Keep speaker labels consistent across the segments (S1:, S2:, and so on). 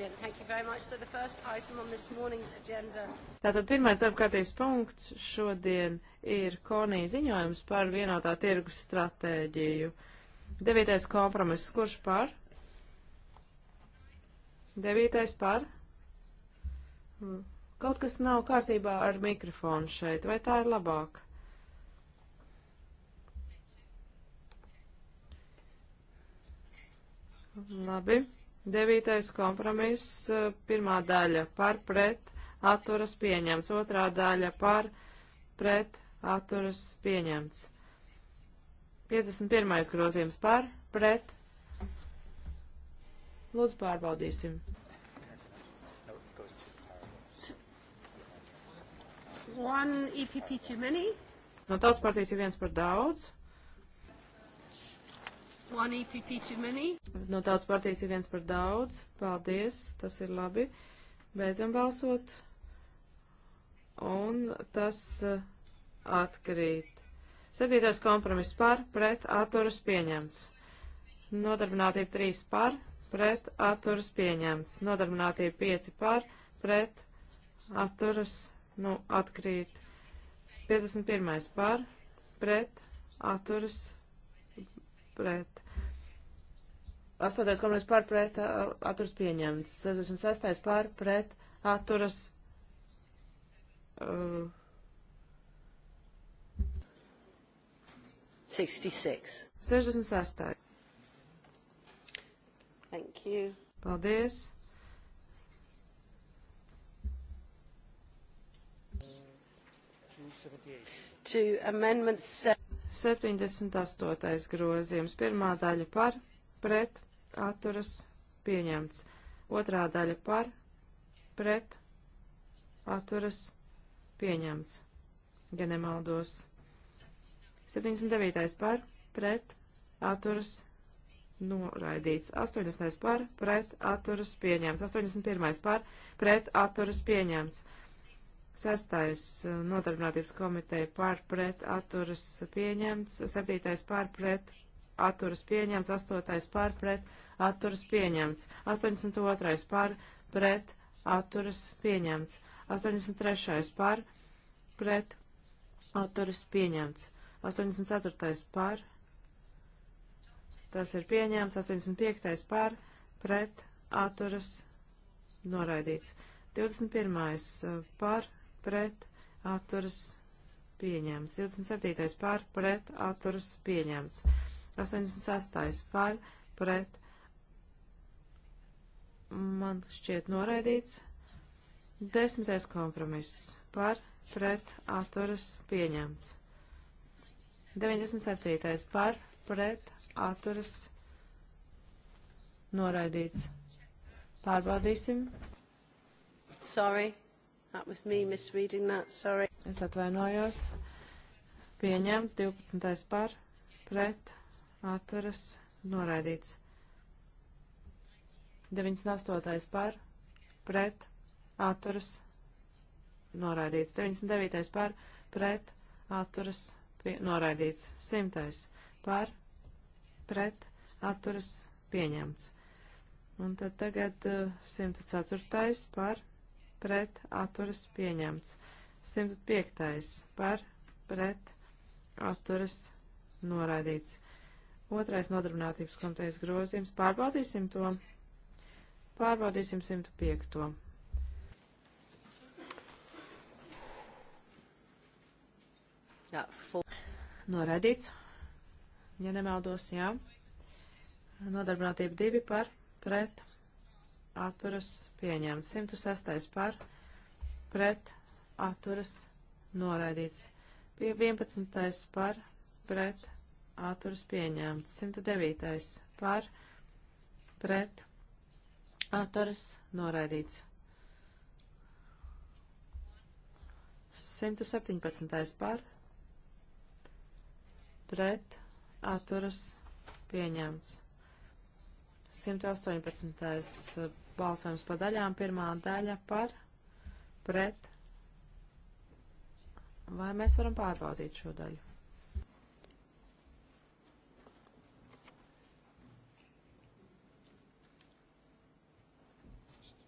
S1: Brilliant. Thank you very much. So the first item on this morning's agenda.
S2: Tātad pirmais darbkārtības punkts šodien ir Konija ziņojums par vienotā tirgus stratēģiju. Devītais kompromiss. Kurš par? Devītais par? Kaut kas nav kārtībā ar mikrofonu šeit, vai tā ir labāk? Labi. Devītais kompromiss, eh, pirmā daļa par pret atturas pieņemts, otrā daļa par pret atturas pieņemts. 51. grozījums par pret. Lūdzu pārbaudīsim. One EPP too many. No tautas partijas ir viens par daudz.
S1: E
S2: no tautas partijas ir viens par daudz. Paldies, tas ir labi. Beidzam balsot. Un tas uh, atkrīt. Septītais kompromiss par, pret, atturas pieņemts. Nodarbinātība 3 par, pret, atturas pieņemts. Nodarbinātība 5 par, pret, atturas, nu, atkrīt. 51. par, pret, atturas pieņemts pret. 8. kompromiss par pret atturas pieņemts. 66. par pret atturas. Uh, 66. 66.
S1: Thank you.
S2: Paldies. To amendments. 78. grozījums. Pirmā daļa par, pret, atturas, pieņemts. Otrā daļa par, pret, atturas, pieņemts. Ja nemaldos. 79. par, pret, atturas, noraidīts. 80. par, pret, atturas, pieņemts. 81. par, pret, atturas, pieņemts. Sestais uh, nodarbinātības komiteja pārpret atturas pieņemts, septītais pārpret atturas pieņemts, astotais pārpret atturas pieņemts, 82. pārpret atturas pieņemts, 83. pārpret atturas pieņemts, 84. pār tas ir pieņemts, 85. pār pret atturas noraidīts, 21. pār pret atturas pieņemts. 27. par pret atturas pieņemts. 86. par pret man šķiet noraidīts. Desmitais kompromiss par pret atturas pieņemts. 97. par pret atturas noraidīts. Pārbaudīsim.
S1: Sorry. That was me misreading that, sorry. Es
S2: atvainojos. Pieņemts 12. par, pret, atturas, noraidīts. 98. par, pret, atturas, noraidīts. 99. par, pret, atturas, pie, noraidīts. 100. par, pret, atturas, pieņemts. Un tad tagad 104. Uh, par, pret atturas pieņemts. 105. par pret atturas noraidīts. Otrais nodarbinātības komitejas grozījums. Pārbaudīsim to. Pārbaudīsim 105. Jā, Noraidīts, ja nemaldos, jā. Nodarbinātība divi par pret atturas pieņemts. 106. par pret atturas noraidīts. Pie 11. par pret atturas pieņemts. 109. par pret atturas noraidīts. 117. par pret atturas pieņemts. 118 balsojums pa daļām. Pirmā daļa par pret. Vai mēs varam pārbaudīt šo daļu?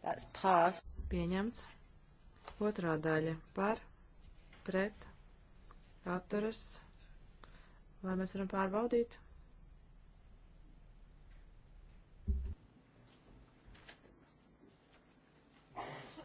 S2: That's passed. Pieņemts. Otrā daļa par, pret, atturas. Vai mēs varam pārbaudīt?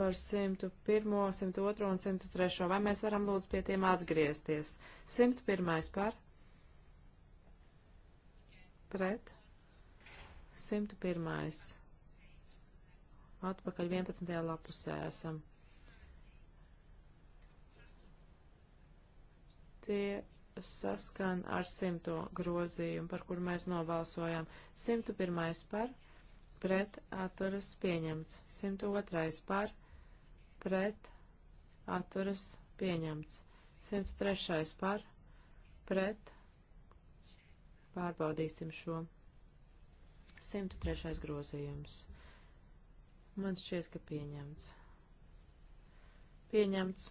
S2: par 101, 102 un 103. Vai mēs varam lūdzu pie tiem atgriezties? 101 par? Pret? 101. Atpakaļ 11. lapusē esam. Tie saskan ar 100 grozījumu, par kur mēs nobalsojām. 101 par? Pret atturas pieņemts. 102 par? pret, atturas, pieņemts. 103. par, pret, pārbaudīsim šo. 103. grozījums. Man šķiet, ka pieņemts. Pieņemts.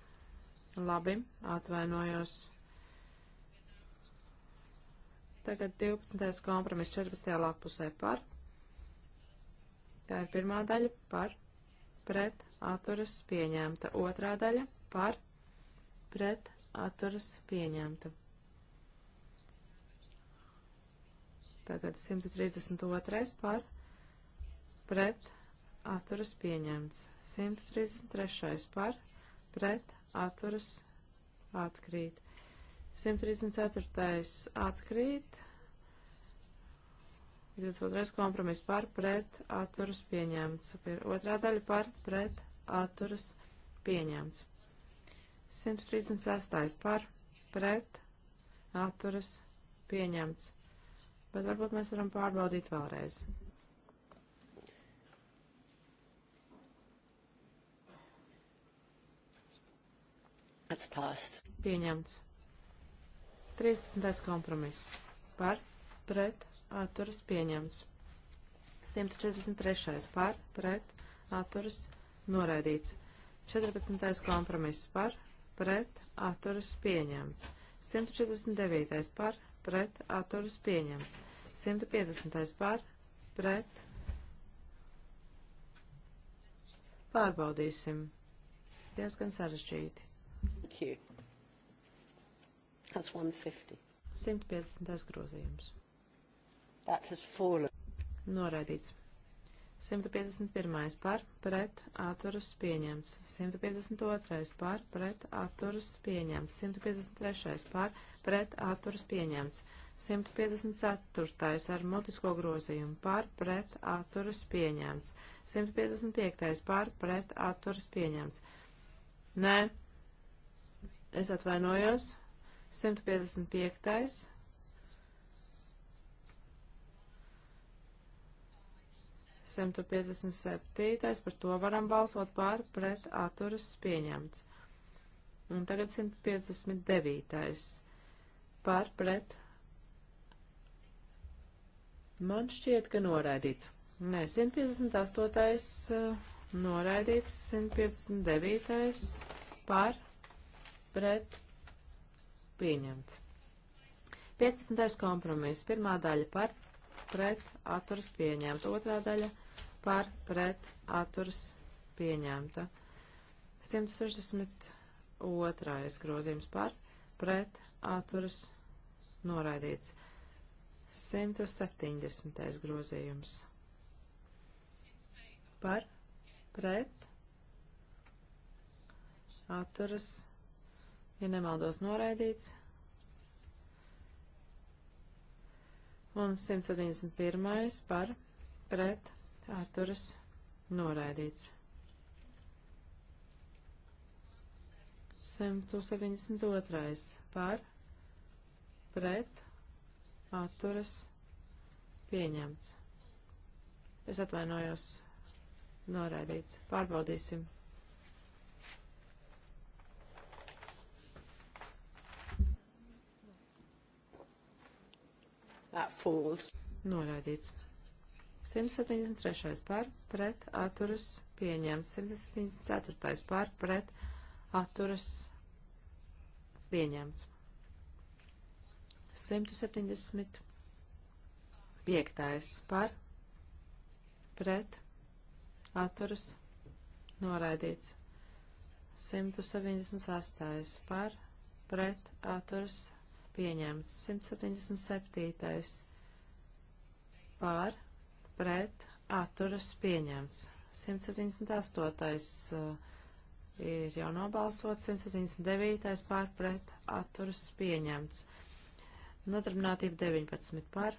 S2: Labi, atvainojos. Tagad 12. kompromiss 14. lapusē par. Tā ir pirmā daļa par, pret, atturas pieņemta. Otrā daļa par pret atturas pieņemta. Tagad 132 par pret atturas pieņemts. 133 par pret atturas atkrīt. 134 atkrīt. 22. kompromiss par pret atturas pieņemts. Otrā daļa par pret atturas pieņemts. 136. par pret atturas pieņemts. Bet varbūt mēs varam pārbaudīt vēlreiz.
S1: Atspāst.
S2: Pieņemts. 13. kompromiss. Par, pret, atturas pieņemts. 143. par, pret, atturas pieņemts noraidīts. 14. kompromiss par, pret, atturas pieņemts. 149. par, pret, atturas pieņemts. 150. par, pret. Pārbaudīsim. Diezgan sarežģīti. Thank you. That's 150. 150. grozījums.
S1: That has fallen.
S2: Noraidīts. 151. par pret atturus pieņemts. 152. par pret atturus pieņemts. 153. par pret atturus pieņemts. 154. ar mutisko grozījumu par pret atturus pieņemts. 155. par pret atturus pieņemts. Nē, es atvainojos. 155. 157. par to varam balsot pār pret atturas pieņemts. Un tagad 159. par pret. Man šķiet, ka noraidīts. Nē, 158. Uh, noraidīts, 159. par pret pieņemts. 15. kompromiss. Pirmā daļa par pret atturas pieņemts. Otrā daļa par pret atturas pieņemta. 162. grozījums par pret atturas noraidīts. 170. grozījums par pret atturas, ja nemaldos noraidīts. Un 171. par pret atturas noraidīts. 172. par pret atturas pieņemts. Es atvainojos noraidīts. Pārbaudīsim. That falls. Noraidīts. 173. par pret atturas pieņemts. 174. par pret atturas pieņemts. 175. par pret atturas noraidīts. 178. par pret atturas pieņemts. 177. par pret atturas pieņemts. 178. Uh, ir jau nobalsots, 179. pār pret atturas pieņemts. Nodarbinātība 19 par.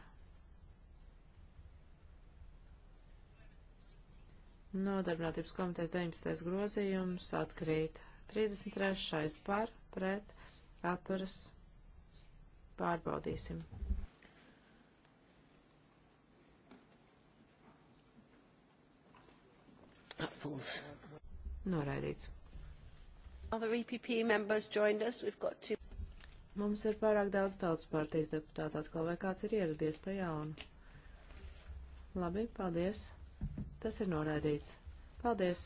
S2: Nodarbinātības komitejas 19. grozījums atkrīt. 33. par pret atturas pārbaudīsim. That falls. Noraidīts.
S1: Other EPP members joined us. We've got two.
S2: Mums ir pārāk daudz tautas partijas deputātu atkal, vai kāds ir ieradies pa jaunu? Labi, paldies. Tas ir noraidīts. Paldies.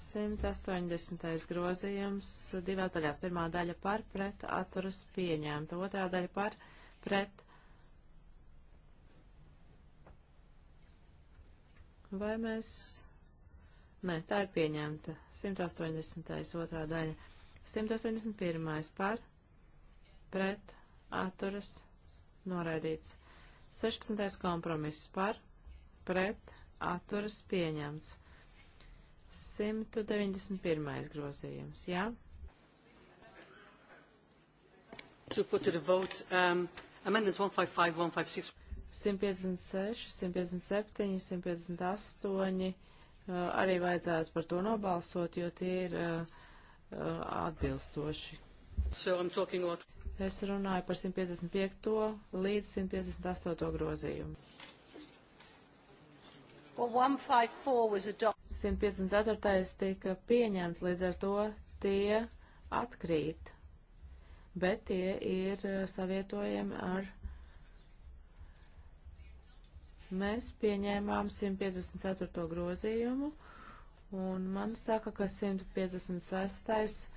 S2: 180. grozījums divās daļās. Pirmā daļa par pret atturas pieņēmta, otrā daļa par pret Vai mēs... Nē, tā ir pieņemta. 180. otrā daļa. 181. par, pret, atturas, noraidīts. 16. kompromiss par, pret, atturas, pieņemts. 191. grozījums, jā?
S1: To put to the vote, um, amendments 155, 156.
S2: 156, 157, 158 arī vajadzētu par to nobalsot, jo tie ir eh, eh, atbilstoši. So es runāju par 155. līdz 158. grozījumu.
S1: Well, 154.
S2: tika pieņemts, līdz ar to tie atkrīt, bet tie ir eh, savietojami ar Mēs pieņēmām 154. grozījumu, un man saka, ka 156.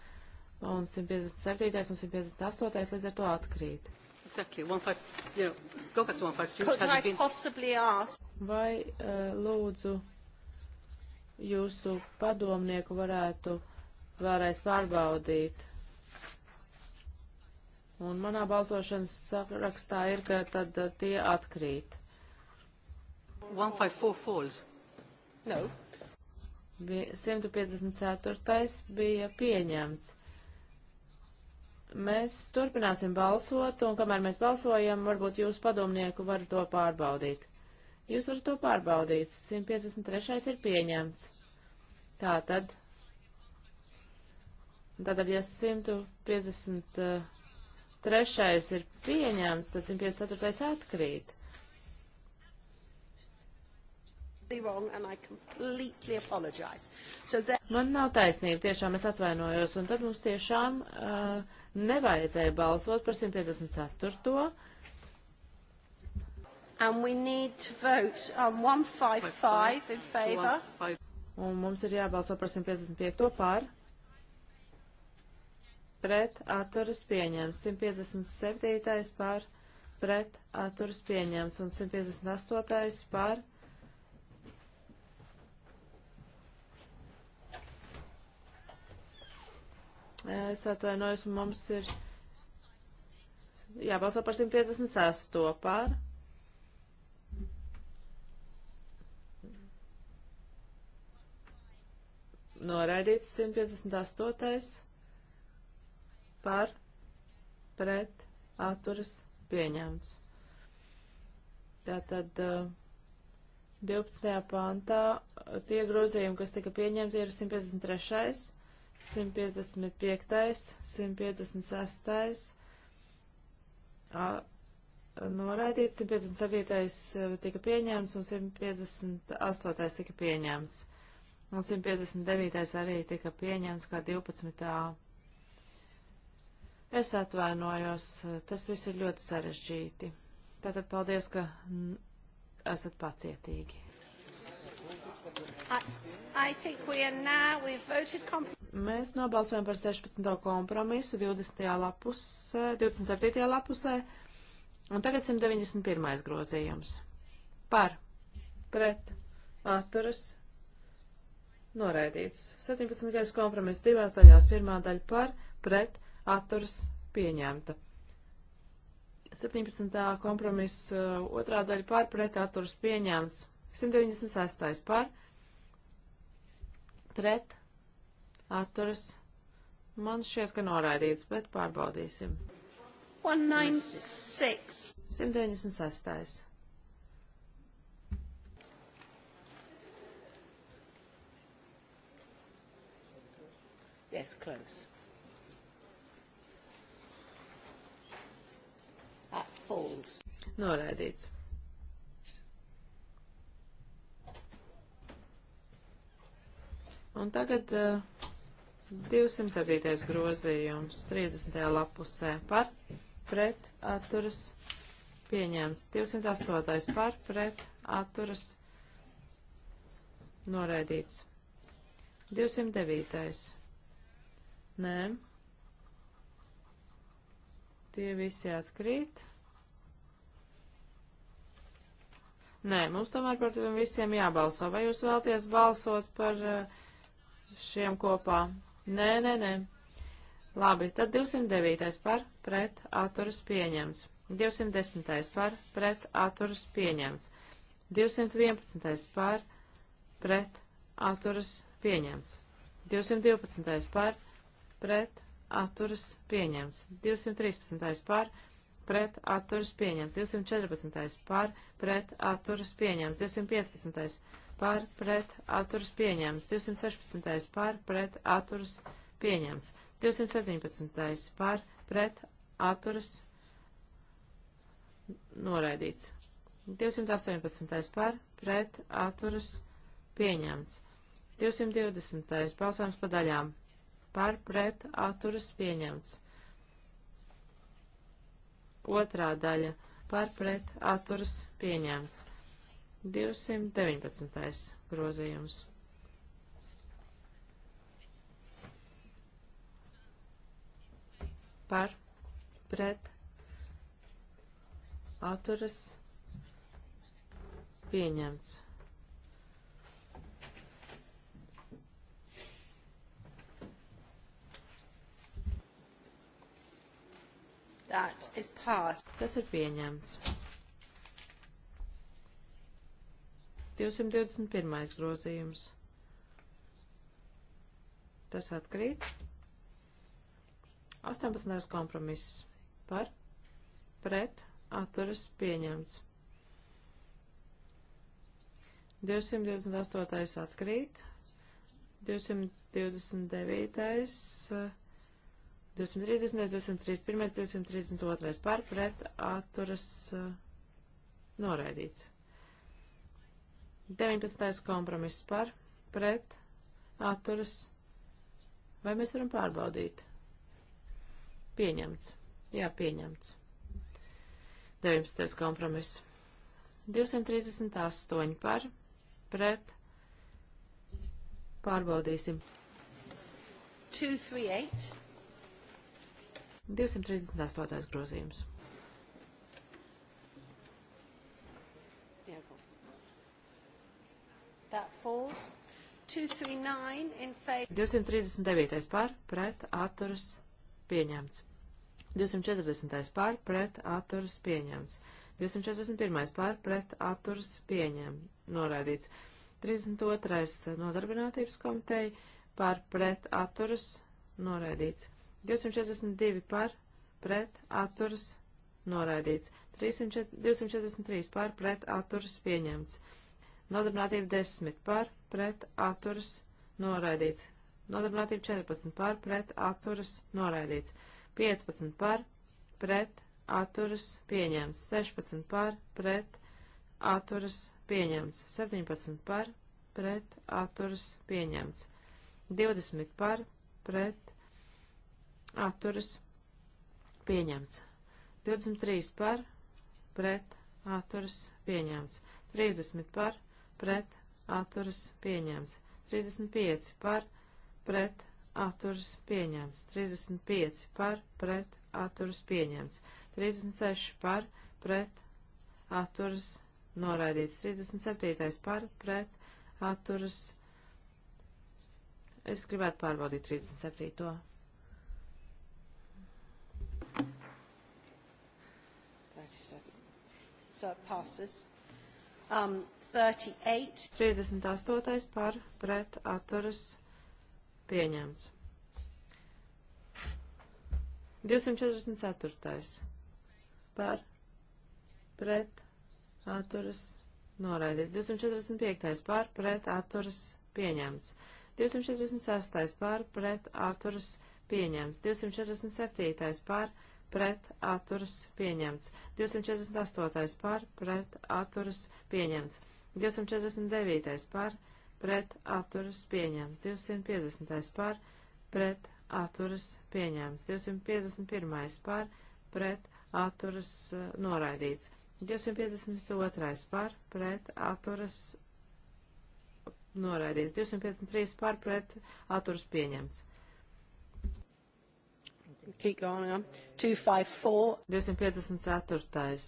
S2: un 157. un 158. līdz ar to atkrīt.
S1: Exactly. One five, you know, go back to one five. Could I been... possibly ask?
S2: Vai uh, lūdzu jūsu padomnieku varētu vēlreiz pārbaudīt? Un manā balsošanas sarakstā ir, ka tad uh, tie atkrīt.
S1: 154 falls.
S2: No. 154. bija pieņemts. Mēs turpināsim balsot, un kamēr mēs balsojam, varbūt jūsu padomnieku var to pārbaudīt. Jūs varat to pārbaudīt. 153. ir pieņemts. Tātad. Tātad, ja 153. Eh, ir pieņemts, tad 154. atkrīt. Man nav taisnība, tiešām es atvainojos, un tad mums tiešām uh, nevajadzēja balsot par 154.
S1: And we need to vote on 155 in favor.
S2: Un mums ir jābalso par 155. pār. Pret atturas pieņemts. 157. pār. Pret atturas pieņemts. Un 158. pār Es atvainojos, mums ir jābalso par 156. pār. Noraidīts 158. par pret atturas pieņemts. Tātad 12. Uh, pāntā tie grozījumi, kas tika pieņemti, ir 153. 155, 156, a, noraidīts, 157 eh, tika pieņemts un 158 tika pieņemts. Un 159 arī tika pieņemts kā 12. Es atvainojos, tas viss ir ļoti sarežģīti. Tātad paldies, ka esat pacietīgi.
S1: I, I
S2: Mēs nobalsojam par 16. kompromisu 20. lapusē, 27. lapusē, un tagad 191. grozījums. Par, pret, atturas, noraidīts. 17. kompromiss divās daļās, pirmā daļa par, pret, atturas, pieņemta. 17. kompromiss uh, otrā daļa par, pret, atturas, pieņemts. 196. par, pret, atturas. Man šķiet, ka noraidīts, bet pārbaudīsim.
S1: 196.
S2: 196.
S1: Yes, close. That falls.
S2: Noraidīts. Un tagad uh, 207. grozījums 30. lapusē par pret atturas pieņemts. 208. par pret atturas noraidīts. 209. Nē. Tie visi atkrīt. Nē, mums tomēr par tiem visiem jābalso. Vai jūs vēlties balsot par eh, šiem kopā? Nē, nē, nē. Labi, tad 209. par pret atturas pieņemts. 210. par pret atturas pieņemts. 211. par pret atturas pieņemts. 212. par pret atturas pieņemts. 213. par pret atturas pieņemts. 214. par pret atturas pieņemts. 215 par pret atturas pieņemts, 216. par pret atturas pieņemts, 217. par pret atturas noraidīts, 218. par pret atturas pieņemts, 220. balsojums pa daļām par pret atturas pieņemts. Otrā daļa par pret atturas pieņemts. 219. grozījums. Par, pret, atturas, pieņemts. That is passed. Tas ir pieņemts. 221. grozījums. Tas atkrīt. 18. kompromiss par pret atturas pieņemts. 228. atkrīt. 229. 230. 231. 232. par pret atturas noraidīts. 19. kompromiss par, pret, atturas. Vai mēs varam pārbaudīt? Pieņemts. Jā, pieņemts. 19. kompromiss. 238 par, pret, pārbaudīsim.
S1: 238.
S2: 238. grozījums.
S1: falls. 239 in favor.
S2: 239. par, pret, atturas, pieņemts. 240. par, pret, atturas, pieņemts. 241. par, pret, atturas, pieņem, noraidīts. 32. nodarbinātības komiteja par, pret, atturas, noraidīts. 242 par, pret, atturas, noraidīts. 300, 243 par, pret, atturas, pieņemts. Nodarbinātība 10 par pret atturas noraidīts. Nodarbinātība 14 par pret atturas noraidīts. 15 par pret atturas pieņemts. 16 par pret atturas pieņemts. 17 par pret atturas pieņemts. 20 par pret atturas pieņemts. 23 par pret atturas pieņemts. 30 par pret pret atturas pieņemts. 35 par pret atturas pieņemts. 35 par pret atturas pieņemts. 36 par pret atturas noraidīts. 37 par pret atturas. Es gribētu pārbaudīt 37. To.
S1: So it passes. Um, 38. 38. par pret atturas
S2: pieņemts. 244. par pret atturas noraidīts. 245. par pret atturas pieņemts. 246. par pret atturas pieņemts. 247. par pret atturas pieņemts. 248. par pret atturas pieņemts. 249. par pret atturas pieņēmums, 250. par pret atturas pieņēmums, 251. par pret atturas noraidīts, 252. par pret atturas noraidīts, 253. par pret atturas pieņemts. Keep going on. 254. 254.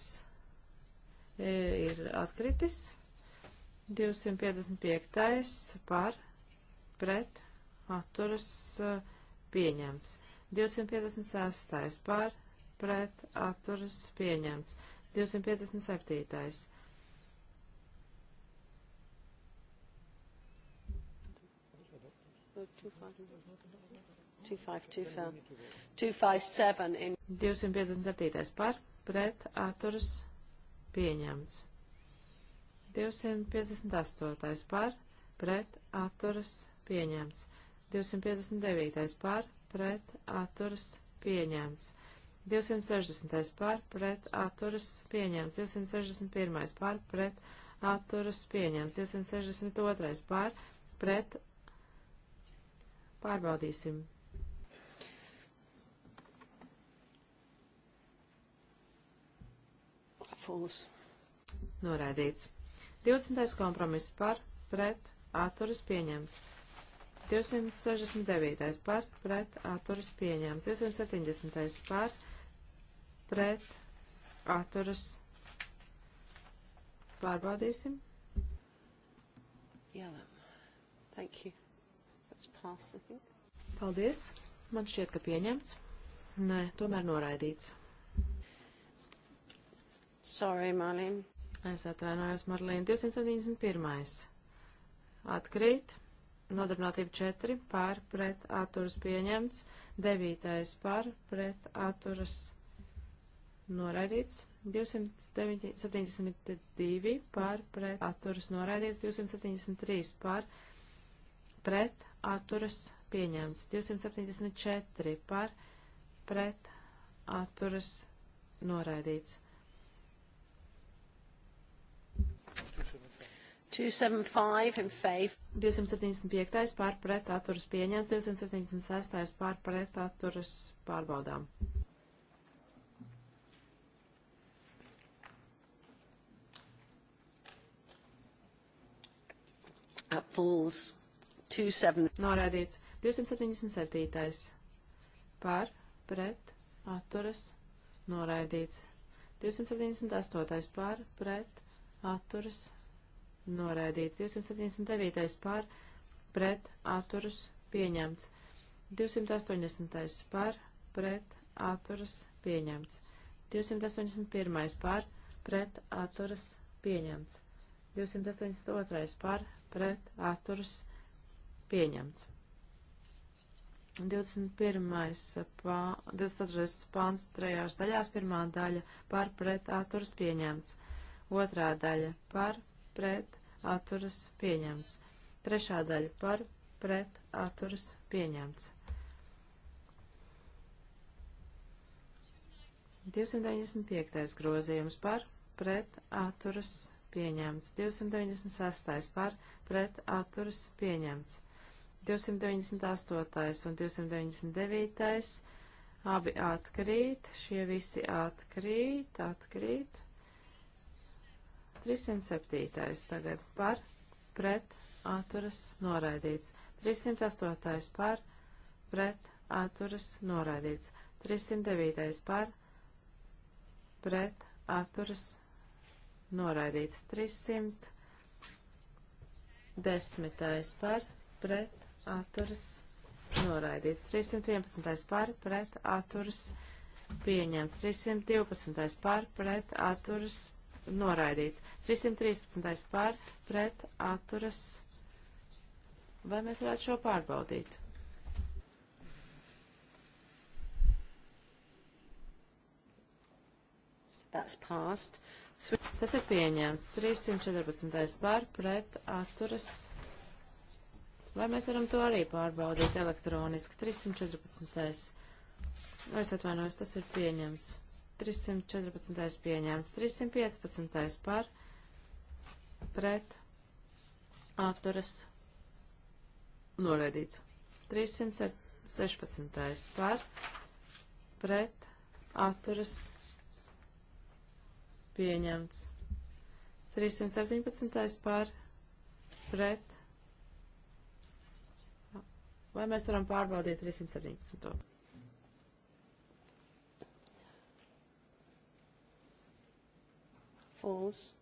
S2: E, ir atkritis. 255. Eh, par pret atturas pieņemts. 256. par pret atturas pieņemts. 257. Two
S1: five, two five, two five, two five seven in.
S2: 257. par pret atturas pieņemts. 258. par, pret, atturas, pieņemts. 259. par, pret, atturas, pieņemts. 260. par, pret, atturas, pieņemts. 261. par, pret, atturas, pieņemts. 262. par, pret, pārbaudīsim. Fools. Noraidīts. 20. kompromiss par, pret, atturas pieņemts. 269. par, pret, atturas pieņēmums. 270. par, pret, atturas pārbaudīsim.
S1: Jā, thank you. That's passed, I think.
S2: Paldies. Man šķiet, ka pieņemts. Nē, tomēr noraidīts. Sorry, Marlene. Es atvainojos, Marlīna. 271. Atkrīt. Nodarbinātība 4 pār pret atturas pieņemts. 9. pār pret atturas noraidīts. 272 pār pret atturas noraidīts. 273 pār pret atturas pieņemts. 274 pār pret atturas noraidīts. 275 in favor. 275. pārpret atturas pieņems, 276. pārpret atturas pārbaudām.
S1: Fools. 27. Norādīts.
S2: 277. Par, pret, atturas, noraidīts. 278. par, pret, atturas, noraidīts. 279. par pret atturas pieņemts. 280. par pret atturas pieņemts. 281. par pret atturas pieņemts. 282. par pret atturas pieņemts. 21. Pā, 24. pāns trejās daļās, pirmā daļa par pret atturas pieņemts, otrā daļa par pret atturas pieņemts. Trešā daļa par pret atturas pieņemts. 295. grozījums par pret atturas pieņemts. 296. par pret atturas pieņemts. 298. un 299. abi atkrīt, šie visi atkrīt, atkrīt. 307. tagad par, pret, atturas, noraidīts. 308. par, pret, atturas, noraidīts. 309. par, pret, atturas, noraidīts. 310. par, pret, atturas, noraidīts. 311. par, pret, atturas, pieņemts. 312. par, pret, atturas, pieņemts noraidīts. 313. pār pret atturas. Vai mēs varētu šo pārbaudīt? Tas ir pieņēmts. 314. pār pret atturas. Vai mēs varam to arī pārbaudīt elektroniski? 314. Es atvainojos, tas ir pieņemts. 314. pieņemts, 315. par, pret, atturas, noraidīts, 316. par, pret, atturas, pieņemts, 317. par, pret, vai mēs varam pārbaudīt 317.
S1: falls.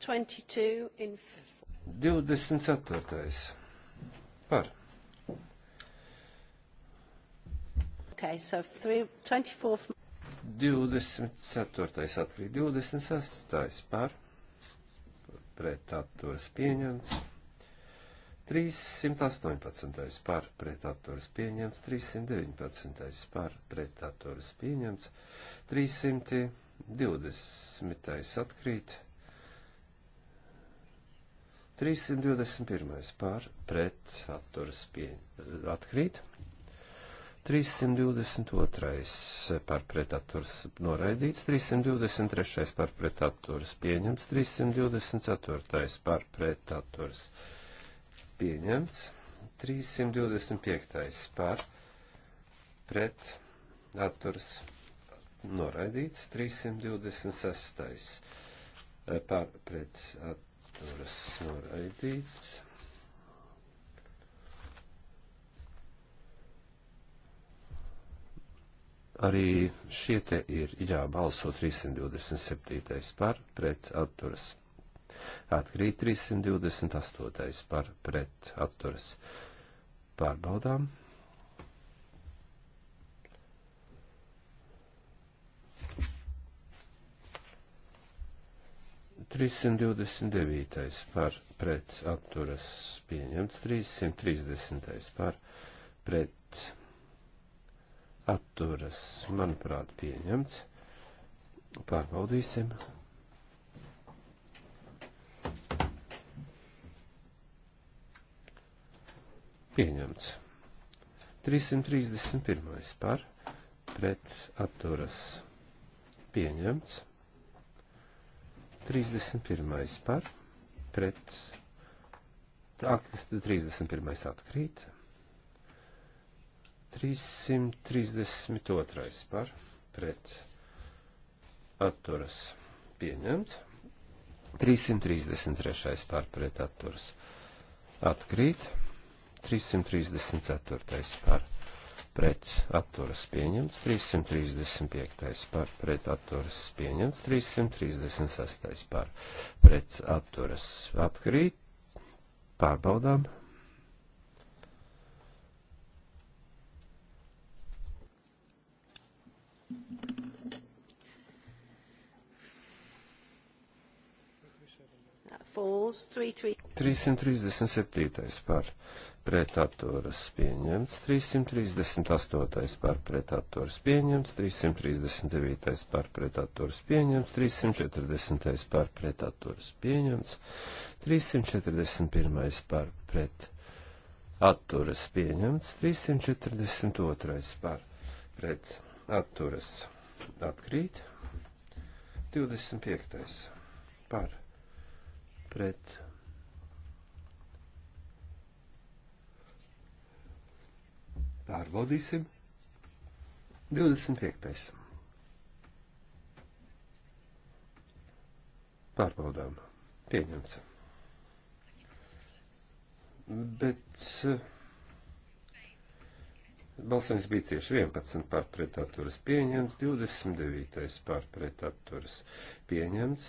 S1: 22 in
S3: 24. Par.
S1: Okay, so three, 24.
S3: 24. atkrīt 26. par. Pret atturas pieņemts. 318. par pretaturas pieņemts, 319. par pretaturas pieņemts, 300. 20. atkrīt. 321. pār pret atturas pie, atkrīt. 322. par pretaturs noraidīts, 323. par pretaturs pieņemts, 324. par pretaturs pieņemts, 325. par pretaturs pieņemts noraidīts 326. Eh, par pret atturas noraidīts. Arī šie te ir jābalso 327. par pret atturas. Atkrīt 328. par pret atturas. Pārbaudām. 329. par pret atturas pieņemts, 330. par pret atturas, manuprāt, pieņemts. Pārbaudīsim. Pieņemts. 331. par pret atturas pieņemts. 31. par, pret, tā, 31. atkrīt, 332. par, pret, atturas pieņemts, 333. par, pret, atturas atkrīt, 334. par, pret, pret atturas pieņemts, 335. par pret atturas pieņemts, 336. par pret atturas atkrīt. Pārbaudām. Falls 337. par pretaturas pieņemts, 338. par pretaturas pieņemts, 339. par pretaturas pieņemts, 340. par pretaturas pieņemts, 341. par pretaturas pieņemts, 342. par pretaturas atkrīt, 25. par pretaturas pārbaudīsim. 25. Pārbaudām. Pieņemts. Bet eh, balsojums bija cieši 11 pārpretatūras pieņemts, 29. pārpretatūras pieņemts,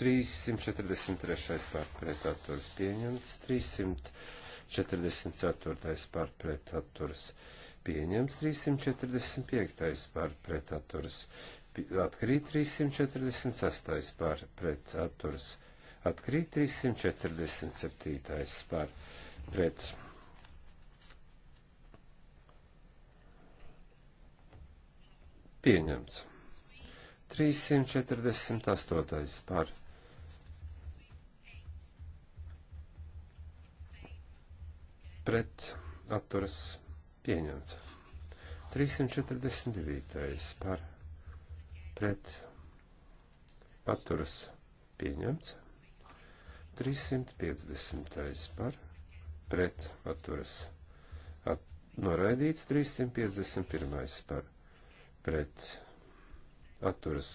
S3: 343. pārpretatūras pieņemts, 300. 44. par pretaturas pieņems, 345. par pretaturas atkrīt, 346. par pretaturas atkrīt, 347. par pretaturas. Pieņemts. 348. par pret atturas pieņemts. 349. par pret atturas pieņemts. 350. par pret atturas at, noraidīts. 351. par pret atturas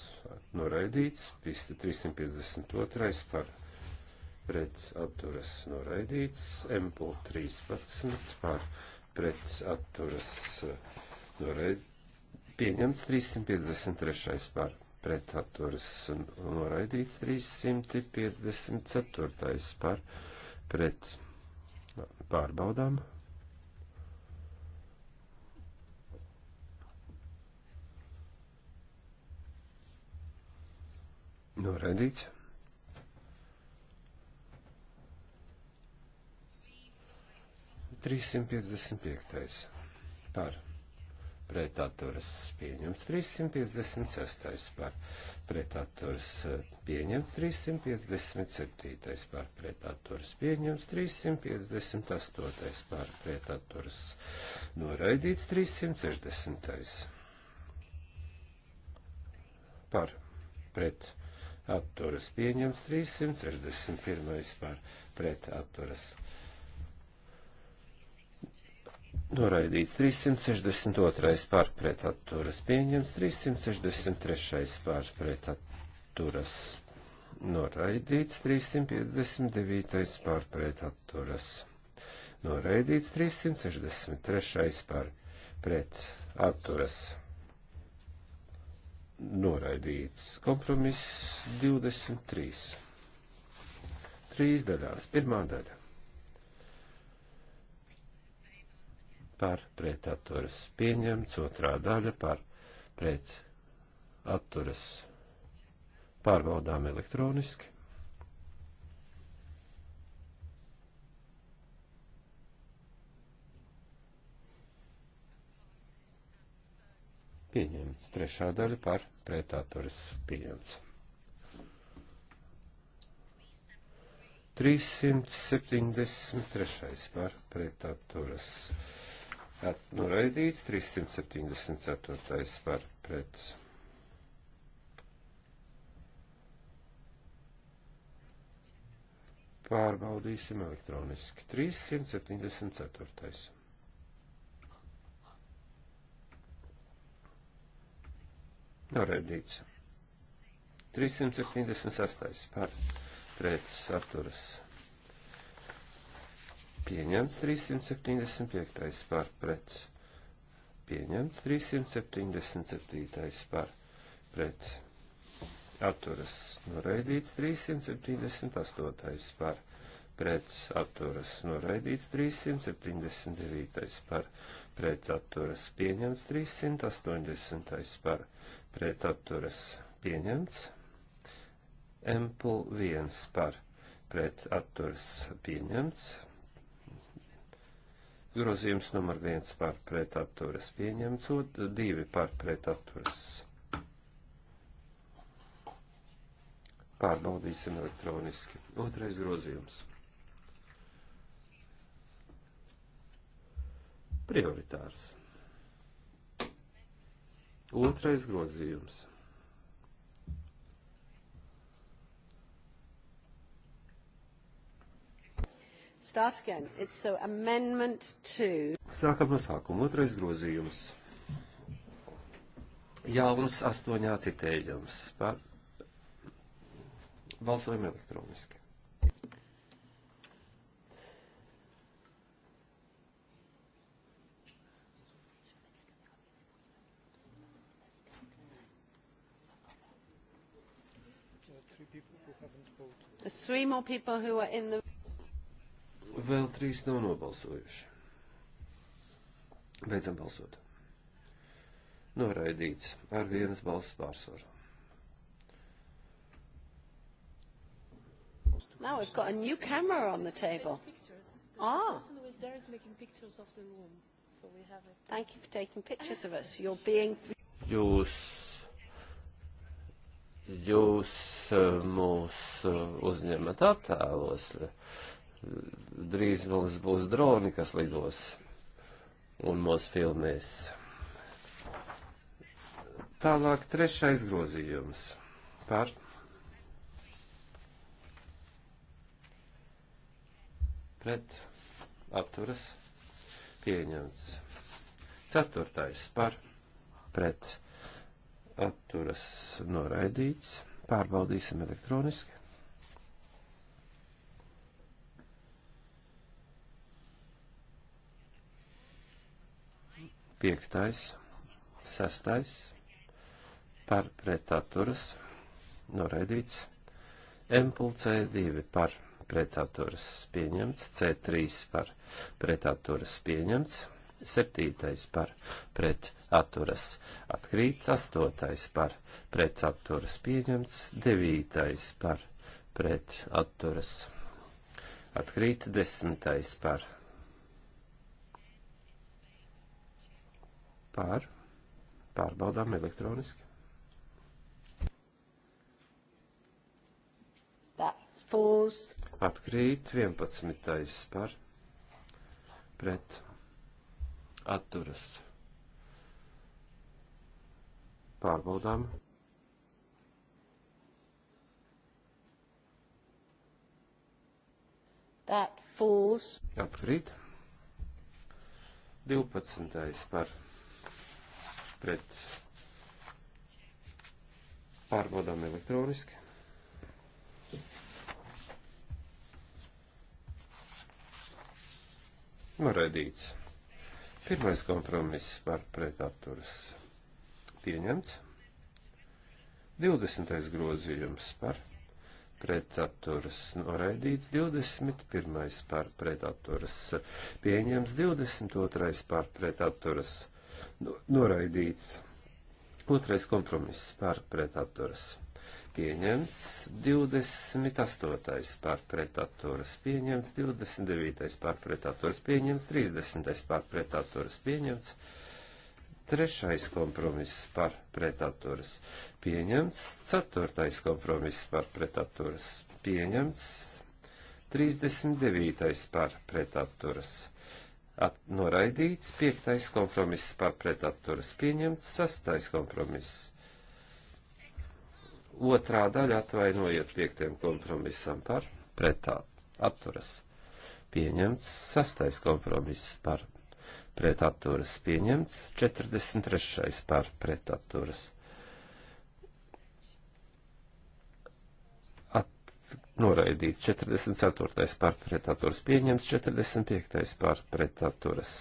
S3: noraidīts. 352. par pret pretaturas noraidīts, MPL 13 par pretaturas noraidīts, pieņemts 353 par pretaturas noraidīts, 354 par pret pārbaudām. Noraidīts. 355. par pretaturas pieņemts 356. par pretaturas pieņemts 357. par pretaturas pieņemts 358. par pretaturas noraidīts 360. par pret atturas pieņemts 361. Eh, par pret atturas pieņemts Noraidīts 362. pārpretatturas pieņems, 363. pārpretatturas noraidīts, 359. pārpretatturas noraidīts, 363. pārpretatturas noraidīts. Kompromiss 23. Trīs daļās. Pirmā daļa par pretaturas pieņemts, otrā daļa par pretaturas pārbaudām elektroniski. Pieņemts trešā daļa par pretaturas pieņemts. 373. par pretaturas pieņemts. At, noraidīts 374. par pret. Pārbaudīsim elektroniski. 374. Noraidīts. 376. par pret saturas pieņemts 375. par pret, pieņemts 377. par pret, atturas noraidīts 378. par pret, atturas noraidīts 379. par pret, atturas pieņemts 380. par pret, atturas pieņemts MPL 1 par pret, atturas pieņemts Grozījums numur viens par pretaturas pieņemts, divi par pretaturas. Pārbaudīsim elektroniski. Otrais grozījums. Prioritārs. Otrais grozījums.
S1: Start again. It's so amendment 2.
S3: Sākam no sākuma. Otrais grozījums. Jauns astoņā citējums par balsojumu elektroniski.
S1: The...
S3: Vēl trīs nav nobalsojuši. Beidzam balsot. Noraidīts ar vienas balss pārsvaru.
S1: Now we've got a new camera on the table. Ah. The person who is there is making pictures of the room. So we have it. Thank you for taking pictures of us. You're being...
S3: Jūs jūs uh, mūs uh, uzņemat attēlos drīz mums būs droni, kas lidos un mūs filmēs. Tālāk trešais grozījums par. Pret apturas pieņemts. Ceturtais par pret atturas noraidīts. Pārbaudīsim elektroniski. Piektais, sestais, par pretaturas, noraidīts. Empul C2 par pretaturas pieņemts, C3 par pretaturas pieņemts, 7. par pretaturas atkrīt, 8. par pretaturas pieņemts, 9. par pretaturas atkrīt, 10. par pretaturas Pār. Pārbaudām elektroniski. Fools. Atkrīt 11. par pret atturas. Pārbaudām.
S1: That fools.
S3: Atkrīt 12. par pret pret pārbaudām elektroniski. Noraidīts. Nu, pirmais kompromiss par pretatturas pieņemts. 20. grozījums par pretatturas noraidīts. 21. par pretatturas pieņemts. 22. par pretatturas pieņemts noraidīts. Otrais kompromiss par pretaturas pieņemts, 28. par pretaturas pieņemts, 29. par pretaturas pieņemts, 30. par pretaturas pieņemts, trešais kompromiss par pretaturas pieņemts, ceturtais kompromiss par pretaturas pieņemts, 39. par pretaturas pieņemts at, noraidīts, piektais kompromiss par pretatturas pieņemts, sastais kompromiss. Otrā daļa atvainojiet piektajam kompromisam par pretā atturas pieņemts, sastais kompromiss par pretatturas pieņemts, 43. par pretatturas pieņemts noraidīts, 44. pārpretaturas pieņemts, 45. pārpretaturas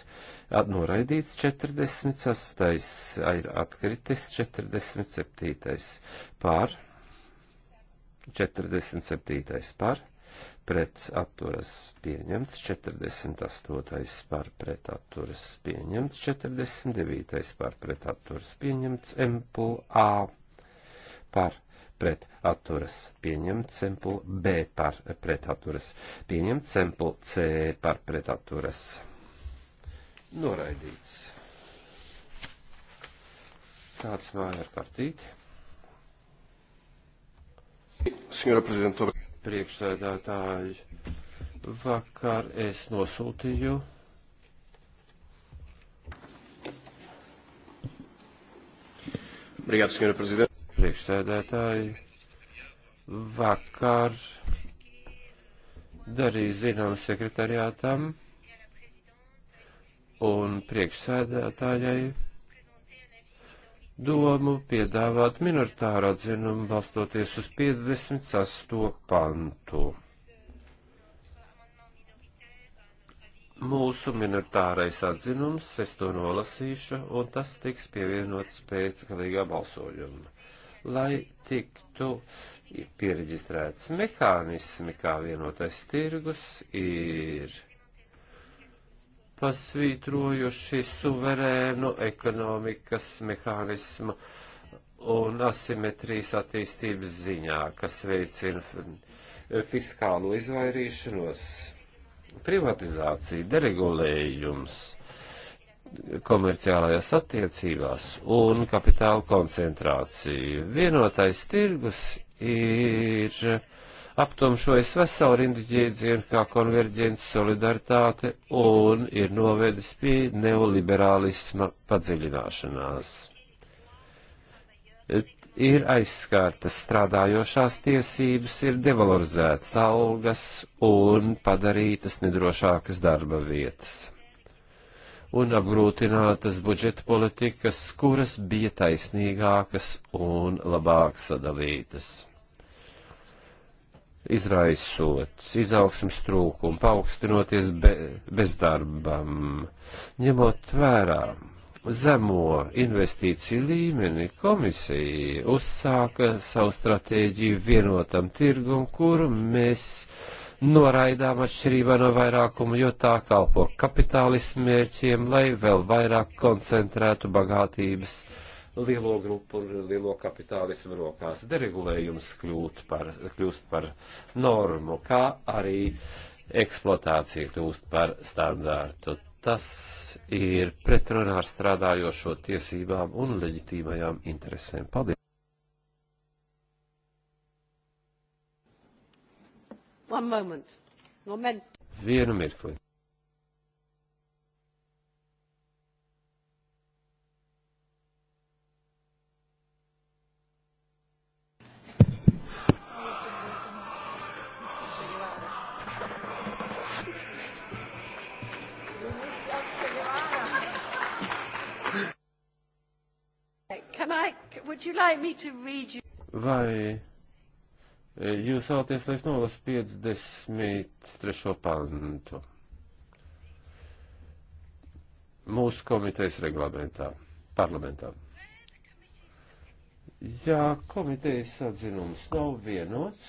S3: noraidīts, 46. ir atkritis, 47. pār, 47. pār, pret atturas pieņemts, 48. pār pret atturas pieņemts, 49. pār pret atturas pieņemts, MPA pār pret atturas pieņemts, sempul B par pret atturas pieņemts, sempul C par pret atturas noraidīts. Kāds māja ar kartīti? Signora Prezidenta. Priekšsēdētāji, vakar es nosūtīju. Obrigado, Sr. Presidente priekšsēdētāji vakar darīja zinām sekretariātam un priekšsēdētājai domu piedāvāt minoritāru atzinumu balstoties uz 56. pantu. Mūsu minoritārais atzinums, es to nolasīšu, un tas tiks pievienots pēc galīgā balsojuma lai tiktu piereģistrēts mehānismi, kā vienotais tirgus ir pasvītrojuši suverēnu ekonomikas mehānismu un asimetrijas attīstības ziņā, kas veicina fiskālo izvairīšanos, privatizāciju, deregulējums komerciālajās attiecībās un kapitāla koncentrāciju. Vienotais tirgus ir aptumšojis veselu rindu jēdzienu kā konverģents, solidaritāte un ir novedis pie neoliberālisma padziļināšanās. Ir aizskārtas strādājošās tiesības, ir devalorizētas algas un padarītas nedrošākas darba vietas un apgrūtinātas budžeta politikas, kuras bija taisnīgākas un labāk sadalītas. Izraisot izaugsmas trūkumu, paaugstinoties be, bezdarbam, ņemot vērā zemo investīciju līmeni komisija uzsāka savu stratēģiju vienotam tirgum, kuru mēs uh, noraidām atšķirībā no vairākuma, jo tā kalpo kapitālismu mērķiem, lai vēl vairāk koncentrētu bagātības lielo grupu un lielo kapitālismu rokās. Deregulējums kļūt par, kļūst par normu, kā arī eksploatācija kļūst par standārtu. Tas ir pretrunā ar strādājošo tiesībām un leģitīmajām interesēm. Paldies!
S1: One moment. Moment.
S3: Vienu mirkli.
S1: Can I, would you like me to read you?
S3: Vai Jūs vēlaties, lai es nolasu 53. pantu mūsu komitejas reglamentā, parlamentā. Jā, komitejas atzinums nav vienots.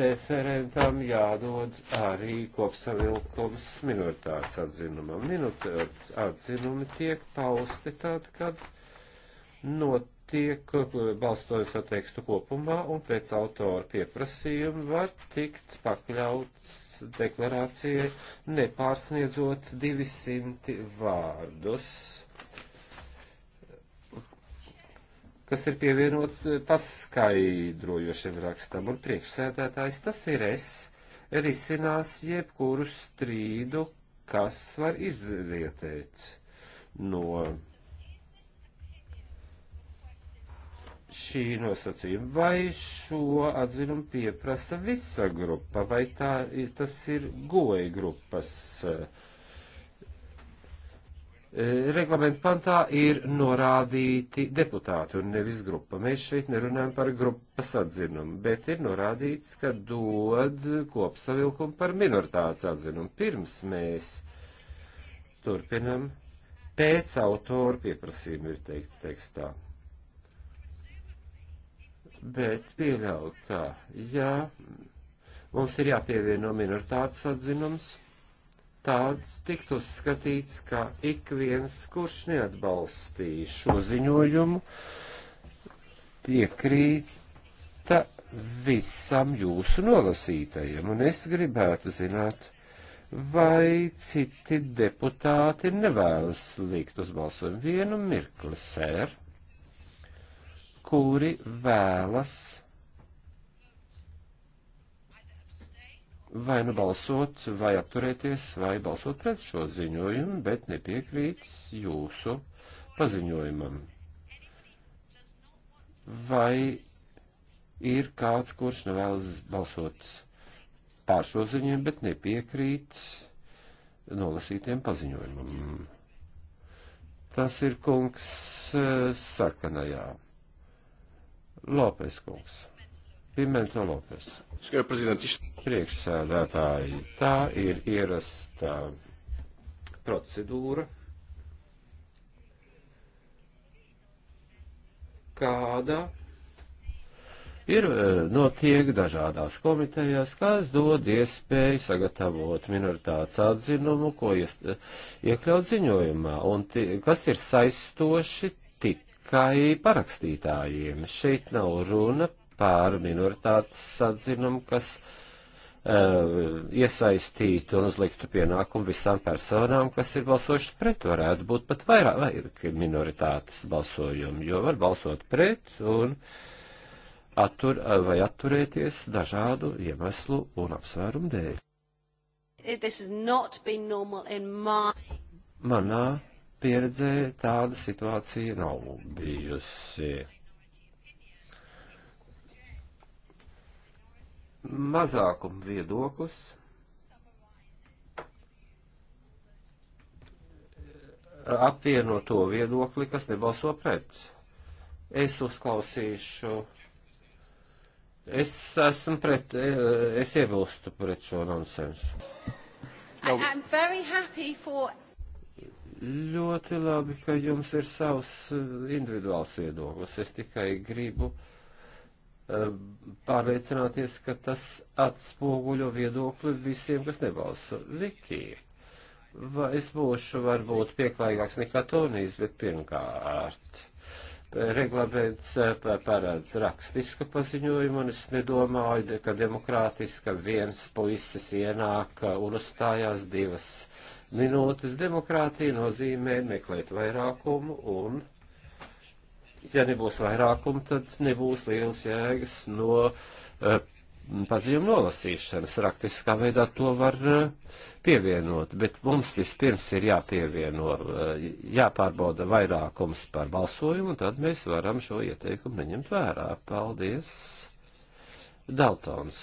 S3: Referentam jādod arī kopsavilkums minoritātes atzinumam. Minoritātes atzinumi tiek pausti tad, kad notiek balstoties ar tekstu kopumā un pēc autora pieprasījuma var tikt pakļauts deklarācijai nepārsniedzot 200 vārdus, kas ir pievienots paskaidrojošiem rakstam un priekšsēdētājs. Tas ir es, risinās jebkuru strīdu, kas var izrietēt no šī nosacījuma, vai šo atzinumu pieprasa visa grupa, vai tā, tas ir goja grupas. E, Reglamentu pantā ir norādīti deputāti un nevis grupa. Mēs šeit nerunājam par grupas atzinumu, bet ir norādīts, ka dod kopsavilkumu par minoritātes atzinumu. Pirms mēs turpinam, pēc autora pieprasījuma ir teikts tekstā bet pieļauju, ka jā, mums ir jāpievieno minoritātes atzinums, tāds tikt uzskatīts, ka ik viens, kurš neatbalstīja šo ziņojumu, piekrīta visam jūsu nolasītajam, un es gribētu zināt, vai citi deputāti nevēlas likt uz balsojumu vienu mirkli, sēru kuri vēlas vai nu balsot, vai apturēties, vai balsot pret šo ziņojumu, bet nepiekrīt jūsu paziņojumam. Vai ir kāds, kurš nevēlas balsot pār šo ziņojumu, bet nepiekrīt nolasītiem paziņojumam? Tas ir kungs eh, sarkanajā. Uh, Lopes kungs. Pimento Lopes. Priekšsēdētāji, tā ir ierastā procedūra. Kāda ir e, notiek dažādās komitejās, kas dod iespēju sagatavot minoritātes atzinumu, ko ies, iekļaut ziņojumā, un tie, kas ir saistoši tikai parakstītājiem. Šeit nav runa par minoritātes atzinumu, kas uh, iesaistītu un uzliktu pienākumu visām personām, kas ir balsojušas pret, varētu būt pat vairāk, vairāk minoritātes balsojumu, jo var balsot pret un attur, vai atturēties dažādu iemeslu un apsvērumu dēļ. Manā pieredzē tāda situācija nav bijusi. Mazākuma viedoklis apvieno to viedokli, kas nebalso pret. Es uzklausīšu. Es esmu pret, es iebilstu pret šo nonsensu. I,
S1: I'm very happy for
S3: Ļoti labi, ka jums ir savs eh, individuāls viedoklis. Es tikai gribu eh, pārliecināties, ka tas atspoguļo viedokli visiem, kas nebalso. Viki, vai es būšu varbūt pieklājīgāks nekā Tonijs, bet pirmkārt, reglaments eh, parāds rakstisku paziņojumu, un es nedomāju, ka demokrātiska viens puisis ienāk un uzstājās divas minūtes. Demokrātija nozīmē meklēt vairākumu un, ja nebūs vairākumu, tad nebūs liels jēgas no uh, eh, paziņojumu nolasīšanas. Raktiskā veidā to var uh, pievienot, bet mums vispirms ir jāpievieno, uh, jāpārbauda vairākums par balsojumu, un tad mēs varam šo ieteikumu neņemt vērā. Paldies! Daltons.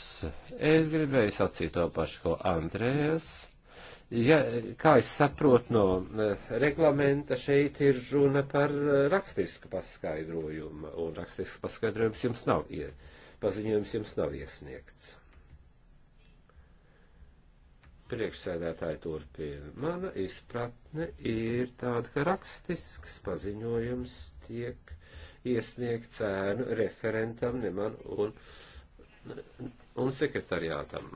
S3: Es gribēju sacīt to pašu, ko Andrējas ja, kā es saprotu no eh, reglamenta, šeit ir runa par eh, rakstisku paskaidrojumu, un rakstisks paskaidrojums jums nav, paziņojums jums nav iesniegts. Priekšsēdētāji turpina. Mana izpratne ir tāda, ka rakstisks paziņojums tiek iesniegts ēnu referentam, ne man un, un sekretariātam.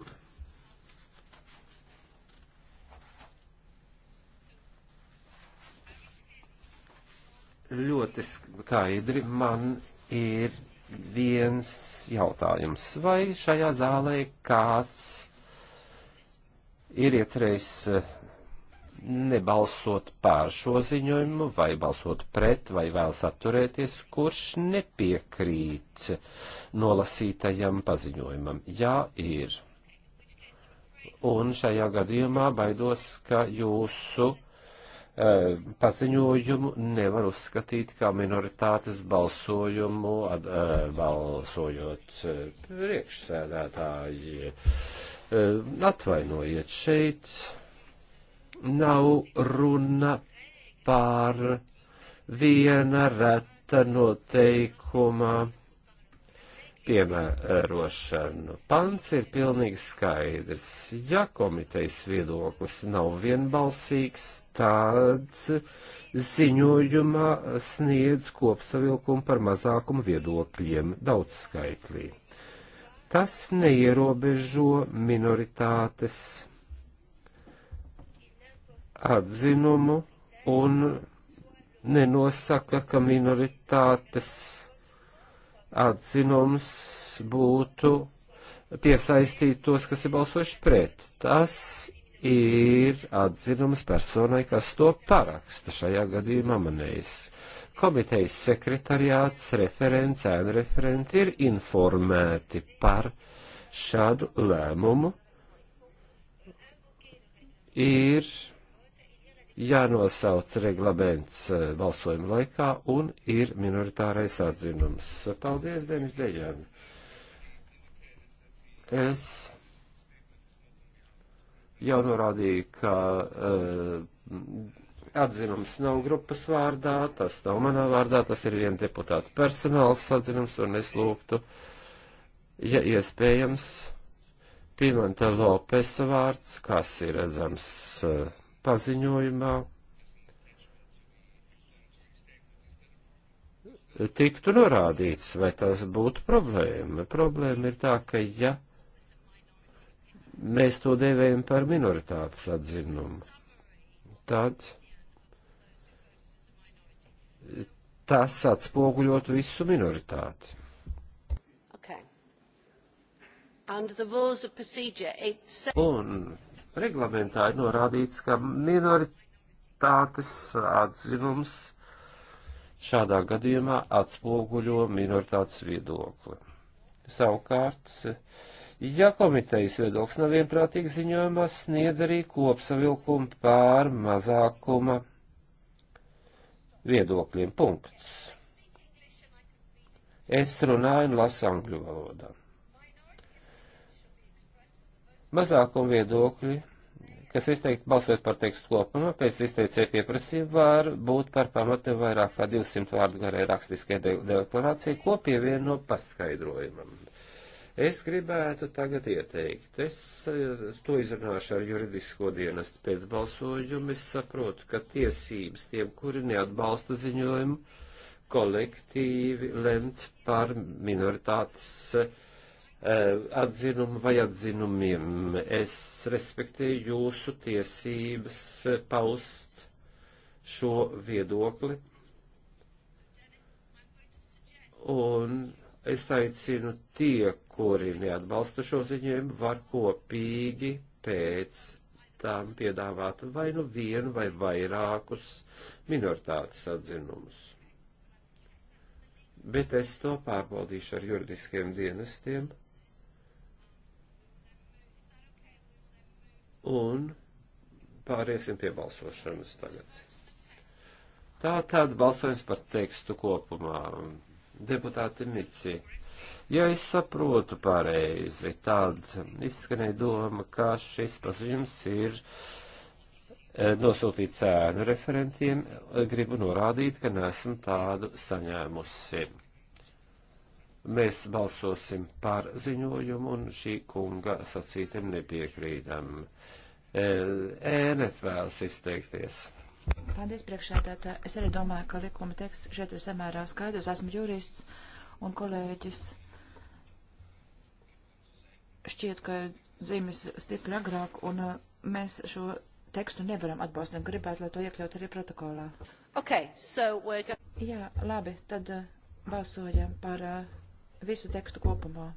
S3: ļoti skaidri man ir viens jautājums. Vai šajā zālē kāds ir iecerējis eh, nebalsot pār šo ziņojumu, vai balsot pret, vai vēlas atturēties, kurš nepiekrīt nolasītajam paziņojumam? Jā, ir. Un šajā gadījumā baidos, ka jūsu paziņojumu nevar uzskatīt kā minoritātes balsojumu, ad, balsojot priekšsēdētāji. Atvainojiet, šeit nav runa par viena reta noteikuma piemērošanu. Pants ir pilnīgi skaidrs. Ja komitejas viedoklis nav vienbalsīgs, tāds ziņojumā sniedz kopsavilkumu par mazākumu viedokļiem daudzskaitlī. Tas neierobežo minoritātes atzinumu un nenosaka, ka minoritātes atzinums būtu piesaistīt tos, kas ir balsojuši pret. Tas ir atzinums personai, kas to paraksta šajā gadījumā manējis. Komitejas sekretariāts, referents, ēna referenti ir informēti par šādu lēmumu. Ir jānosauc reglaments eh, balsojuma laikā un ir minoritārais atzinums. Paldies, Denis Dejan. Es jau norādīju, ka uh, atzinums nav grupas vārdā, tas nav manā vārdā, tas ir viena deputāta personāls atzinums un es lūgtu, ja iespējams, Pimenta Lopesa vārds, kas ir redzams. Uh, paziņojumā tiktu norādīts, vai tas būtu problēma. Problēma ir tā, ka ja mēs to devējam par minoritātes atzinumu, tad tas atspoguļot visu minoritāti.
S1: Okay. Un
S3: Reglamentā ir norādīts, ka minoritātes atzinums šādā gadījumā atspoguļo minoritātes viedokli. Savukārt, ja komitejas viedoklis nav vienprātīgi ziņojumā, sniedz arī kopsavilkumu pār mazākuma viedokļiem. Punkts. Es runāju un lasu angļu valodā. Mazākuma viedokļi, kas izteikti balsot par tekstu kopumā, pēc izteicēja pieprasījuma var būt par pamatu vairāk kā 200 vārdu garai rakstiskai de deklarācijai, ko pievieno paskaidrojumam. Es gribētu tagad ieteikt, es, es eh, to izrunāšu ar juridisko dienestu pēc balsojuma, es saprotu, ka tiesības tiem, kuri neatbalsta ziņojumu, kolektīvi lemt par minoritātes uh, Eh, atzinumu vai atzinumiem. Es respektēju jūsu tiesības paust šo viedokli. Un es aicinu tie, kuri neatbalsta šo ziņojumu, var kopīgi pēc tam piedāvāt vai nu vienu vai vairākus minoritātes atzinumus. Bet es to pārbaudīšu ar juridiskiem dienestiem Un pāriesim pie balsošanas tagad. Tā tad balsojums par tekstu kopumā. Deputāti Mici, ja es saprotu pareizi, tad izskanēja doma, ka šis paziņums ir e, nosūtīts ēnu referentiem. Gribu norādīt, ka nesmu tādu saņēmusi mēs balsosim par ziņojumu un šī kunga sacītam nepiekrītam. ENF e vēlas izteikties.
S4: Paldies, priekšsēdētā. Es arī domāju, ka likuma teksts šeit ir samērā skaidrs. Esmu jurists un kolēģis. Šķiet, ka zīmes stipri agrāk un e, mēs šo tekstu nevaram atbalstīt. Gribētu, lai to iekļaut arī protokolā. Okay, so we're... Jā, labi, tad e, balsojam par uh, visu tekstu kopumā.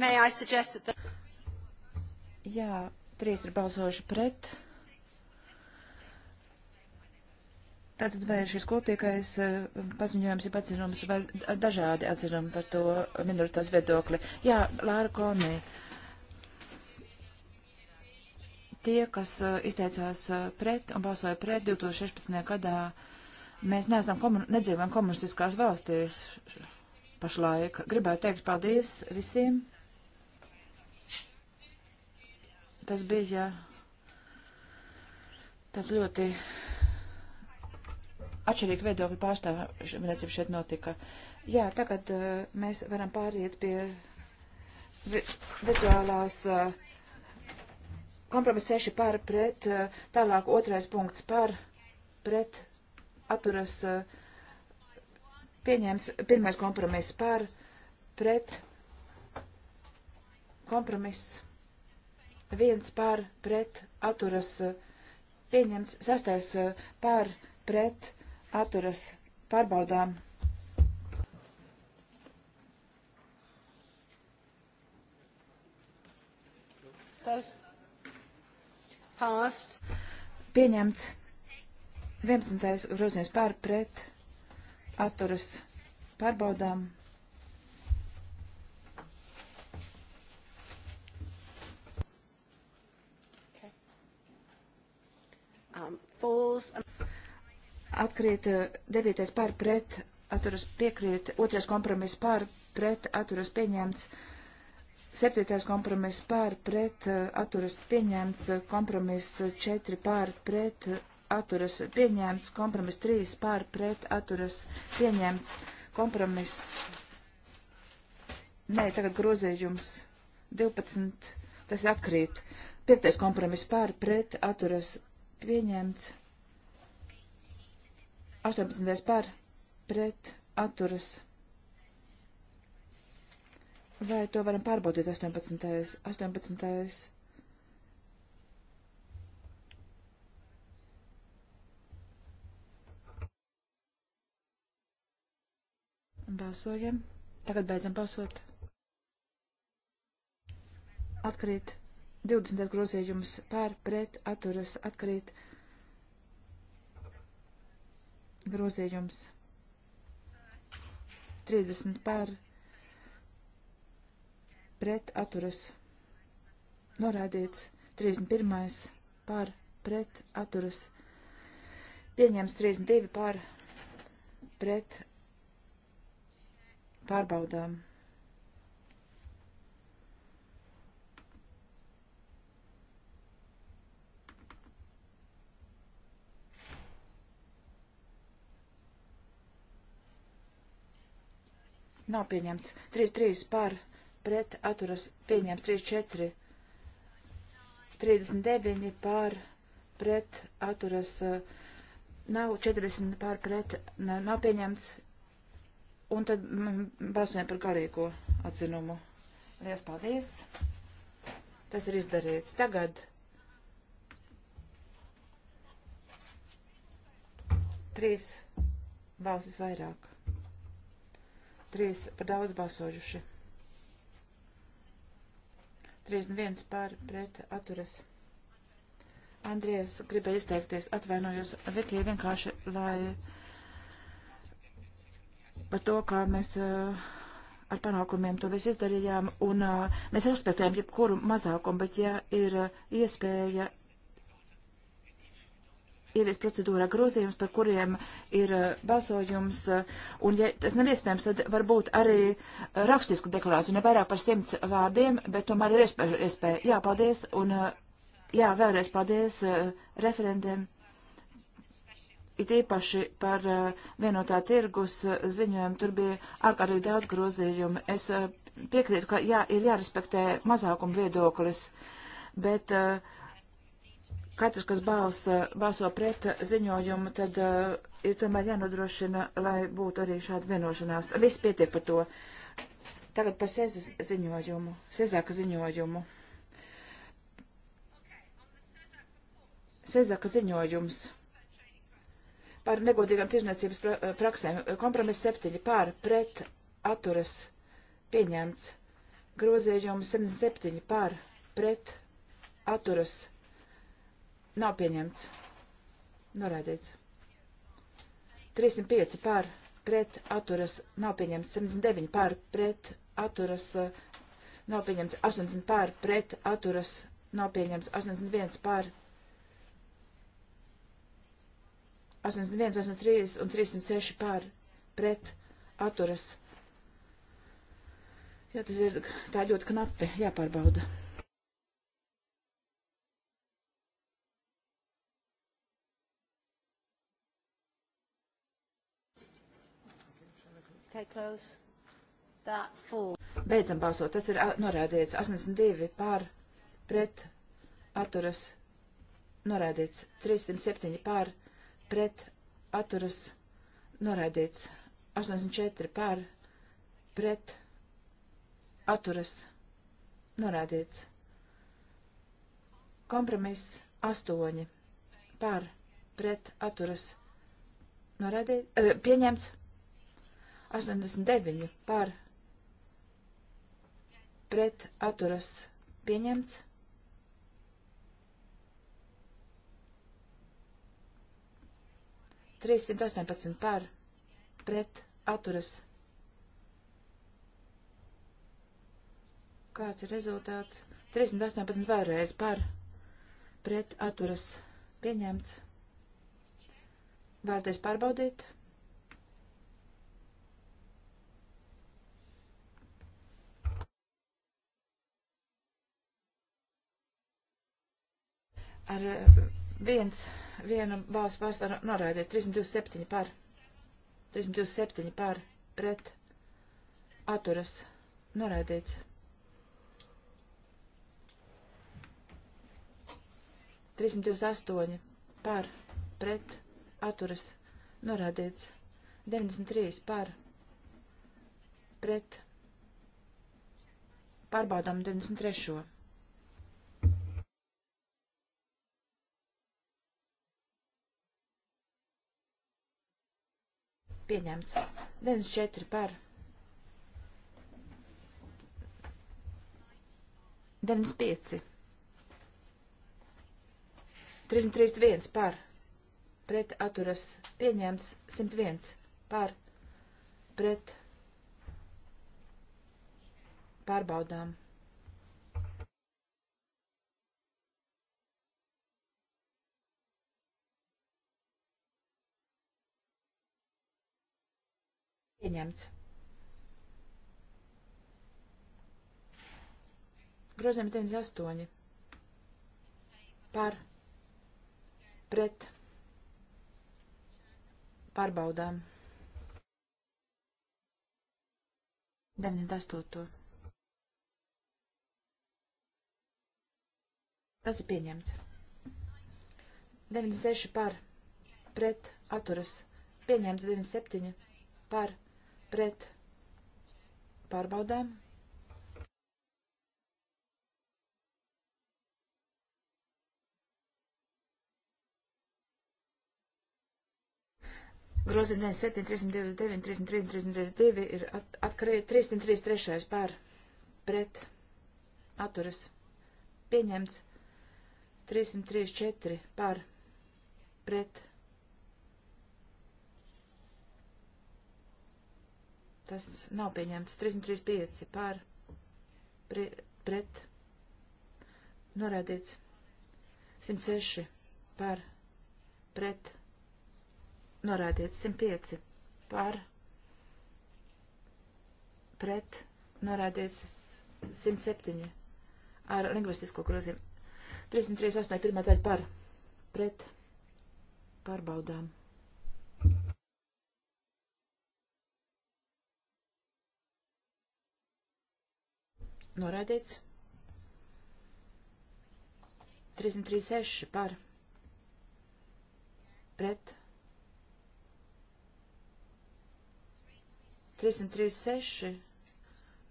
S1: That...
S4: Jā, trīs ir balsojuši pret. Tātad vai šis kopīgais eh, paziņojums ir atzinums vai dažādi atzinumi par to minoritātes viedokli? Jā, Lāra Konī. Tie, kas eh, izteicās eh, pret un balsoja pret 2016. gadā, mēs neesam komun nedzīvojam komunistiskās valstīs pašlaik. Gribētu teikt paldies visiem. Tas bija tāds ļoti atšķirīgi viedokļu pārstāvniecība šeit notika. Jā, tagad uh, mēs varam pāriet pie vi virtuālās uh, kompromisa seši par pret, uh, tālāk otrais punkts par pret atturas uh, pieņemts pirmais kompromiss par pret kompromiss viens pār pret atturas eh, pieņemts, sastais eh, pār pret atturas pārbaudām.
S1: Tas past.
S4: Pieņemts 11. grozījums pār pret atturas pārbaudām.
S1: Atkrīt
S4: eh, devītais par pret atturas piekrīt, otrais kompromiss par pret atturas pieņemts, septītais kompromiss par pret eh, atturas pieņemts, kompromiss četri par pret atturas pieņemts, kompromiss trīs par pret atturas pieņemts, kompromiss. Nē, tagad grozējums 12, tas ir atkrīt. Piektais kompromiss par pret atturas pieņemts. 18. par pret atturas. Vai to varam pārbaudīt 18. 18. Balsojam. Tagad beidzam balsot. Atkrīt. 20. grozījums pār pret atturas atkrīt grozījums 30 pār pret atturas norādīts 31. pār pret atturas pieņems 32 pār pret pārbaudām. Nav pieņemts. 3-3 par pret atturas pieņemts. 3-4. 39 par pret atturas. Eh, nav 40 par pret. Nav pieņemts. Un tad mm, balsojam par garīgo atzinumu. Lielas paldies. Tas ir izdarīts. Tagad. Trīs balsis vairāk. Trīs par daudz balsojuši. 31 nu pār pret atturas. Andrijas gribēja izteikties, atvainojos Vikija vienkārši, lai par to, kā mēs uh, ar panākumiem to visu izdarījām, un uh, mēs respektējam jebkuru mazākumu, bet ja ir uh, iespēja ievies procedūrā grozījums, par kuriem ir eh, balsojums, eh, un ja tas nav iespējams, tad varbūt arī eh, rakstisku deklarāciju, ne vairāk par simts vārdiem, bet tomēr ir iespēja. iespēja. Jā, paldies, un jā, vēlreiz paldies referentiem. It īpaši par vienotā tirgus ziņojumu tur bija ārkārtīgi daudz grozījumu. Es piekrītu, ka jā, ir jārespektē mazākuma viedoklis, bet uh, katrs, kas balsa, eh, balso pret ziņojumu, tad uh, ir tomēr jānodrošina, lai būtu arī šāda vienošanās. Viss pietiek par to. Tagad par Sezas ziņojumu, Sezaka ziņojumu. Sezaka ziņojums par negodīgām tirzniecības pra eh, praksēm. Kompromiss septiņi pār pret atturas pieņemts. Grozījums 77 pār pret atturas pieņemts Nav pieņemts. Noraidīts. 305 par pret atturas nav pieņemts. 79 eh, par pret atturas nav pieņemts. 80 par pret atturas nav pieņemts. 81 par 81, 83 un 306 par pret atturas. Jā, tas ir tā ļoti knapi jāpārbauda.
S1: Okay, close. That full.
S4: Beidzam balsot. Tas ir norādīts 82 pār pret atturas norādīts 307 pār pret atturas norādīts 84 pār pret atturas norādīts kompromiss 8 pār pret atturas norādīts, e, pieņemts 89 par pret atturas pieņemts. Trīsimt astoņpadsmit par pret atturas. Kāds ir rezultāts? Trīsimt astoņpadsmit vēlreiz par pret atturas pieņemts. Vēlaties pārbaudīt? ar eh, viens, vienu balsu pārstāvu norādīts, 327 par, 327 par, pret, atturas, norādīts. 328 par, pret, atturas, norādīts, 93 par, pret, pārbaudām 93. pieņemts. 94 par. 95. 331 par. Pret atturas pieņemts 101 par. Pret pārbaudām. Pieņemts. Grozījumi 98. Par. Pret. Pārbaudām. 98. Tas ir pieņemts. 96 par. Pret. Atturas. Pieņemts 97 par. Pret pret pārbaudēm. Grozījums 7, 329, 33, 32 ir at, atkarīgi 333 pār pret atturas pieņemts 334 pār pret atturas Tas nav pieņemts. 335 par pre, pret norādīts. 106 par pret norādīts. 105 par pret norādīts. 107 ar lingvistisko grozījumu. 338 pirmā daļa par pret pārbaudām. Norādīts. 336 par pret 336.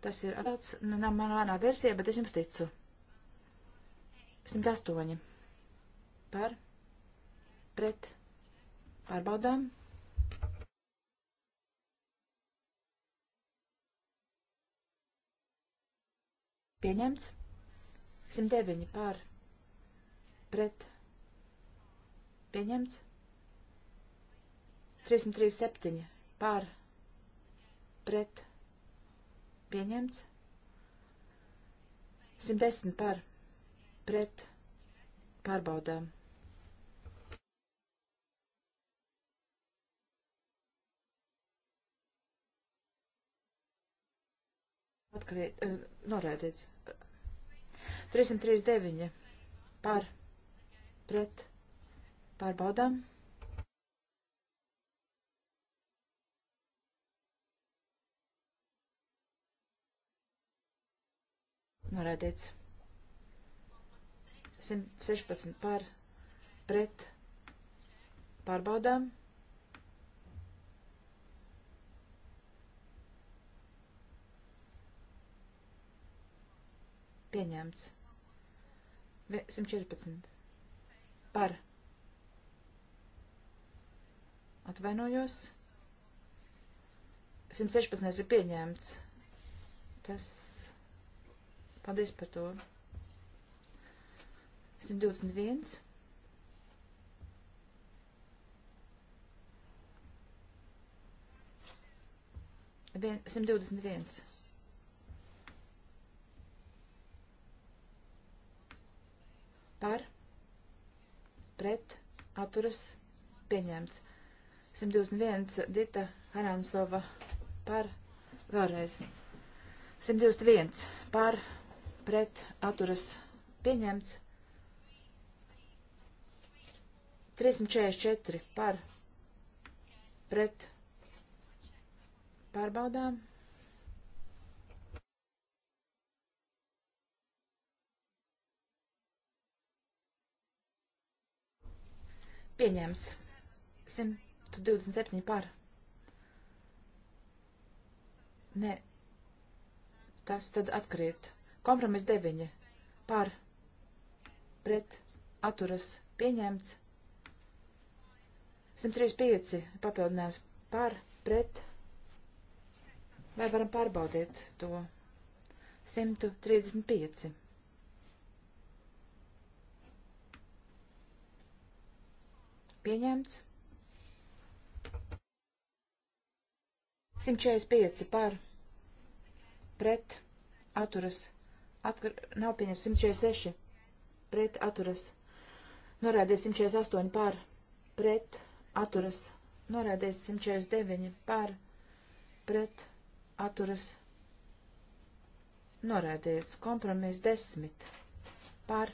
S4: Tas ir atrots nu, manā versijā, bet es jums ticu. 108 par pret pārbaudām. Pieņemts. 109 par. Pret. Pieņemts. 337 par. Pret. Pieņemts. 110 par. Pret. Pārbaudām. atkarīgi norēdīts. 339 par pret pārbaudām. Norēdīts. 116 par pret pārbaudām. pieņemts. 114. Par. Atvainojos. 116. ir pieņemts. Tas. Paldies par to. 121. Vien, 121. par pret atturas pieņemts. 121 Dita Haransova par vēlreiz. 121 par pret atturas pieņemts. 344 par pret pārbaudām. Pieņemts. 127 par. Nē. Tas tad atkrīt. Kompromis 9 par. Pret. Aturas. Pieņemts. 135 papildinās par. Pret. Vai varam pārbaudīt to? 135. pieņemts. 145 par pret atturas. Atkar, nav pieņemts 146 pret atturas. Norādīja 148 par pret atturas. Norādīja 149 par pret atturas. Norādīts kompromiss 10 par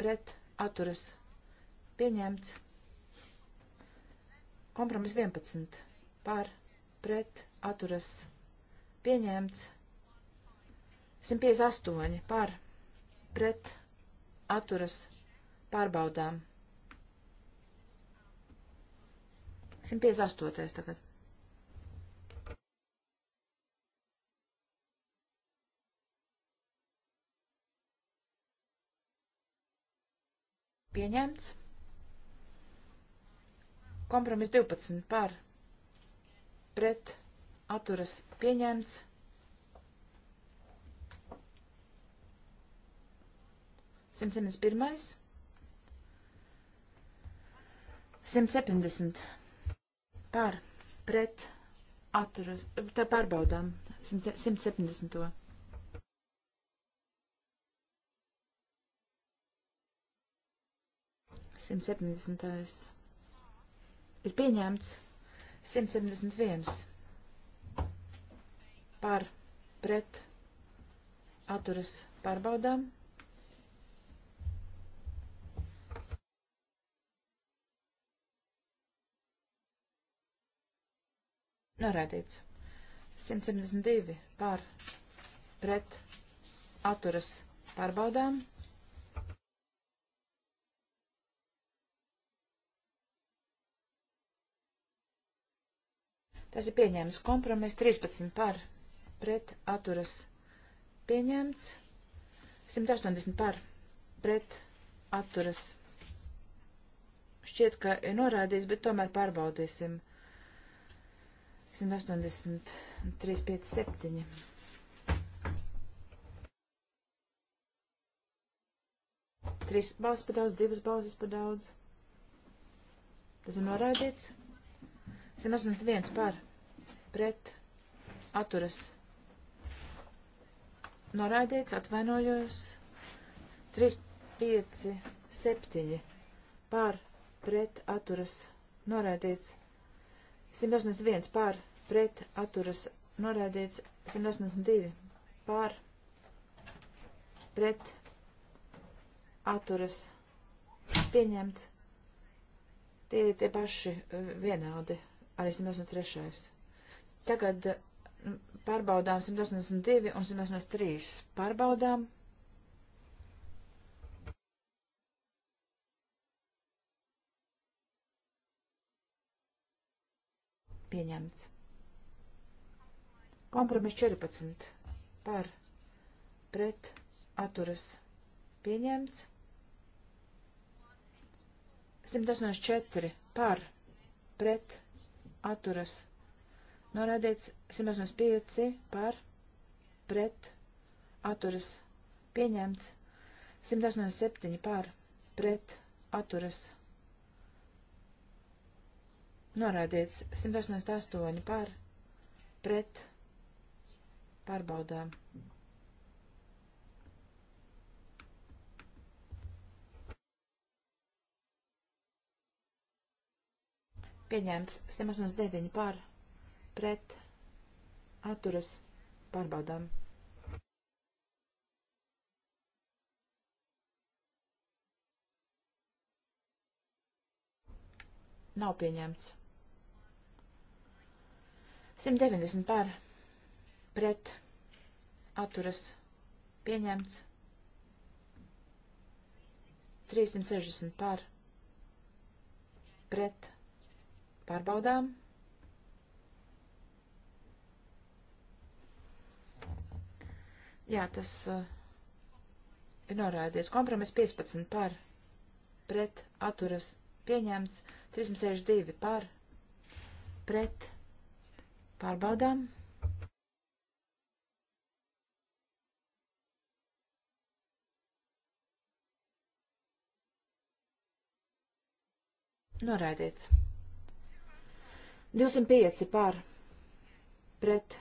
S4: pret atturas pieņemts. Kompromis 11 par pret atturas pieņemts. 158 par pret atturas pārbaudām. 158. tagad. pieņemts. Kompromis 12 par pret atturas pieņemts. Simt septiņdesmit pirmais. Simt septiņdesmit par pret atturas. Tā pārbaudām. Simt septiņdesmito. Simt septiņdesmitais ir pieņemts 171 par pret atturas pārbaudām. Norādīts. 172 par pret atturas pārbaudām. Tas ir pieņēmis kompromis 13 par pret atturas pieņemts. 180 par pret atturas. Šķiet, ka ir norādījis, bet tomēr pārbaudīsim. 180, 357. Trīs balsis par daudz, divas balsis par daudz. Tas ir noraidīts. 181 par pret atturas noraidīts, atvainojos, 3, 5, 7 pār pret atturas noraidīts, 181 pār pret atturas noraidīts, 182 pār pret atturas pieņemts. Tie ir tie paši eh, vienādi, arī 183. Tagad mm, pārbaudām 182 un 183. Pārbaudām. Pieņemts. Kompromis 14. Par. Pret. Aturas. Pieņemts. 184. Par. Pret. Aturas. Pieņemts Norādīts 185 par pret atturas pieņemts. 187 par pret atturas norādīts. 188 par pret pārbaudām. Pieņemts 189 par pret atturas pārbaudām. Nav pieņemts. 190 par pret atturas pieņemts. 360 par pret pārbaudām. Jā, tas uh, ir norādīts. Kompromiss 15 par pret atturas pieņemts. 362 par pret pārbaudām.
S1: Noraidīts.
S4: 205 pār pret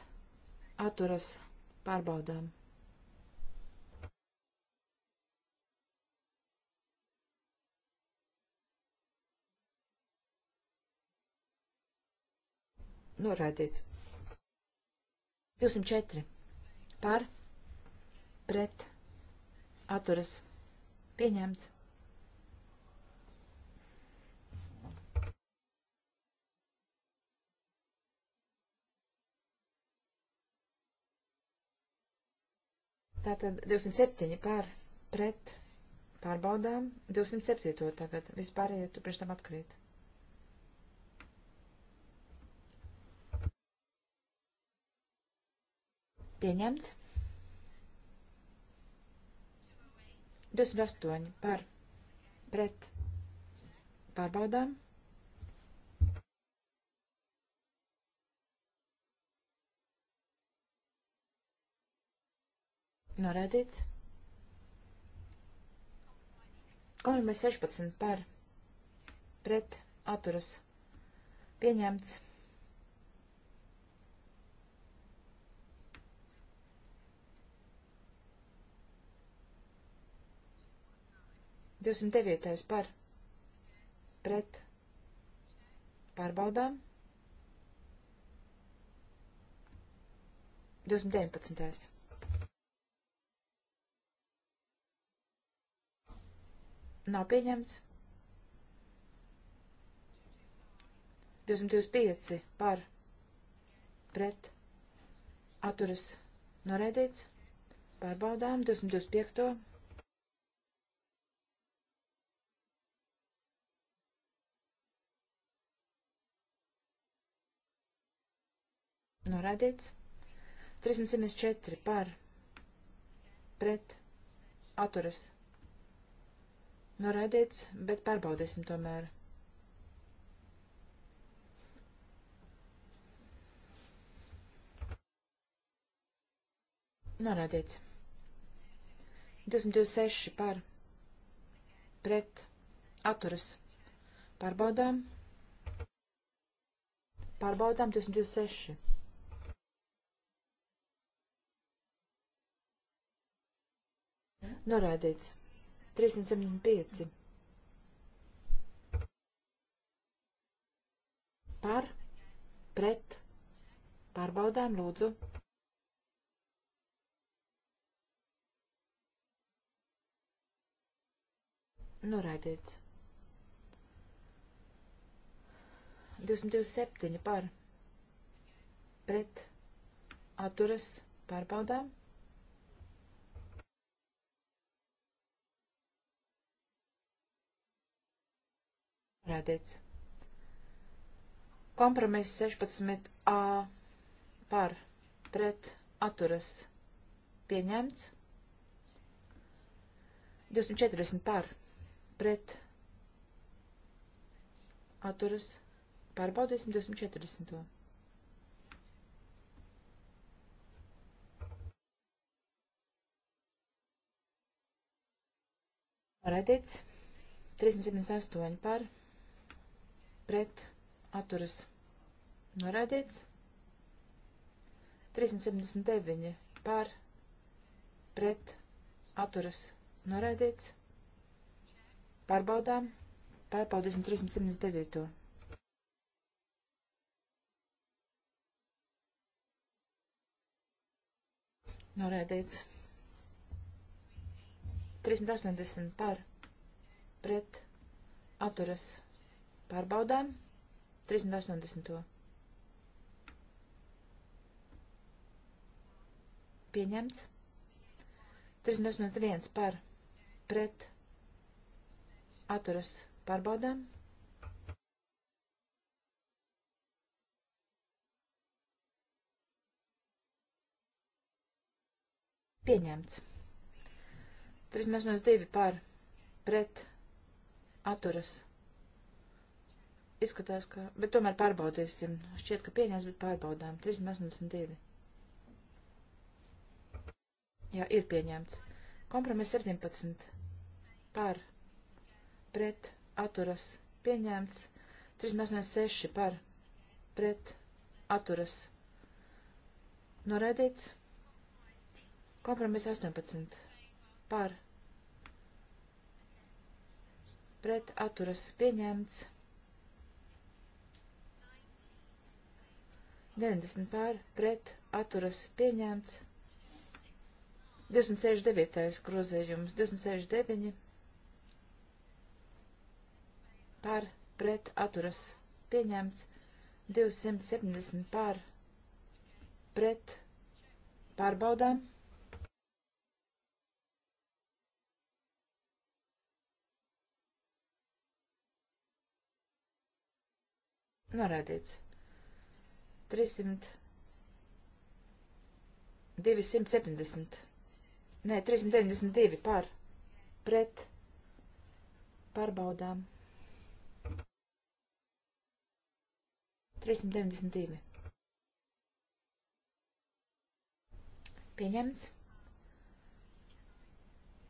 S4: atturas pārbaudām. noraidīts. 204 par pret atturas pieņemts. Tātad 207 par pret pārbaudām, 207 tagad vispārējie ja tur priekš tam atkrīt. Pieņemts. 28 par pret pārbaudām. Norādīts. Kompromiss 16 par pret atturas pieņemts. 209. par pret pārbaudām. 219. Nav pieņemts. 225 par pret atturas norēdīts. Pārbaudām 225. Norādīts. 374 par pret atturas. Norādīts, bet pārbaudīsim tomēr. Norādīts. 226 par pret atturas. Pārbaudām. Pārbaudām 226. Noraidīts. 375. Par, pret, pārbaudām lūdzu. Noraidīts. 227 par pret atturas pārbaudām. Redīts. Kompromiss 16a par pret atturas pieņemts. 240 par pret atturas pārbaudīsim 240. Redīts. 378 par pret pret atturas norādīts. 379 par pret atturas norādīts. Pārbaudām. Pārbaudīsim 379. Norēdīts. 380 par pret atturas norādīts Pārbaudām. 380. Pieņemts. 381 par pret atturas pārbaudām. Pieņemts. 382 par pret atturas pārbaudām Izskatās, ka, bet tomēr pārbaudīsim. Šķiet, ka pieņems, bet pārbaudām. 382. Jā, ir pieņemts. Kompromiss 17. Par. Pret. Aturas. Pieņemts. 386. Par. Pret. Aturas. Noraidīts. Kompromiss 18. Par. Pret. Aturas. Pieņemts. 90 pār pret atturas pieņemts. 269. grozījums, 269 pār pret atturas pieņemts, 270 pār pret pārbaudām. Norādīts. 300. 270. Nē, 392 par. Pret. Pārbaudām. 392. Pieņemts.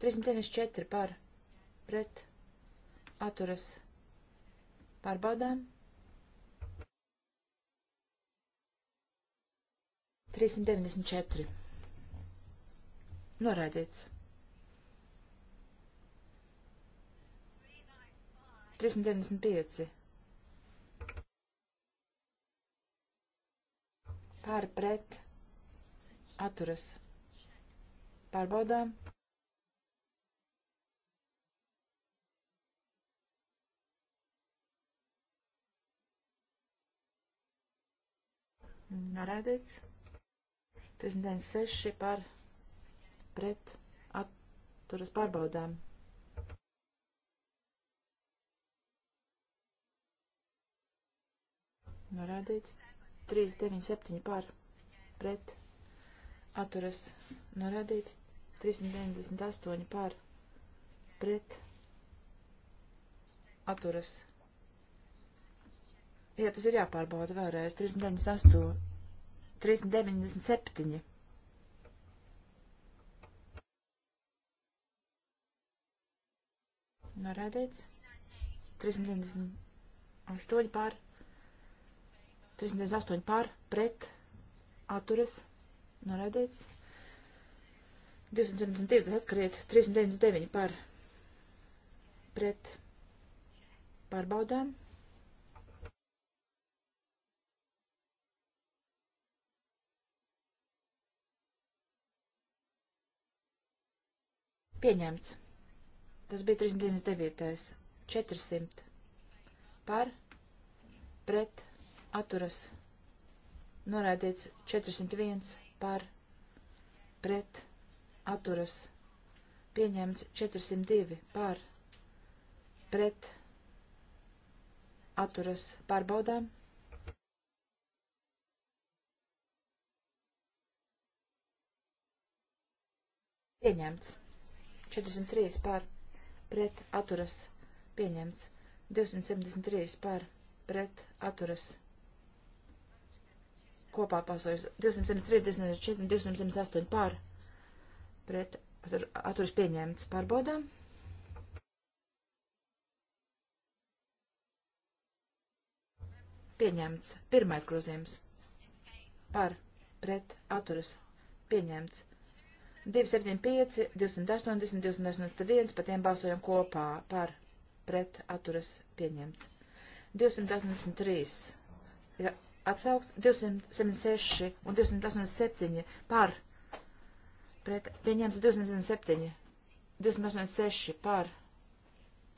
S4: 394 par pret atturas pārbaudām. 392. 394. Noraidīts. 395. Pār pret. Atturas. Pārbaudām. Norādīts. 39.6 par pret atturas pārbaudām. Norādīts 397 par pret atturas. Norādīts 398 par pret atturas. Jā, tas ir jāpārbauda vēlreiz. 398. 397. Norādīts. 398 pār. 398 pār. Pret. Atturas. Norādīts. 272 atkrīt. 399 pār. Pret. Pārbaudām. Pieņemts. Tas bija 399. 400. Par, pret, atturas. Norādīts 401 par, pret, atturas. Pieņemts 402 par, pret, atturas. Pārbaudām. Pieņemts. 243 par pret atturas pieņemts. 273 par pret atturas kopā pasojas. 273, 274, 278 par pret atturas pieņemts pārbaudām. Pieņemts. Pirmais grozījums. Par pret atturas pieņemts. 275, 280, 281, par tiem balsojam kopā par pret atturas pieņemts. 283 ir atsaukts, 276 un 287 par pret pieņemts 277, 286 par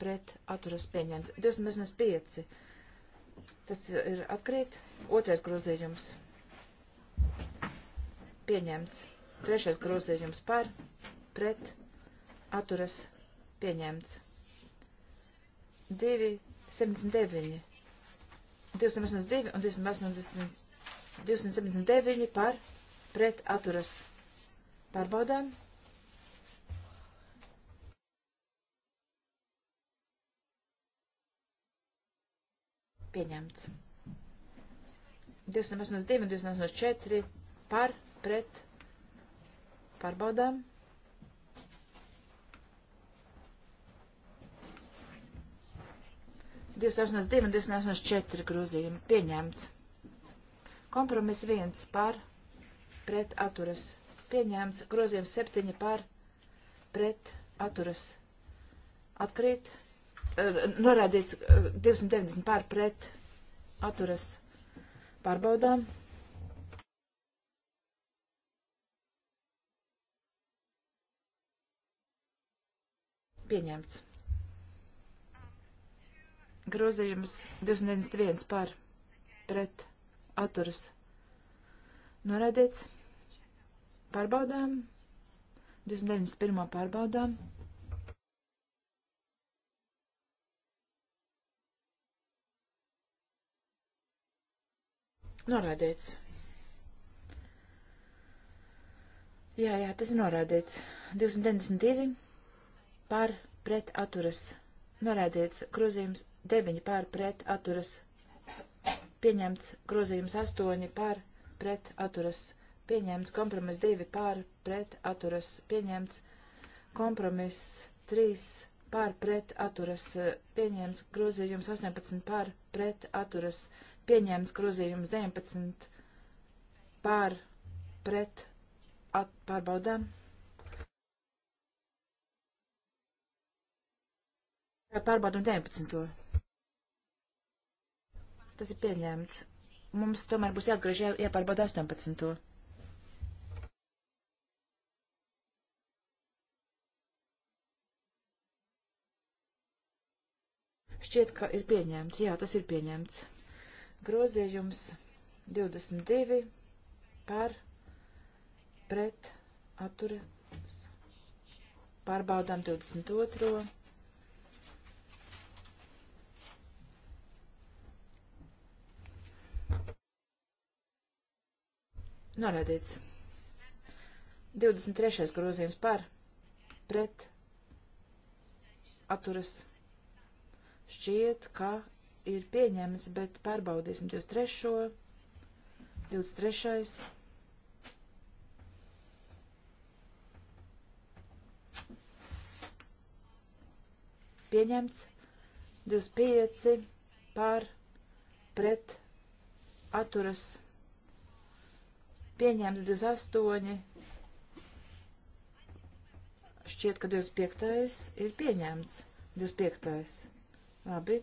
S4: pret atturas pieņemts, 285. Tas ir atkrīt, otrais grozījums pieņemts. Trešais grozījums par, pret, atturas, pieņemts. 2, 79, 282 un 280, 279 par, pret, atturas, pārbaudām. Pieņemts. 282 un 284 par, pret, atturas. Pārbaudām. Divas astoņas divi un divas astoņas četri grozījumi pieņemts. Kompromiss viens par pret atturas pieņemts. Grozījums septiņi par pret atturas atkrīt. Norādīts 290 pār pret atturas pārbaudām. Pieņemts. Grozījums 291 par pret atturas. Noraidīts. Pārbaudām. 291. pārbaudām. Norādīts. Jā, jā, tas ir norādīts. 292 par pret atturas norādīts grozījums 9 par pret atturas pieņemts grozījums 8 par pret atturas pieņemts kompromis 2 par pret atturas pieņemts kompromis 3 eh, par pret atturas pieņemts grozījums 18 par pret atturas pieņemts grozījums 19 par pret at, pārbaudām. Pārbaudam 19. Tas ir pieņemts. Mums tomēr būs jāatgriež jā, jāpārbauda 18. Šķiet, ka ir pieņemts. Jā, tas ir pieņemts. Grozījums 22 par pret atturas. Pārbaudām 22. Norādīts. 23. grozījums par pret atturas šķiet, ka ir pieņemts, bet pārbaudīsim 23. 23. Pieņemts 25 pār pret atturas šķiet pieņēmts 28, šķiet, ka 25. ir pieņēmts. 25. Labi.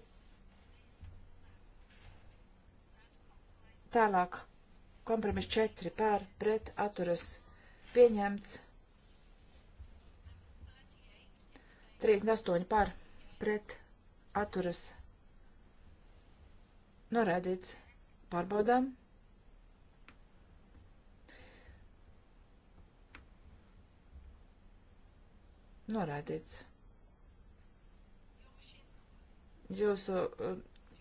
S4: Tālāk. Kompromis 4 pār pret atturas pieņemts. 38 pār pret atturas norādīts. Pārbaudām. Norādīts. Jūsu uh,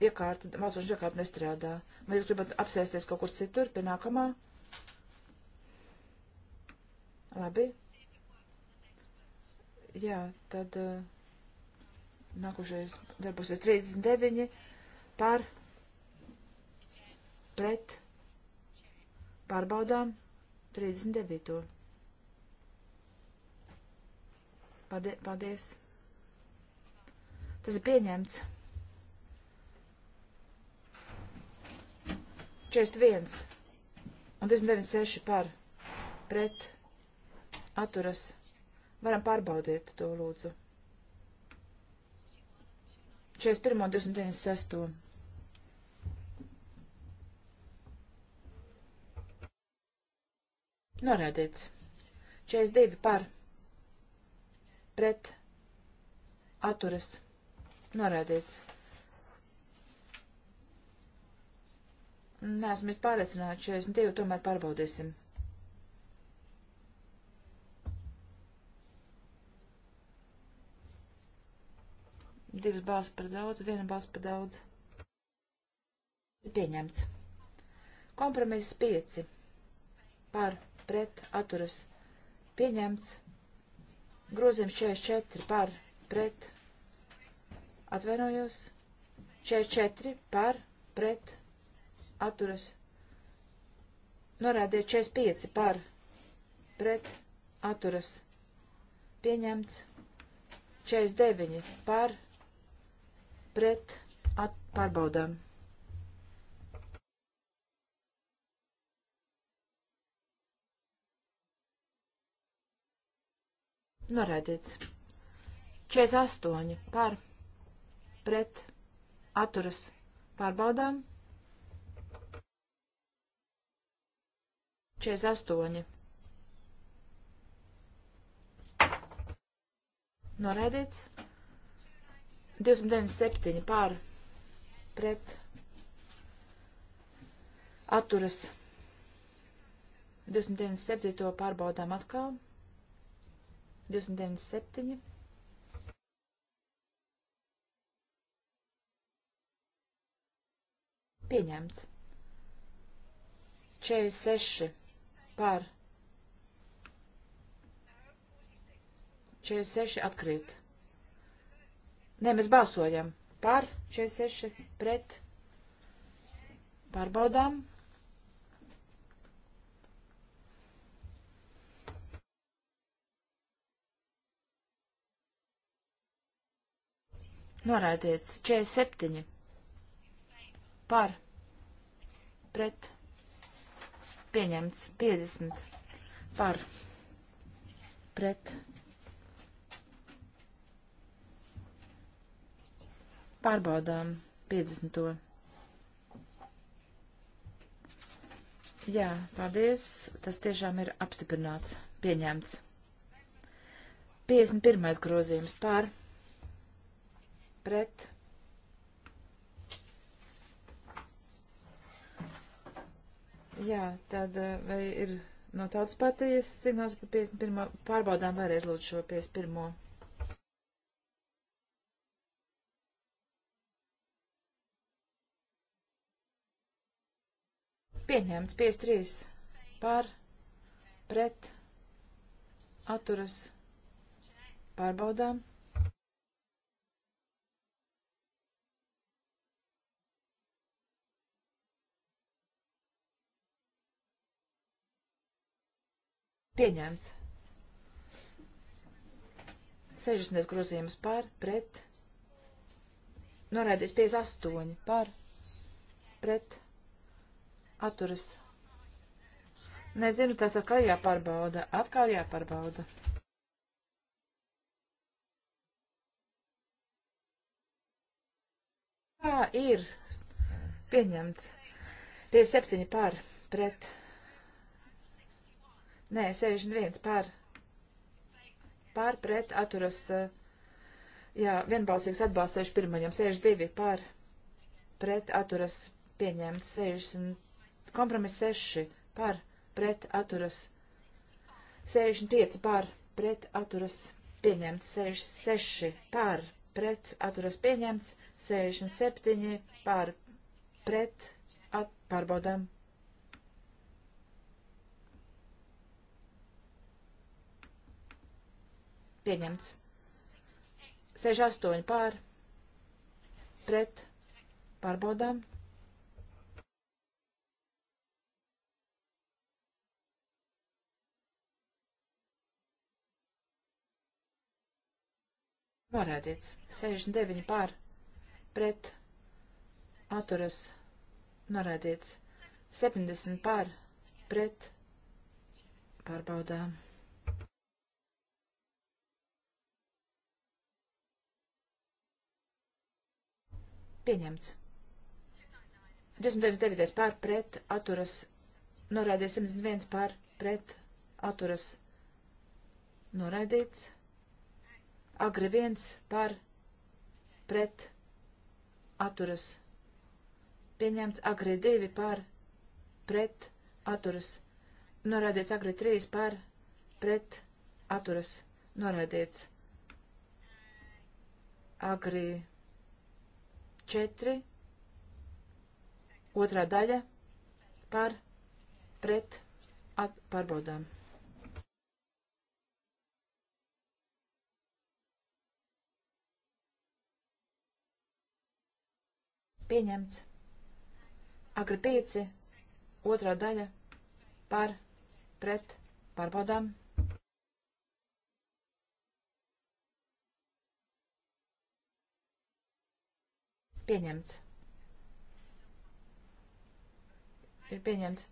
S4: iekārta, mācošanas iekārta nestrādā. Vai jūs gribat apsēsties kaut kur citur, pie nākamā? Labi. Jā, tad uh, nākošais darbosies 39 par pret pārbaudām 39. Paldies. Tas ir pieņemts. 41 un 29,6 par pret atturas. Varam pārbaudīt to lūdzu. 41 un 29,6. Norādīts. 42 par pret atturas norādīts. Nesmu es pārliecināti, 42 tomēr pārbaudīsim. Divas balss par daudz, viena balss par daudz. Pieņemts. Kompromiss 5. Par, pret, atturas. Pieņemts. Grozījums 44 par pret. Atvainojos. 44 par pret. Atturas. Norādīja 45 par pret. Atturas. Pieņemts. 49 par pret. At, pārbaudām. Noraidīts. 48 par pret atturas pārbaudām. 48. Noraidīts. 297 pār pret atturas. 297 to pārbaudām atkal. 48. 297. Pieņemts. 46 par. 46 atkrīt. Nē, mēs balsojam par 46 pret. Pārbaudām. Norādīts 47 par pret pieņemts 50 par pret pārbaudām 50. Jā, paldies. Tas tiešām ir apstiprināts, pieņemts. 51. grozījums pār pret pret. Jā, tad eh, vai ir no tautas partijas signāls par 51. pārbaudām vēlreiz lūdzu šo 51. Pieņemts 53 par pret atturas pārbaudām. Pieņemts. 60 grozījums par, pret. Norēdies 58 par, pret. Atturas. Nezinu, tas atkal jāpārbauda. Atkal jāpārbauda. Jā, ir pieņemts. 57 par, pret. Nē, 61 par. Par pret atturas. Eh, jā, vienbalsīgs atbalsts 61. 62 par. Pret atturas pieņemts. 60. Kompromiss 6 par. Pret atturas. 65 par. Pret atturas pieņemts. 66 par. Pret atturas pieņemts. 67 par. Pret at, pārbaudām Pieņemts. 68 pār. Pret. Pārbaudām. Norādīts. 69 pār. Pret. Atturas. Norādīts. 70 pār. Pret. Pārbaudām. Pieņemts. 29. pār pret atturas. Norādīts 71 pār pret atturas. Noraidīts. Agri 1 pār pret atturas. Pieņemts agri 2 pār pret atturas. Norādīts agri 3 pār pret atturas. Norādīts agri 3 4, otrā daļa par pret at, pārbaudām. Pieņemts. Agri 5, otrā daļa par pret pārbaudām. Pieņemts. Ir pieņemts.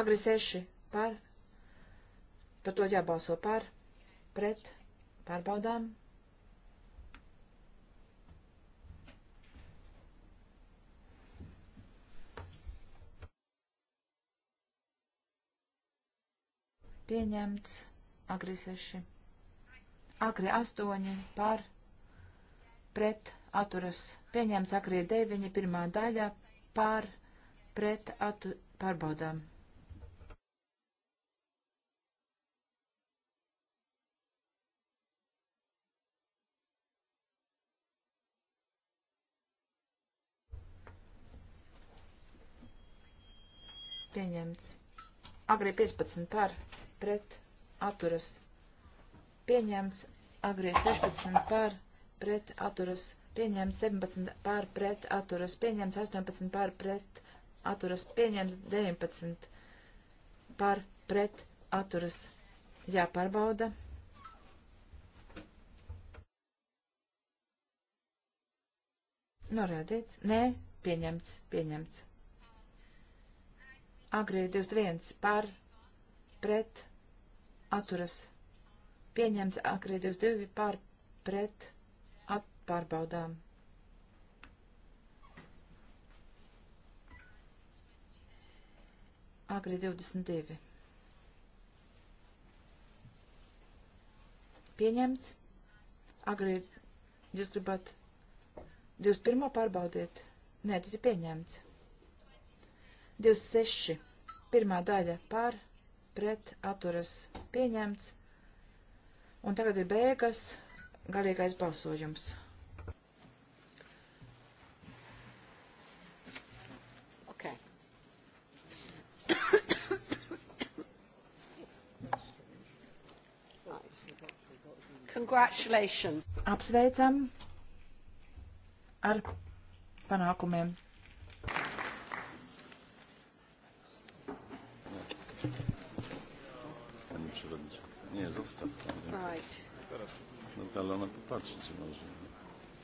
S4: Agri seši par. Par to jābalso par. Pret. Pārbaudām. Pieņemts. Agri seši. Agri astoņi par. Pret atturas pieņēmts akrie 9, pirmā daļa pār pret atu pārbaudām. Pieņemts. Agri 15 par pret atturas. Pieņemts. Agri 16 par pret atturas pieņēma 17 pār pret atturas, pieņēma 18 pār pret atturas, pieņēma 19 pār pret atturas. Jāpārbauda. Norādīts. Nē, pieņemts, pieņemts. Agrī 21 pār pret atturas. Pieņemts agrī 22 pār pret atturas pārbaudām. Agri 22. Pieņemts. Agri jūs gribat 21. pārbaudiet. Nē, tas ir pieņemts. 26. Pirmā daļa pār, pret, atturas pieņemts. Un tagad ir beigas, garīgais balsojums.
S1: Congratulations. Apsveicam ar
S4: panākumiem.
S3: Pani przewodnicząca. Nie, zostaw tam. Nie? Right. No ale ona popatrzy, czy może.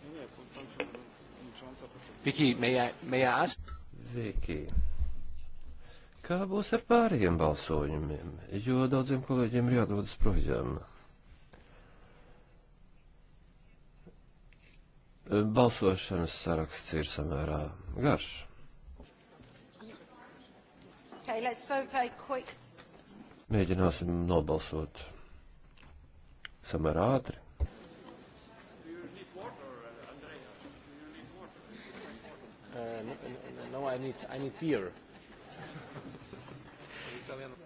S3: Nie, nie, pan
S1: przewodnicząca.
S3: Vicky, may I, may I ask? Vicky. Kā būs ar pārējiem balsojumiem? Jo daudziem kolēģiem ir jādodas projām. Balsošanas saraksts ir samērā garš.
S1: Okay,
S3: Mēģināsim nobalsot samērā ātri. Uh, no, I need, I need beer.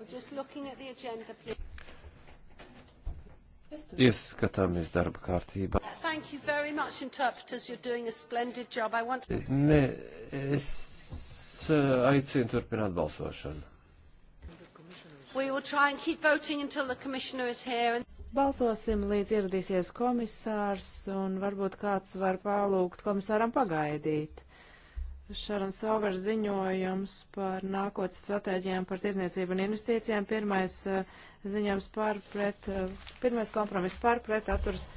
S1: We're just looking at the agenda, please.
S3: Ieskatāmies darba kārtībā
S1: thank you very much, interpreters. You're doing a splendid job. I want to...
S3: Ne, es uh, aicinu turpināt balsošanu.
S1: We will try and keep voting until the commissioner is here. And...
S2: Balsosim, līdz ieradīsies komisārs, un varbūt kāds var palūgt komisāram pagaidīt. Šarans Sauver ziņojums par nākotnes stratēģijām par tiesniecību un investīcijām. Pirmais uh, ziņojums par pret, uh, pirmais kompromiss par pret atturas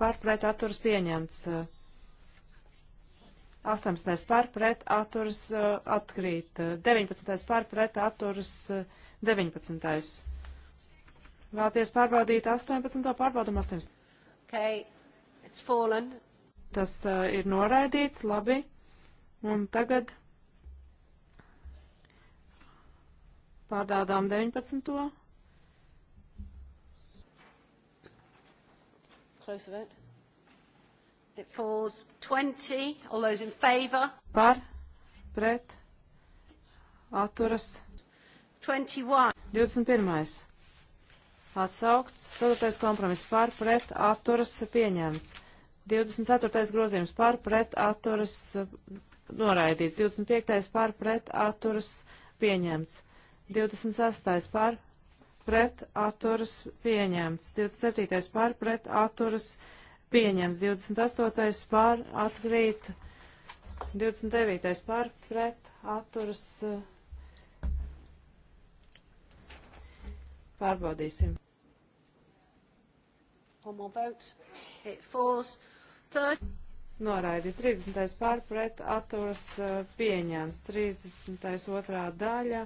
S2: par pret atturas pieņemts. 18. par pret atturas uh, atkrīt. 19. par pret atturas 19. Uh, Vēlties pārbaudīt 18. pārbaudumu 18.
S1: Okay. It's fallen.
S2: Tas uh, ir noraidīts, labi. Un tagad pārdādām 19.
S1: Close the vote. It falls 20. All those in favour? Par, pret,
S2: atturas. 21. 21. Atsaukts. 4. kompromiss par, pret, atturas pieņemts. 24. grozījums par, pret, atturas noraidīts. 25. par, pret, atturas pieņemts. 26. par, pret atturas pieņemts, 27. par pret atturas pieņemts, 28. par atkrīt, 29. par pret atturas pārbaudīsim. Noraidīts 30. pārpret atturas pieņēms, 32. otrā daļa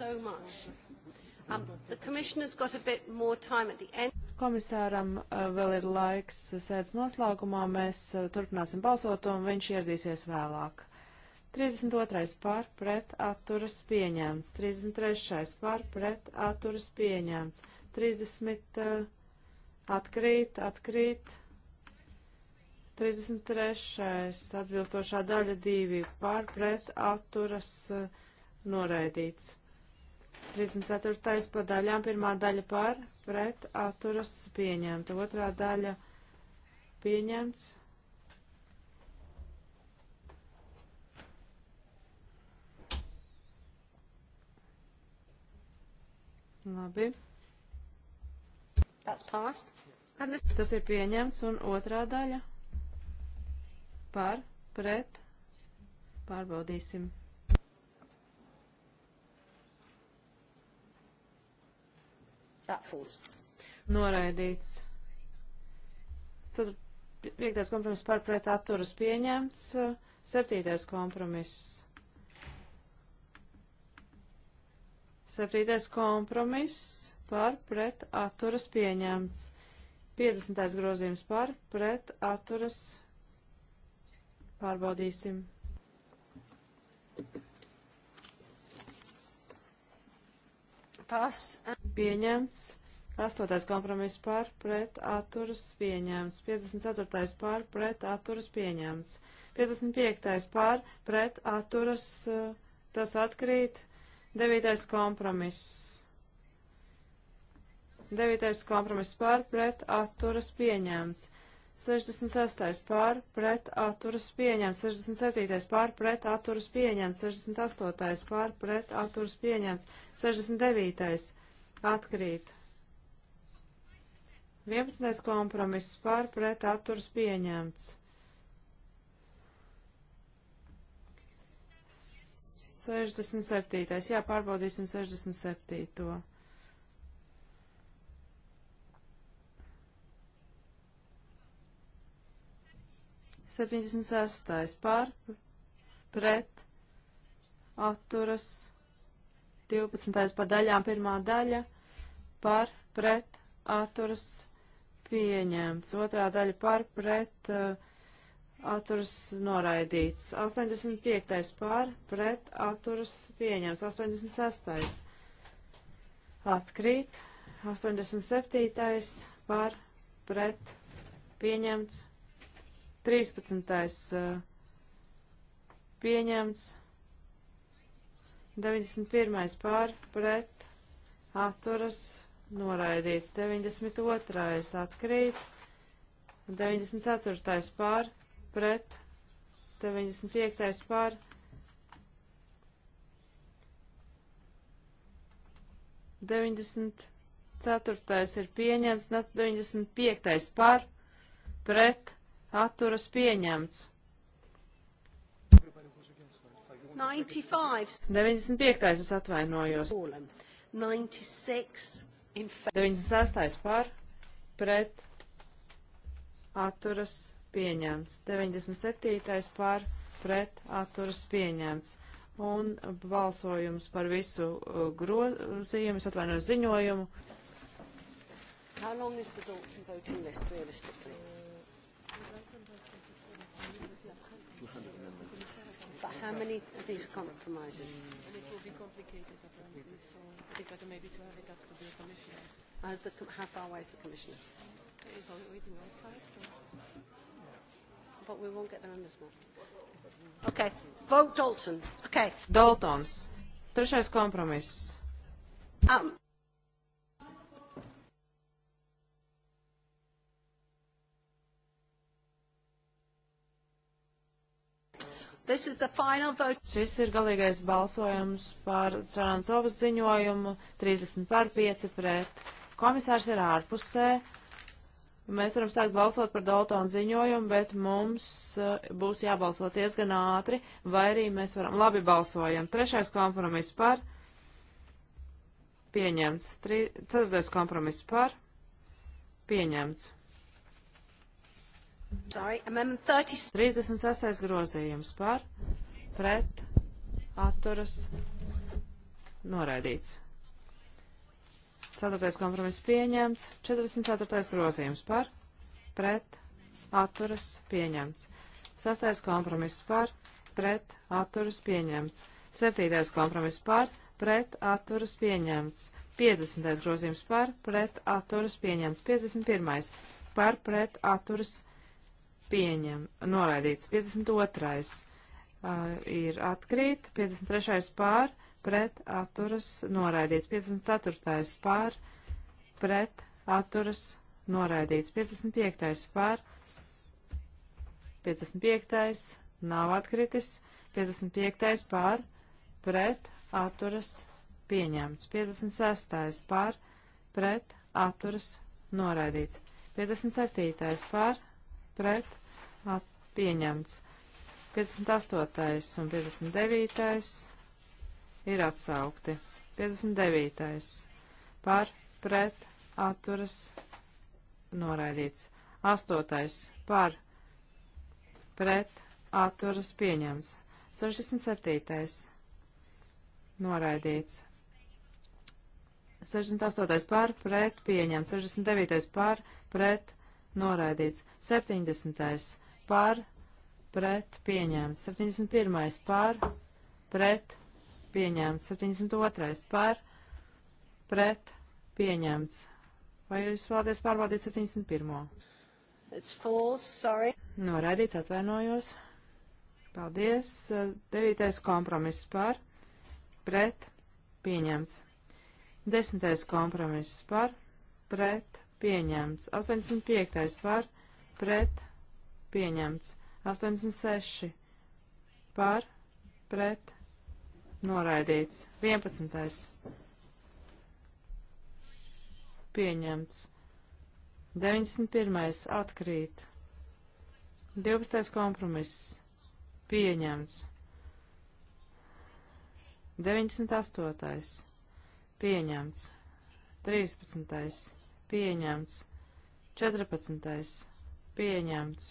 S1: so much. Um, the commissioner's got a bit more time at the end.
S2: Komisāram uh, vēl ir laiks sēdes noslēgumā, mēs uh, turpināsim balsot un viņš ieradīsies vēlāk. 32. pār pret atturas pieņēmts, 33. pār pret atturas pieņēmts, 30. Uh, atkrīt, atkrīt, 33. atbilstošā daļa 2 pār pret atturas uh, noraidīts. 34. pa daļām, pirmā daļa par, pret, atturas, pieņemta. Otrā daļa pieņemts. Labi. Tas ir pieņemts, un otrā daļa par, pret, pārbaudīsim. That falls. Noraidīts. Tad piektais kompromiss par pret atturas pieņemts. Septītais kompromiss. Septītais kompromiss par pret atturas pieņemts. 50. grozījums par pret atturas pārbaudīsim. Thank you. Pieņemts. 8. kompromiss par pret atturas pieņemts. 54. par pret atturas pieņemts. 55. par pret atturas eh, tas atkrīt. 9. kompromiss. 9. kompromiss par pret atturas pieņemts. 66. pār pret atturas pieņemts, 67. pār pret atturas pieņemts, 68. pār pret atturas pieņemts, 69. atkrīt. 11. kompromiss pār pret atturas pieņemts. 67. Jā, pārbaudīsim 67. 76. pār pret atturas 12. pa daļām pirmā daļa par pret atturas pieņemts, otrā daļa par pret uh, atturas noraidīts, 85. par pret atturas pieņemts, 86. atkrīt, 87. par pret pieņemts, 13. pieņemts, 91. pār, pret, atturas, noraidīts, 92. atkrīt, 94. pār, pret, 95. pār, Deviņdesmit ceturtais ir pieņemts, deviņdesmit piektais par, pret, atturas pieņemts. 95. 95. es atvainojos.
S1: 96. 96. par,
S2: pret, atturas pieņemts. 97. par, pret, atturas pieņemts. Un balsojums par visu uh, grozījumu, es atvainojos ziņojumu.
S1: How long is the Dalton voting list realistically? But how many of these compromises? Mm. And it will be complicated, apparently, so I think better maybe to have it up to the commissioner. How's the, how far away is the commissioner? He's waiting outside, so... But we won't get there on this one. Okay. Vote Dalton. Okay. Daltons. Trešais
S2: kompromiss. Um, Šis ir galīgais balsojums par Čaransovas ziņojumu 30 par 5 pret. Komisārs ir ārpusē. Mēs varam sākt balsot par Daltonu ziņojumu, bet mums uh, būs jābalso diezgan ātri, vai arī mēs varam. Labi, balsojam. Trešais kompromiss par. Pieņemts. Tri... Ceturtais kompromiss par. Pieņemts. Sorry, 30... 36. grozījums par, pret, atturas, noraidīts. 4. kompromiss pieņemts, 44. grozījums par, pret, atturas, pieņemts. 6. kompromiss par, pret, atturas, pieņemts. 7. kompromiss par, pret, atturas, pieņemts. 50. grozījums par, pret, atturas, pieņemts. 51. par, pret, atturas, pieņemts pieņem, noraidīts. 52. Uh, ir atkrīt, 53. pār, pret atturas noraidīts, 54. pār, pret atturas noraidīts, 55. pār, 55. nav atkritis, 55. pār, pret atturas pieņemts, 56. pār, pret atturas noraidīts, 57. pār, pret at, pieņemts. 58. un 59. ir atsaukti. 59. par pret atturas noraidīts. 8. par pret atturas pieņemts. 67. noraidīts. 68. par pret pieņemts. 69. par pret noraidīts. 70 par, pret, pieņemts. 71. par, pret, pieņemts. 72. par, pret, pieņemts. Vai jūs vēlaties pārbaudīt 71.
S1: It's false, sorry.
S2: Noraidīts, atvainojos. Paldies. 9. kompromiss par, pret, pieņemts. 10. kompromiss par, pret, pieņemts. 85. par, pret, pieņemts pret pieņemts. 86 par, pret, noraidīts. 11. pieņemts. 91. atkrīt. 12. kompromiss pieņemts. 98. pieņemts. 13. pieņemts. 14. pieņemts.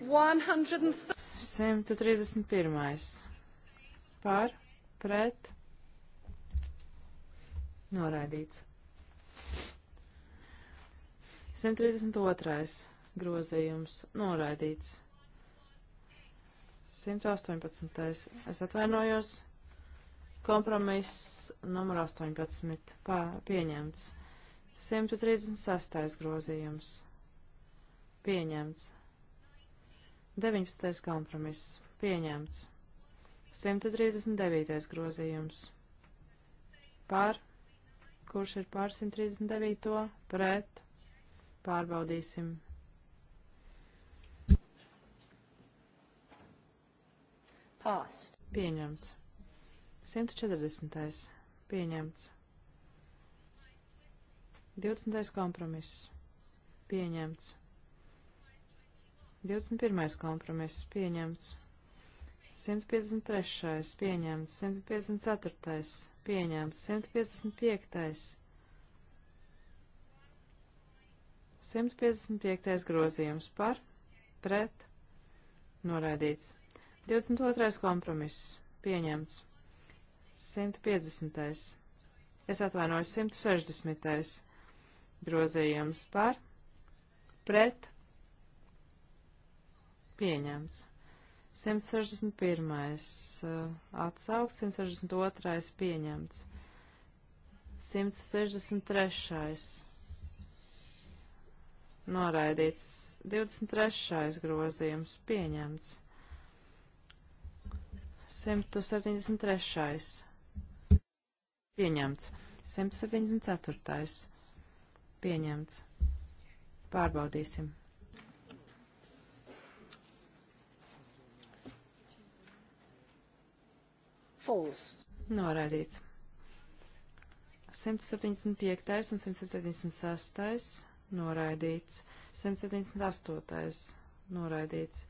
S2: 131. Par, pret, noraidīts. 132. grozījums noraidīts. 118. Es atvainojos. Kompromiss numur 18. Pā, pieņemts. 136. grozījums. Pieņemts. 19. kompromiss. Pieņemts. 139. grozījums. Par. Kurš ir pār 139. pret. Pārbaudīsim. Past. Pieņemts. 140. Pieņemts. 20. kompromiss. Pieņemts. 21. kompromiss pieņemts. 153. pieņemts, 154. pieņemts, 155. 155. grozījums par, pret, noraidīts. 22. kompromiss pieņemts. 150. Es atvainojos 160. grozījums par, pret, pieņemts. 161. Uh, atsaukt, 162. pieņemts. 163. noraidīts. 23. grozījums pieņemts. 173. pieņemts. 174. pieņemts. Pārbaudīsim. False. Noraidīts. 175. un 176. noraidīts. 178. noraidīts.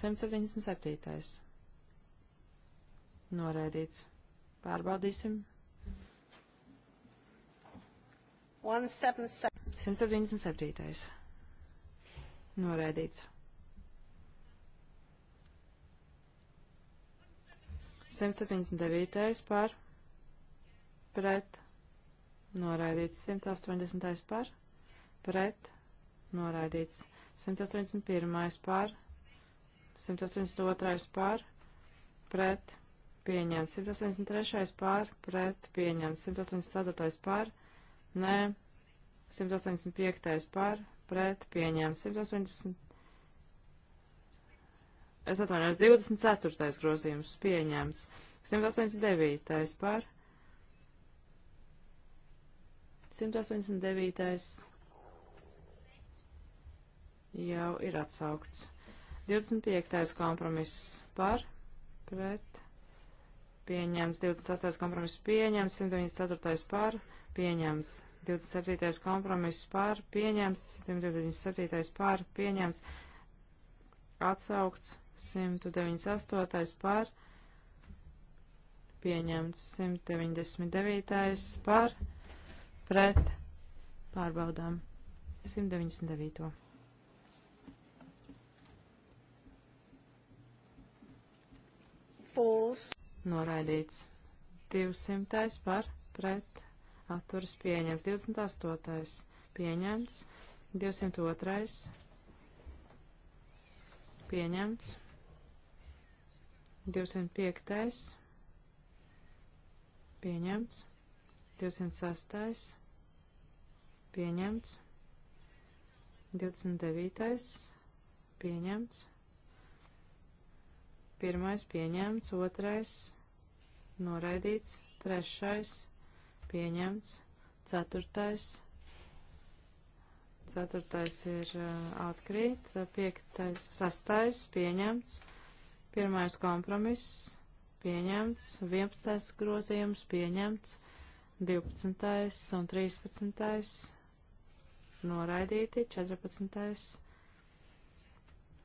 S2: 177. noraidīts. Pārbaudīsim. 177. noraidīts. 179. par pret noraidīts 180. par pret noraidīts 181. par 182. par pret pieņemts 183. par pret pieņemts 184. par nē 185. par pret pieņemts 180 es atvainojos, 24. grozījums pieņemts, 189. par, 189. jau ir atsaukts, 25. kompromiss par, pret, pieņemts, 28. kompromiss pieņemts, 194. par, pieņemts, 27. kompromiss par, pieņemts, 197. par, pieņemts, atsaukts, 198. par, pieņemts, 199. par, pret, pārbaudām, 199. Fools. Noraidīts. 200. par pret atturas pieņemts. 28. pieņemts. 202 pieņemts. 205. pieņemts. 206. pieņemts. 29. pieņemts. Pirmais pieņemts, otrais noraidīts, trešais pieņemts, ceturtais pieņemts Ceturtais ir atkrīt, piektais, sastais pieņemts, pirmais kompromiss pieņemts, vienpadsmitais grozījums pieņemts, divpadsmitais un trīspadsmitais noraidīti, četrpadsmitais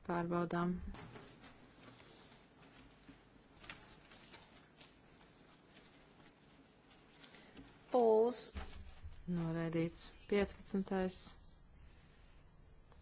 S2: pārbaudām. Pols. Noraidīts 15.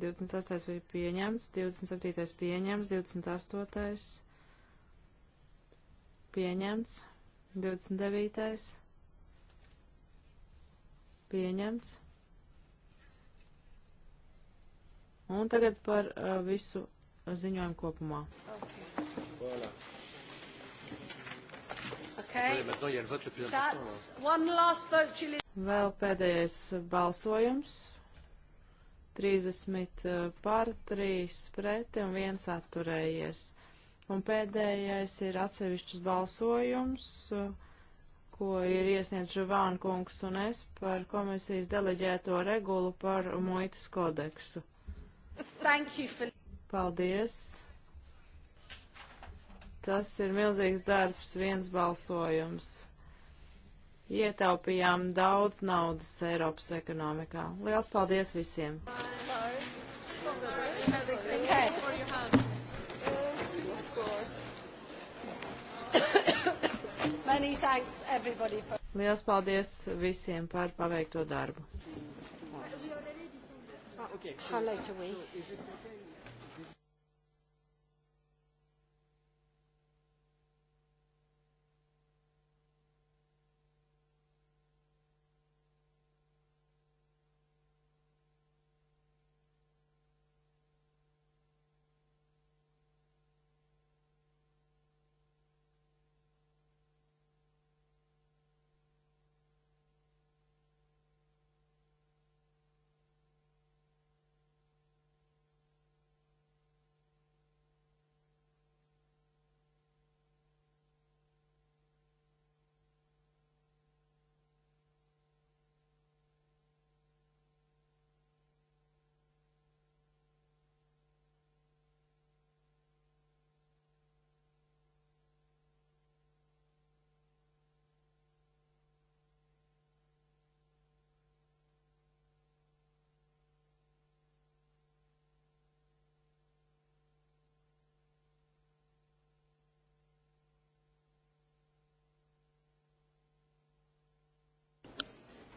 S2: 28. bija pieņemts, 27. pieņemts, 28. pieņemts, 29. pieņemts. Un tagad par uh, visu ziņojumu kopumā.
S3: Okay. Voilà. Okay.
S2: Vēl pēdējais balsojums. 30 eh, par, 3 preti un 1 atturējies. Un pēdējais ir atsevišķs balsojums, eh, ko ir iesniedz Žuvāna kungs un es par komisijas deleģēto regulu par muitas kodeksu.
S1: For...
S2: Paldies! Tas ir milzīgs darbs, viens balsojums ietaupījām daudz naudas Eiropas ekonomikā. Liels paldies visiem! Liels paldies visiem par paveikto
S3: darbu. How late are we?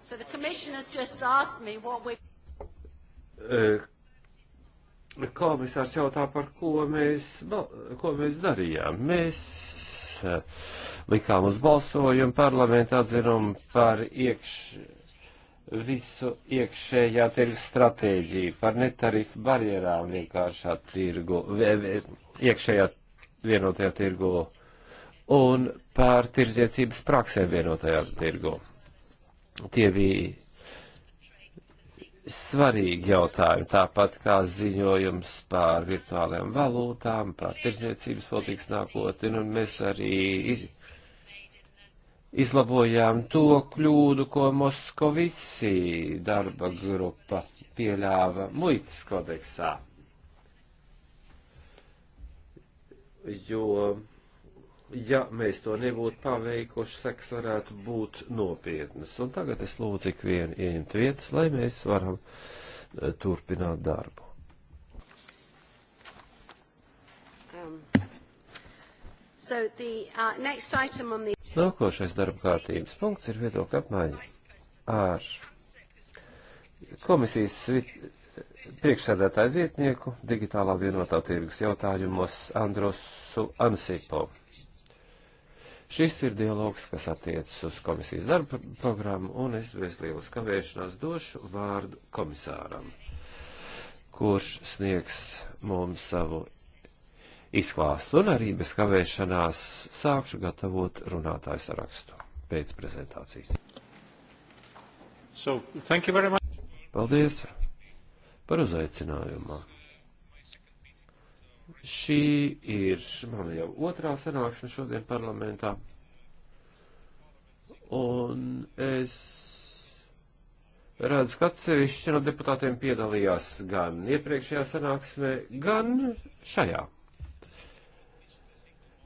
S1: So the commissioner's just asked me what we...
S3: Komisārs jautā, par ko mēs, ko mēs darījām. Mēs likām uz balsojumu parlamentu atzinumu par iekš, visu iekšējā tirgu stratēģiju, par netarifu barjerām vienkāršā tirgu, iekšējā vienotajā tirgu un par tirdzniecības praksēm vienotajā tirgu tie bija svarīgi jautājumi, tāpat kā ziņojums par virtuālajām valūtām, par tirsniecības politikas nākotni, un mēs arī iz, izlabojām to kļūdu, ko Moskovici darba grupa pieļāva muitas kodeksā. Jo ja mēs to nebūtu paveikuši, seks varētu būt nopietnas. Un tagad es lūdzu ikvienu ieņemt vietas, lai mēs varam eh, turpināt darbu.
S1: Um, so the, uh, the...
S3: Nākošais darba kārtības punkts ir viedokļa apmaiņa ar komisijas vit priekšsēdētāju vietnieku digitālā vienotā tirgus jautājumos Androsu Ansipo. Šis ir dialogs, kas attiecas uz komisijas darba programmu, un es bez lielas kavēšanās došu vārdu komisāram, kurš sniegs mums savu izklāstu, un arī bez kavēšanās sākšu gatavot runātāju sarakstu pēc prezentācijas. So, thank you very much. Paldies par uzaicinājumu. Šī ir man jau otrā sanāksme šodien parlamentā. Un es redzu, ka atsevišķi no deputātiem piedalījās gan iepriekšējā sanāksmē, gan šajā.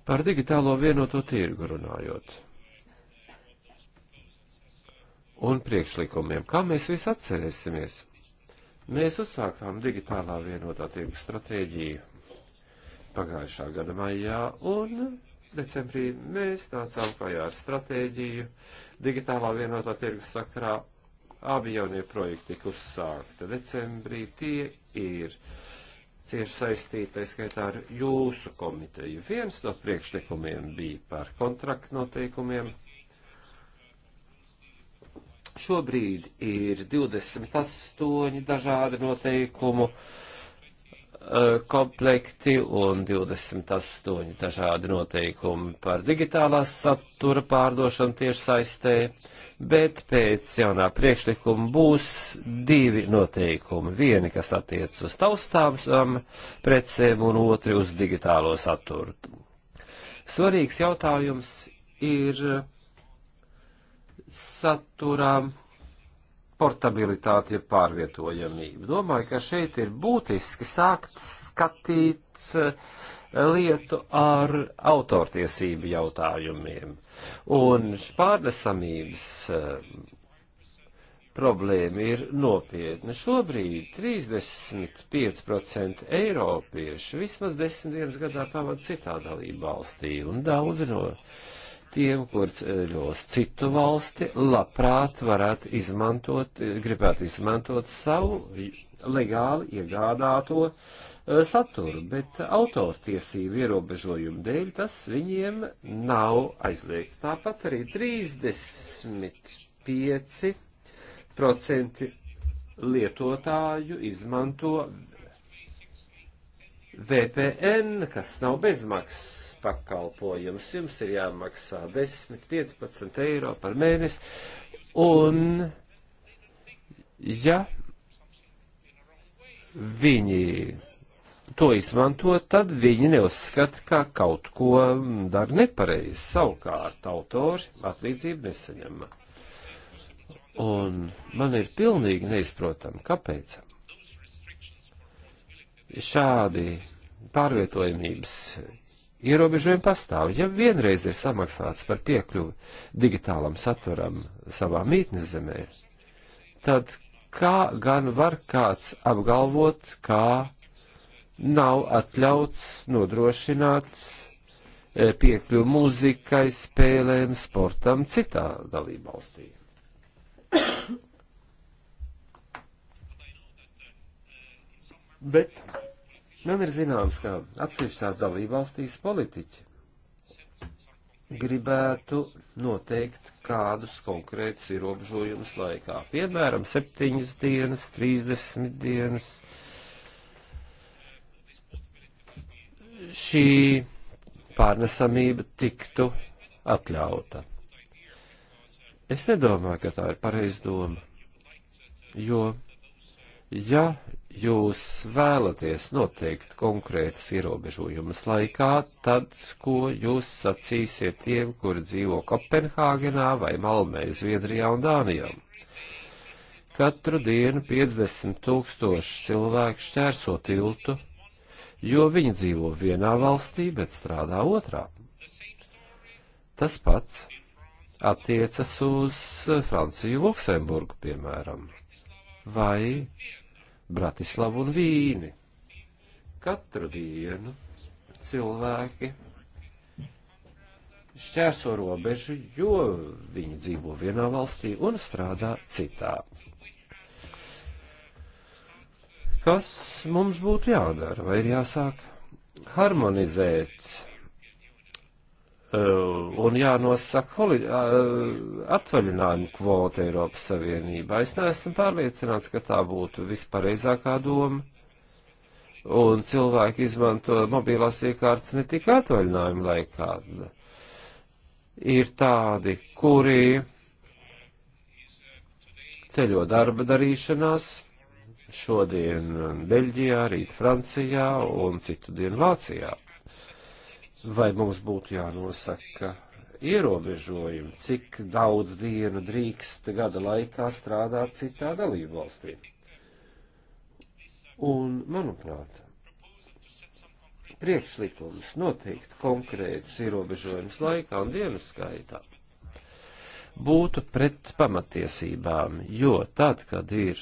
S3: Par digitālo vienoto tirgu runājot. Un priekšlikumiem, kā mēs visi atcerēsimies. Mēs uzsākām digitālā vienotā tirgu stratēģiju pagājušā gada maijā, un decembrī mēs nācām klajā ar stratēģiju digitālā vienotā tirgus sakarā. Abi jaunie projekti tika uzsākta decembrī, tie ir cieši saistīta, skaitā ar jūsu komiteju. Viens no priekšlikumiem bija par kontraktu noteikumiem. Šobrīd ir 28 dažādi noteikumu uh, Eh, komplekti un 28 dažādi noteikumi par digitālās satura pārdošanu tiešsaistē, bet pēc jaunā priekšlikuma būs divi noteikumi. Vieni, kas attiec uz taustāmsam precēm un otri uz digitālo saturu. Svarīgs jautājums ir saturām portabilitāti, ja pārvietojamību. Domāju, ka šeit ir būtiski sākt skatīt eh, lietu ar autortiesību jautājumiem. Un pārnesamības eh, problēma ir nopietna. Šobrīd 35% eiropiešu vismaz desmit dienas gadā pavada citā dalība valstī, un daudzi no tiem, kur ceļos citu valsti, labprāt varētu izmantot, gribētu izmantot savu legāli iegādāto eh, saturu, bet autortiesību ierobežojumu dēļ tas viņiem nav aizliegts. Tāpat arī 35% lietotāju izmanto VPN, kas nav bezmaksas pakalpojums, jums ir jāmaksā 10, 15 eiro par mēnesi. Un, ja viņi to izmanto, tad viņi neuzskata, ka kaut ko dara nepareizi. Savukārt autori atlīdzību nesaņem. Un man ir pilnīgi neizprotam, kāpēc šādi pārvietojamības ierobežojumi pastāv. Ja vienreiz ir samaksāts par piekļuvi digitālam saturam savā mītnes zemē, tad kā gan var kāds apgalvot, kā nav atļauts nodrošināt e, piekļuvi mūzikai, spēlēm, sportam citā dalībvalstī? Bet man ir zināms, ka atsevišķās dalībvalstīs politiķi gribētu noteikt kādus konkrētus ierobežojumus laikā. Piemēram, 7 dienas, 30 dienas. Šī pārnesamība tiktu atļauta. Es nedomāju, ka tā ir pareiz doma, jo, ja jūs vēlaties noteikt konkrētus ierobežojumus laikā, tad, ko jūs sacīsiet tiem, kuri dzīvo Kopenhāgenā vai Malmē, Zviedrijā un Dānijā? Katru dienu 50 tūkstoši cilvēku šķērso tiltu, jo viņi dzīvo vienā valstī, bet strādā otrā. Tas pats attiecas uz Franciju Luksemburgu, piemēram, vai Bratislavu un Vīni. Katru dienu cilvēki šķērso robežu, jo viņi dzīvo vienā valstī un strādā citā. Kas mums būtu jādara vai ir jāsāk harmonizēt Uh, un jānosaka uh, atvaļinājumu kvota Eiropas Savienībā. Es neesmu pārliecināts, ka tā būtu vispareizākā doma. Un cilvēki izmanto mobilās iekārtas ne tikai atvaļinājumu laikā. Ir tādi, kuri ceļo darba darīšanās šodien Beļģijā, rīt Francijā un citu dienu Vācijā vai mums būtu jānosaka ierobežojumi, cik daudz dienu drīkst gada laikā strādāt citā dalību valstī. Un, manuprāt, priekšlikums noteikt konkrētus ierobežojumus laikā un dienu skaitā būtu pret pamatiesībām, jo tad, kad ir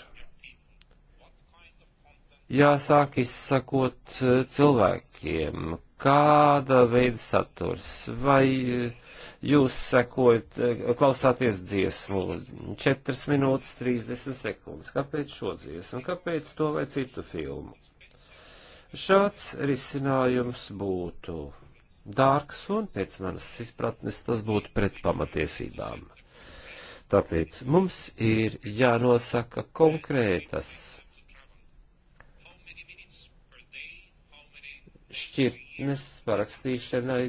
S3: jāsāk izsakot eh, cilvēkiem, kāda veida saturs, vai eh, jūs sekojat, eh, klausāties dziesmu 4 minūtes 30 sekundes, kāpēc šo dziesmu, kāpēc to vai citu filmu. Šāds risinājums būtu dārgs un pēc manas izpratnes tas būtu pret pamatiesībām. Tāpēc mums ir jānosaka konkrētas šķirtnes parakstīšanai,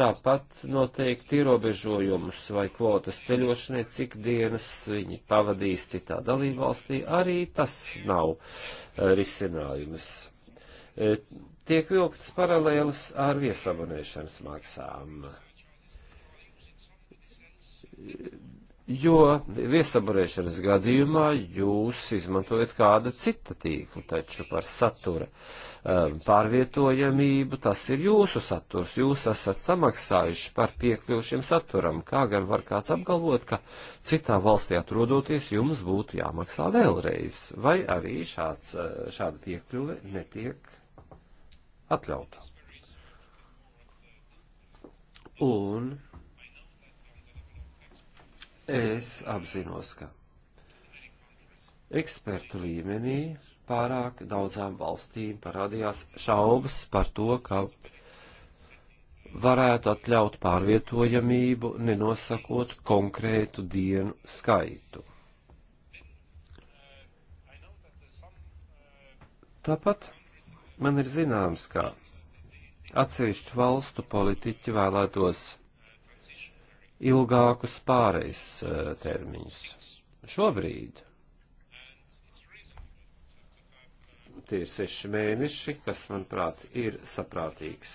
S3: tāpat noteikti ierobežojumus vai kvotas ceļošanai, cik dienas viņi pavadīs citā dalībvalstī, arī tas nav eh, risinājums. Eh, tiek vilktas paralēlas ar viesamanēšanas maksām jo viesaburēšanas gadījumā jūs izmantojat kādu cita tīklu, taču par satura um, pārvietojamību tas ir jūsu saturs. Jūs esat samaksājuši par piekļuvušiem saturam. Kā gan var kāds apgalvot, ka citā valstī atrodoties jums būtu jāmaksā vēlreiz, vai arī šāds, uh, šāda piekļuve netiek atļauta? Un Es apzinos, ka ekspertu līmenī pārāk daudzām valstīm parādījās šaubas par to, ka varētu atļaut pārvietojamību, nenosakot konkrētu dienu skaitu. Tāpat man ir zināms, ka atsevišķu valstu politiķi vēlētos ilgākus pārejas eh, termiņus. Šobrīd tie ir seši mēneši, kas, manuprāt, ir saprātīgs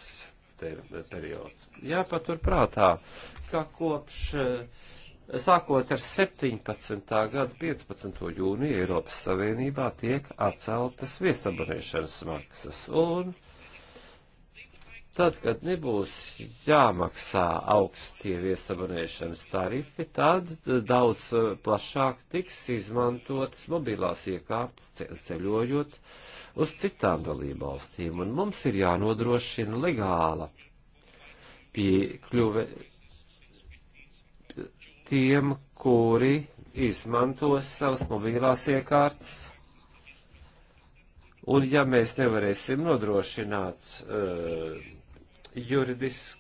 S3: ter periods. Jāpatur prātā, ka kopš eh, sākot ar 17. gada 15. jūniju Eiropas Savienībā tiek atceltas viesabonēšanas maksas, un Tad, kad nebūs jāmaksā augstie viesabonēšanas tarifi, tad daudz eh, plašāk tiks izmantotas mobilās iekārtas ceļojot uz citām dalībvalstīm, un mums ir jānodrošina legāla piekļuve tiem, kuri izmantos savas mobilās iekārtas. Un ja mēs nevarēsim nodrošināt uh, juridisku,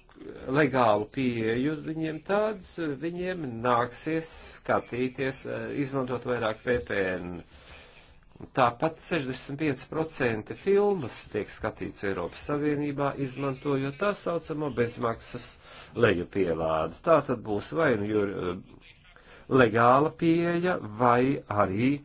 S3: legālu pieeju viņiem tāds, viņiem nāksies skatīties, eh, izmantot vairāk VPN. Tāpat 65% filmas tiek skatīts Eiropas Savienībā, izmantojot tā saucamo bezmaksas lejupielādes. Tā tad būs vai nu jur, eh, legāla pieeja, vai arī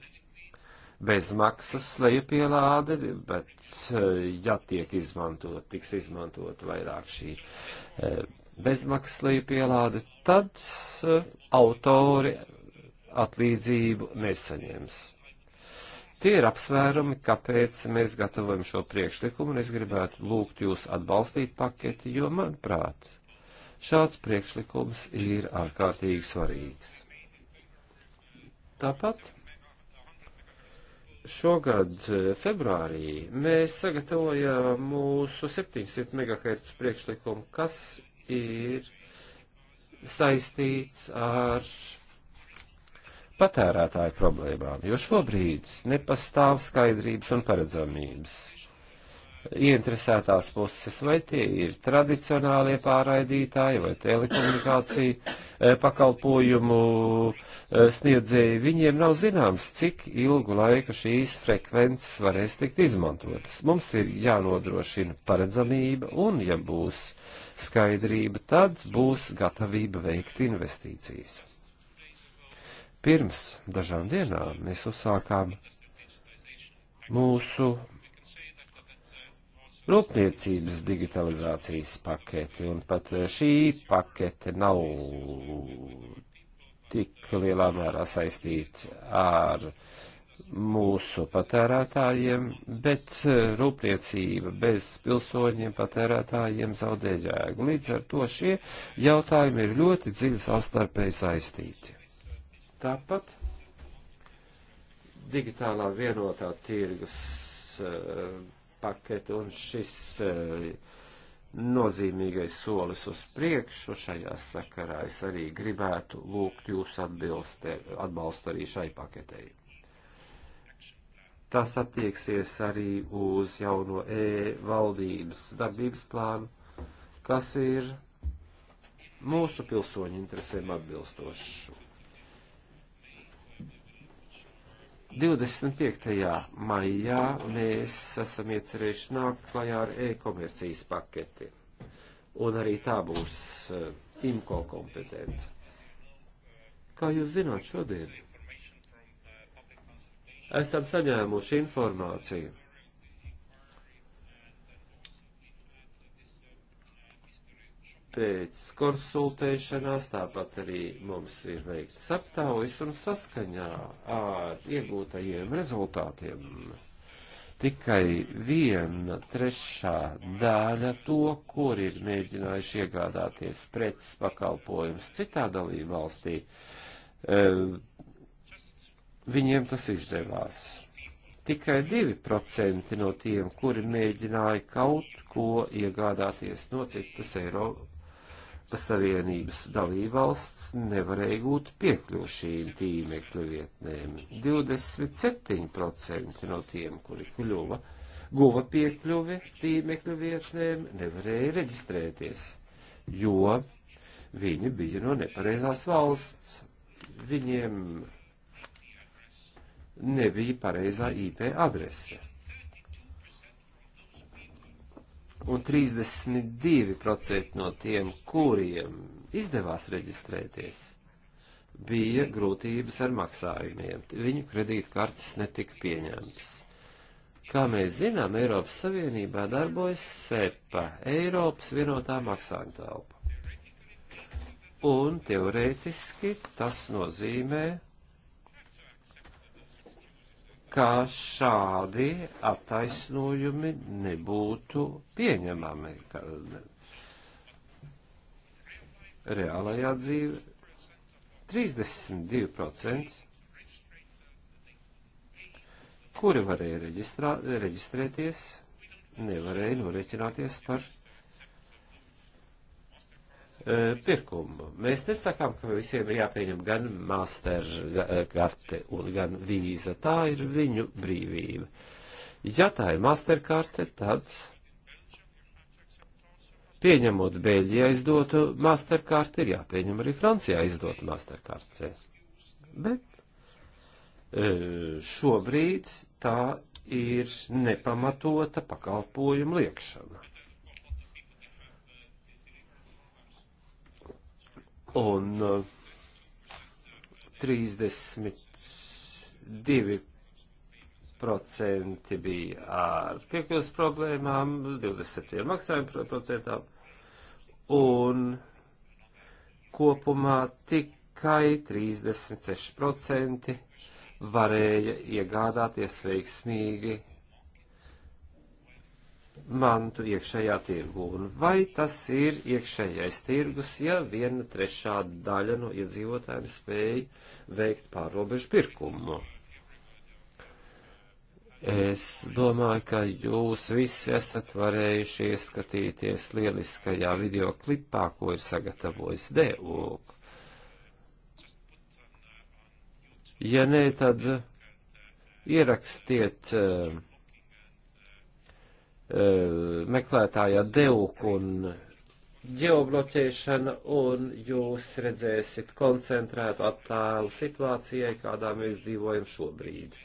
S3: bezmaksas lejupielāde, bet eh, ja tiek izmantot, tiks izmantot vairāk šī eh, bezmaksas lejupielāde, tad eh, autori atlīdzību nesaņems. Tie ir apsvērumi, kāpēc mēs gatavojam šo priekšlikumu, un es gribētu lūgt jūs atbalstīt paketi, jo, manuprāt, šāds priekšlikums ir ārkārtīgi svarīgs. Tāpat Šogad eh, februārī mēs sagatavojām mūsu 700 MHz priekšlikumu, kas ir saistīts ar patērētāju problēmām, jo šobrīd nepastāv skaidrības un paredzamības ieinteresētās puses, vai tie ir tradicionālie pārraidītāji vai telekomunikāciju eh, pakalpojumu eh, sniedzēji, viņiem nav zināms, cik ilgu laiku šīs frekvences varēs tikt izmantotas. Mums ir jānodrošina paredzamība un, ja būs skaidrība, tad būs gatavība veikt investīcijas. Pirms dažām dienām mēs uzsākām mūsu rūpniecības digitalizācijas paketi, un pat eh, šī pakete nav tik lielā mērā saistīta ar mūsu patērētājiem, bet eh, rūpniecība bez pilsoņiem patērētājiem zaudē jēgu. Līdz ar to šie jautājumi ir ļoti dziļi sastarpēji saistīti. Tāpat digitālā vienotā tirgus eh, paketi un šis eh, nozīmīgais solis uz priekšu šajā sakarā. Es arī gribētu lūgt jūs atbilste, atbalstu arī šai paketei. Tas attieksies arī uz jauno e-valdības darbības plānu, kas ir mūsu pilsoņu interesēm atbilstošs 25. maijā mēs esam iecerējuši nākt klajā ar e-komercijas paketi, un arī tā būs e, IMCO kompetence. Kā jūs zināt šodien? Esam saņēmuši informāciju pēc konsultēšanās, tāpat arī mums ir veikts aptaujas un saskaņā ar iegūtajiem rezultātiem. Tikai viena trešā daļa to, kur ir mēģinājuši iegādāties preces pakalpojums citā dalība valstī, eh, viņiem tas izdevās. Tikai 2% no tiem, kuri mēģināja kaut ko iegādāties no citas Eiropas Savienības dalībvalsts nevarēja gūt piekļuvu šīm tīmekļu vietnēm. 27% no tiem, kuri kļuva, guva piekļuvi tīmekļu vietnēm, nevarēja reģistrēties, jo viņi bija no nepareizās valsts. Viņiem nebija pareizā IP adrese. un 32% no tiem, kuriem izdevās reģistrēties, bija grūtības ar maksājumiem. Viņu kredītkartes netika pieņemtas. Kā mēs zinām, Eiropas Savienībā darbojas SEPA, Eiropas vienotā maksājuma telpa. Un teorētiski tas nozīmē, ka šādi attaisnojumi nebūtu pieņemami reālajā dzīvē. 32%, kuri varēja reģistrēties, nevarēja norēķināties par E, pirkumu. Mēs nesakām, ka visiem ir jāpieņem gan master e, karte un gan vīza. Tā ir viņu brīvība. Ja tā ir master karte, tad pieņemot Bēļģijā izdotu master karti, ir jāpieņem arī Francijā izdotu master karti. Bet e, šobrīd tā ir nepamatota pakalpojuma liekšana. un 32 uh, procenti bija ar piekļuvas problēmām, 27 maksājumu procentām, un kopumā tikai 36% varēja iegādāties veiksmīgi mantu iekšējā tirgu. Un vai tas ir iekšējais tirgus, ja viena trešā daļa no iedzīvotājiem spēj veikt pārrobežu pirkumu? Es domāju, ka jūs visi esat varējuši ieskatīties lieliskajā video klipā, ko ir sagatavojis Dēlūk. Ja nē, tad ierakstiet uh, E, meklētājā Deuk un ģeobloķēšana, un jūs redzēsiet koncentrētu attēlu situācijai, kādā mēs dzīvojam šobrīd.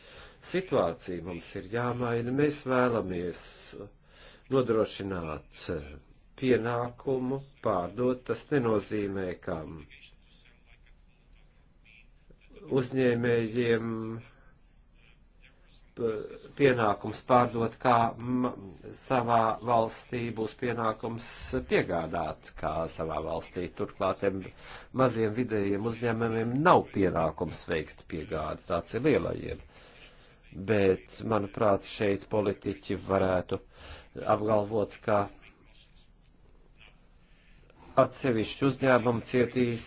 S3: Situācija mums ir jāmaina, mēs vēlamies nodrošināt e, pienākumu pārdot, tas nenozīmē, kam uzņēmējiem pienākums pārdot, kā savā valstī būs pienākums piegādāt, kā savā valstī. Turklāt maziem vidējiem uzņēmumiem nav pienākums veikt piegādi, tāds ir lielajiem. Bet, manuprāt, šeit politiķi varētu apgalvot, ka atsevišķi uzņēmumi cietīs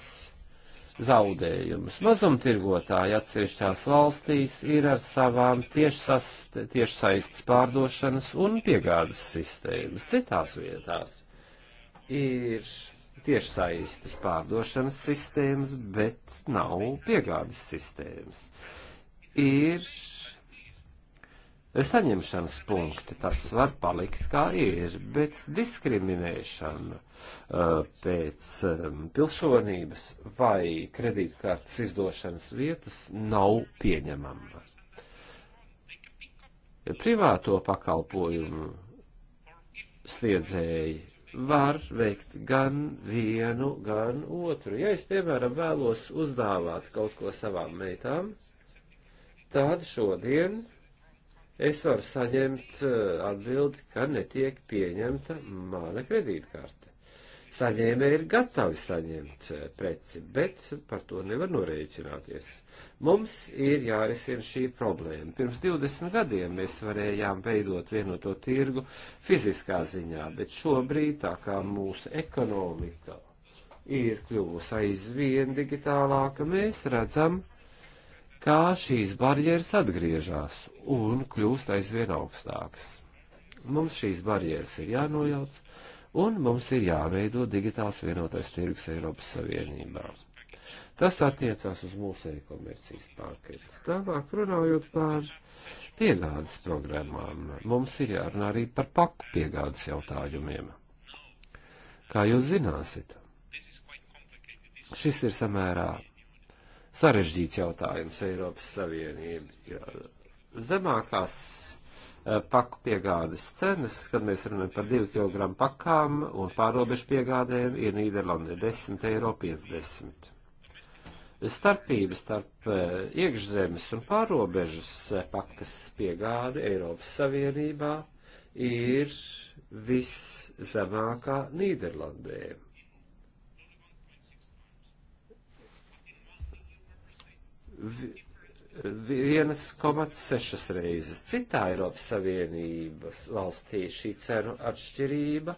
S3: zaudējumus. Mazumtirgotāji atsevišķās valstīs ir ar savām tiešsaistes pārdošanas un piegādes sistēmas. Citās vietās ir tiešsaistes pārdošanas sistēmas, bet nav piegādes sistēmas. Ir saņemšanas punkti. Tas var palikt kā ir, bet diskriminēšana uh, pēc um, pilsonības vai kredītkartes izdošanas vietas nav pieņemama. Privāto pakalpojumu sniedzēji var veikt gan vienu, gan otru. Ja es, piemēram, vēlos uzdāvāt kaut ko savām meitām, tad šodien es varu saņemt eh, atbildi, ka netiek pieņemta mana kredītkarte. Saņēmē ir gatavi saņemt eh, preci, bet par to nevar norēķināties. Mums ir jārisina šī problēma. Pirms 20 gadiem mēs varējām veidot vienoto tirgu fiziskā ziņā, bet šobrīd, tā kā mūsu ekonomika ir kļuvusi aizvien digitālāka, mēs redzam, kā šīs barjeras atgriežas un kļūst aizvien augstākas. Mums šīs barjeras ir jānojauc, un mums ir jāveido digitāls vienotais tirgus Eiropas Savienībā. Tas attiecās uz mūsu e-komercijas paketes. Tālāk runājot par piegādes programmām, mums ir jārunā arī par paku piegādes jautājumiem. Kā jūs zināsiet, šis ir samērā sarežģīts jautājums Eiropas Savienībai. Zemākās eh, paku piegādes cenas, kad mēs runājam par 2 kg pakām un pārobežu piegādēm, ir Nīderlandē 10,50 eiro. 50. Starpība starp eh, iekšzemes un pārobežas eh, pakas piegāde Eiropas Savienībā ir viszemākā Nīderlandē. 1,6 reizes. Citā Eiropas Savienības valstī šī cenu atšķirība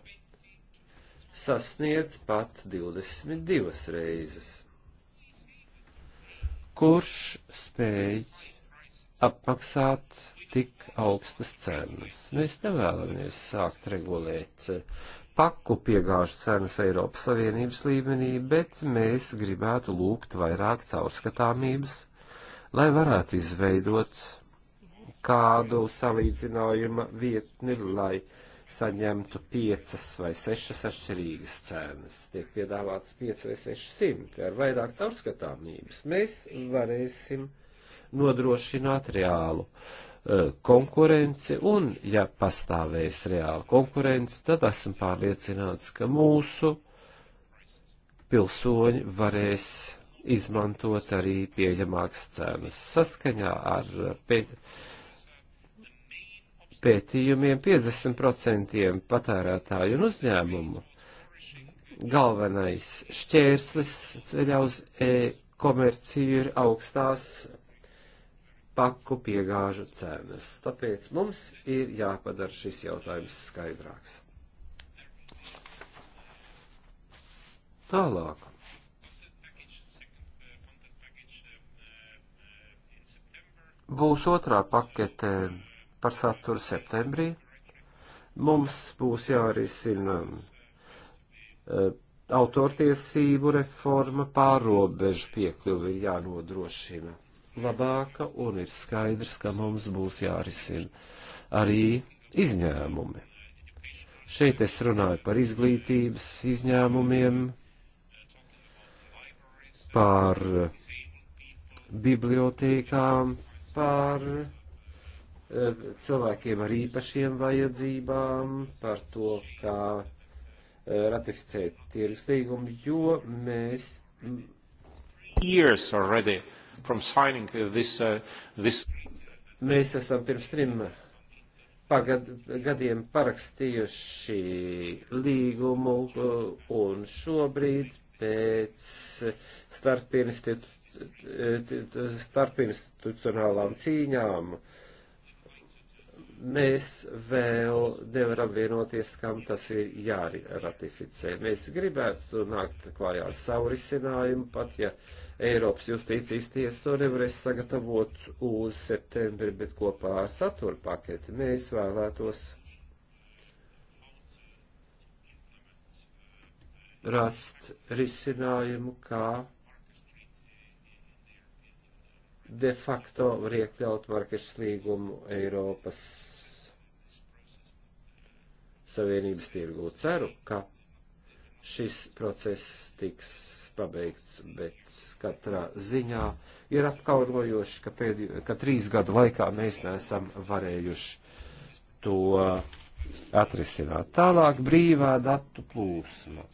S3: sasniedz pat 22 reizes. Kurš spēj apmaksāt tik augstas cenas? Mēs nevēlamies sākt regulēt eh, paku piegāžu cenas Eiropas Savienības līmenī, bet mēs gribētu lūgt vairāk caurskatāmības lai varētu izveidot kādu salīdzinājuma vietni, lai saņemtu piecas vai sešas atšķirīgas cenas. Tiek piedāvātas pieci vai seši simti ar vairāk caurskatāmības. Mēs varēsim nodrošināt reālu uh, konkurenci, un ja pastāvēs reāla konkurence, tad esmu pārliecināts, ka mūsu pilsoņi varēs izmantot arī pieejamākas cenas. Saskaņā ar pēc pētījumiem 50% patērētāju un uzņēmumu. Galvenais šķērslis ceļā uz e-komerciju ir augstās paku piegāžu cenas. Tāpēc mums ir jāpadara šis jautājums skaidrāks. Tālāk. būs otrā pakete par saturu septembrī. Mums būs jārisina eh, autortiesību reforma, pārobežu piekļuvi ir jānodrošina labāka un ir skaidrs, ka mums būs jārisina arī izņēmumi. Šeit es runāju par izglītības izņēmumiem, par bibliotīkām, par e, cilvēkiem ar īpašiem vajadzībām, par to, kā e, ratificēt tirgus līgumu, jo mēs. Years already from signing this, uh, this. Mēs esam pirms trim pagad, gadiem parakstījuši līgumu e, un šobrīd pēc starpinstitūtu starpinstitucionālām cīņām mēs vēl nevaram vienoties, kam tas ir jāratificē. Mēs gribētu nākt klājā ar savu risinājumu, pat ja Eiropas justīcijas tiesa to nevarēs sagatavot uz septembri, bet kopā ar satura paketi mēs vēlētos rast risinājumu, kā de facto var iekļaut Markešas līgumu Eiropas Savienības tirgū. Ceru, ka šis process tiks pabeigts, bet katrā ziņā ir apkaurojoši, ka, pēdējo, ka trīs gadu laikā mēs neesam varējuši to atrisināt. Tālāk brīvā datu plūsma.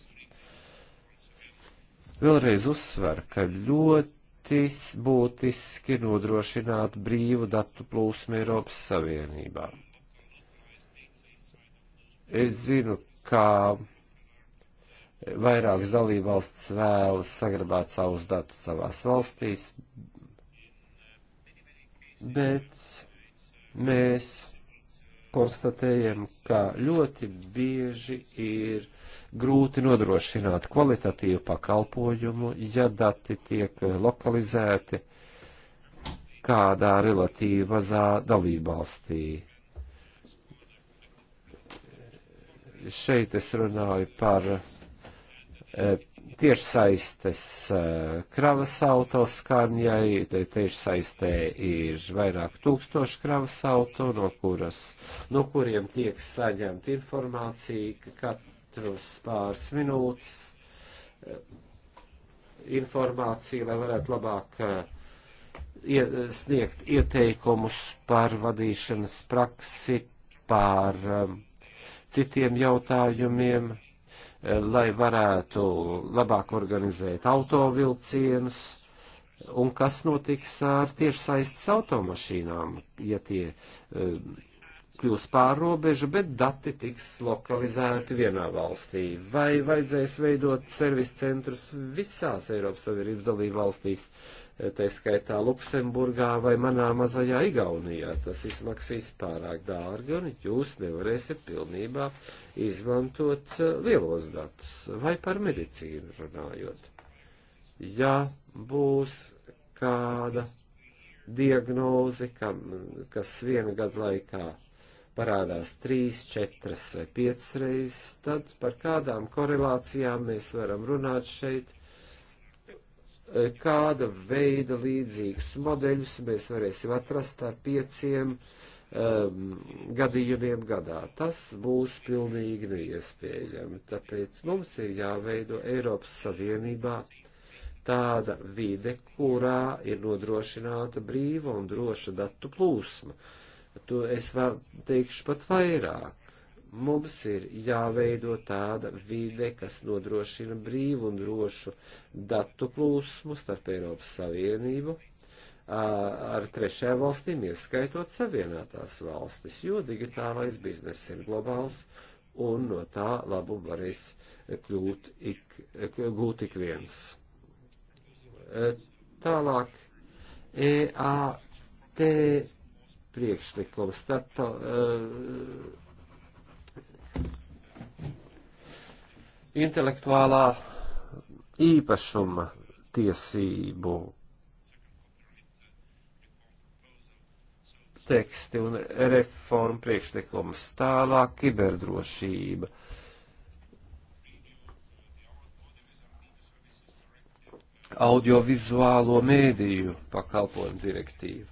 S3: Vēlreiz uzsver, ka ļoti mērķis būtiski nodrošināt brīvu datu plūsmu Eiropas Savienībā. Es zinu, ka vairākas dalībvalsts vēlas saglabāt savus datus savās valstīs, bet mēs konstatējam, ka ļoti bieži ir grūti nodrošināt kvalitatīvu pakalpojumu, ja dati tiek lokalizēti kādā relatīvi mazā dalībvalstī. Šeit es runāju par eh, tiešsaistes eh, kravas auto skarņai, tiešsaistē ir vairāk tūkstoši kravas auto, no, kuras, no kuriem tiek saņemta informācija katros pāris minūtes eh, informāciju, lai varētu labāk eh, sniegt ieteikumus par vadīšanas praksi, par citiem jautājumiem lai varētu labāk organizēt autovilcienus, un kas notiks ar tiešsaistes automašīnām, ja tie e, kļūs pārrobežu, bet dati tiks lokalizēti vienā valstī. Vai vajadzēs veidot servis centrus visās Eiropas Savienības dalību valstīs, tā skaitā Luksemburgā vai manā mazajā Igaunijā. Tas izmaksīs pārāk dārgi, un jūs nevarēsiet pilnībā izmantot eh, lielos datus vai par medicīnu runājot. Ja būs kāda diagnoze, kam, kas viena gada laikā parādās trīs, četras vai piecas reizes, tad par kādām korelācijām mēs varam runāt šeit – Eh, kāda veida līdzīgus modeļus mēs varēsim atrast ar pieciem um, gadījumiem gadā. Tas būs pilnīgi neiespējami, tāpēc mums ir jāveido Eiropas Savienībā tāda vide, kurā ir nodrošināta brīva un droša datu plūsma. To es vēl teikšu pat vairāk. Mums ir jāveido tāda vide, kas nodrošina brīvu un drošu datu plūsmu starp Eiropas Savienību ar trešajām valstīm, ieskaitot savienotās valstis, jo digitālais bizness ir globāls un no tā labu varēs kļūt ik, gūt ik viens. E, tālāk EAT priekšlikums starpta, uh, e, intelektuālā īpašuma tiesību teksti un reformu priekšlikums, tālāk kiberdrošība. audiovizuālo mēdīju pakalpojumu direktīvu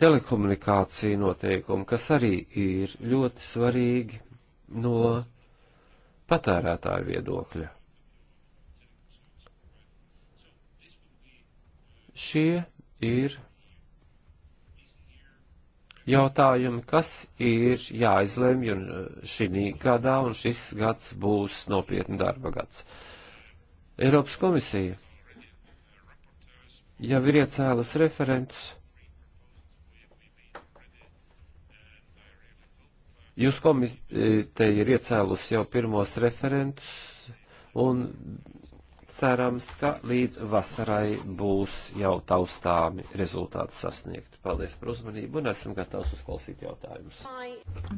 S3: telekomunikāciju noteikumi, kas arī ir ļoti svarīgi no patērētāju viedokļa. Šie ir jautājumi, kas ir jāizlemj un šī gadā, un šis gads būs nopietni darba gads. Eiropas komisija jau ir iecēlus referentus Jūs komiteja ir iecēlusi jau pirmos referentus un cerams, ka līdz vasarai būs jau taustāmi rezultāti sasniegti. Paldies par uzmanību un esam gatavi uzklausīt jautājumus.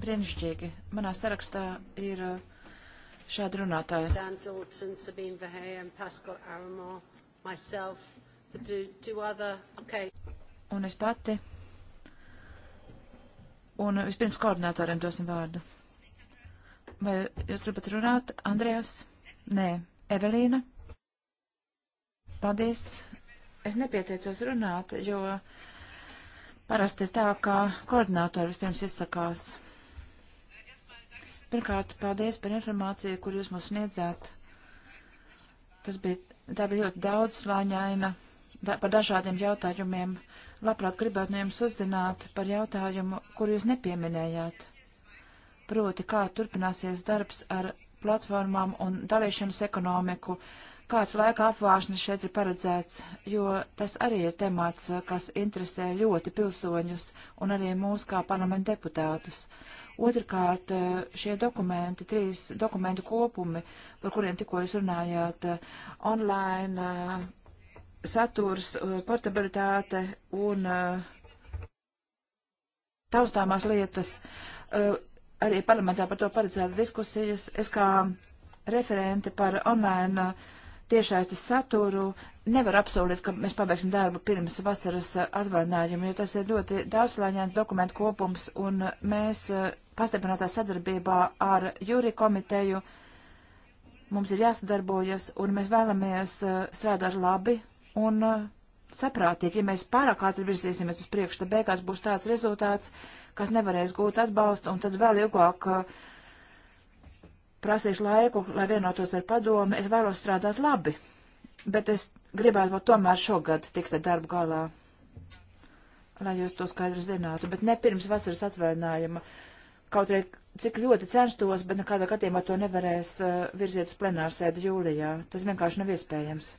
S4: Brīnišķīgi. Manā sarakstā ir uh, šādi runātāji. Dans
S1: Olsen, Sabine Verheyen, and Pascal Aramon, myself, the two, two other, okay.
S4: Un es pati. Un vispirms koordinātoriem dosim vārdu. Vai jūs gribat runāt, Andrejas? Nē, Evelīna? Paldies. Es nepieteicos runāt, jo parasti ir tā, ka koordinātori vispirms izsakās. Pirmkārt, paldies par informāciju, kur jūs mums sniedzāt. Tas bija, tā bija ļoti daudz slāņaina da, par dažādiem jautājumiem. Uh, labprāt gribētu no jums uzzināt par jautājumu, kur jūs nepieminējāt. Proti, kā turpināsies darbs ar platformām un dalīšanas ekonomiku, kāds laika apvāršanas šeit ir paredzēts, jo tas arī ir temats, kas interesē ļoti pilsoņus un arī mūs kā parlamenta deputātus. Otrkārt, šie dokumenti, trīs dokumentu kopumi, par kuriem tikko jūs runājāt, online saturs, uh, portabilitāte un uh, taustāmās lietas. Uh, arī parlamentā par to paredzētas diskusijas. Es kā referente par online tiešaistes saturu nevaru apsolīt, ka mēs pabeigsim darbu pirms vasaras atvaļinājuma, jo tas ir ļoti daudzslāņains dokumentu kopums, un mēs pastiprinātā sadarbībā ar jūri komiteju mums ir jāsadarbojas, un mēs vēlamies strādāt labi un uh, saprātīgi. Ja mēs pārāk ātri virzīsimies uz priekšu, tad beigās būs tāds rezultāts, kas nevarēs gūt atbalstu, un tad vēl ilgāk uh, prasīs laiku, lai vienotos ar padomi. Es vēlos strādāt labi, bet es gribētu vēl tomēr šogad tikt ar darbu galā, lai jūs to skaidri zinātu, bet ne pirms vasaras atvainājuma. Kaut arī cik ļoti censtos, bet nekādā gadījumā to nevarēs uh, virziet uz plenārsēdu jūlijā. Tas vienkārši nav iespējams.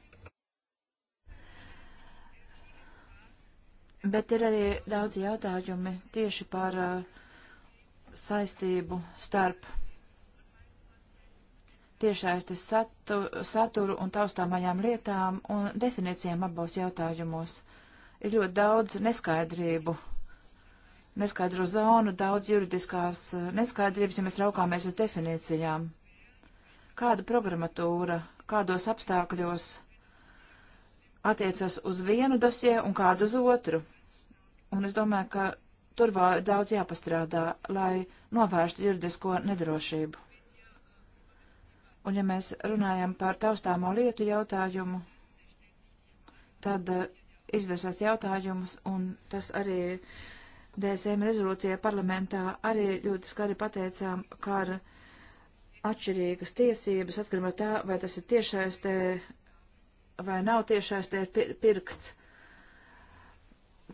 S4: Bet ir arī daudz jautājumi tieši par uh, saistību starp tiešaistes satu, saturu un taustāmajām lietām un definīcijām abos jautājumos. Ir ļoti daudz neskaidrību, neskaidru zonu, daudz juridiskās uh, neskaidrības, ja mēs raukāmies uz definīcijām. Kāda programmatūra, kādos apstākļos attiecas uz vienu dosie un kādu uz otru? Un es domāju, ka tur vēl daudz jāpastrādā, lai novērstu juridisko nedrošību. Un ja mēs runājam par taustāmo lietu jautājumu, tad eh, izvirsās jautājums, un tas arī DSM rezolūcijā parlamentā arī ļoti skari pateicām, ka ar atšķirīgas tiesības atkarībā no tā, vai tas ir tiešaistē vai nav tiešaistē pirkts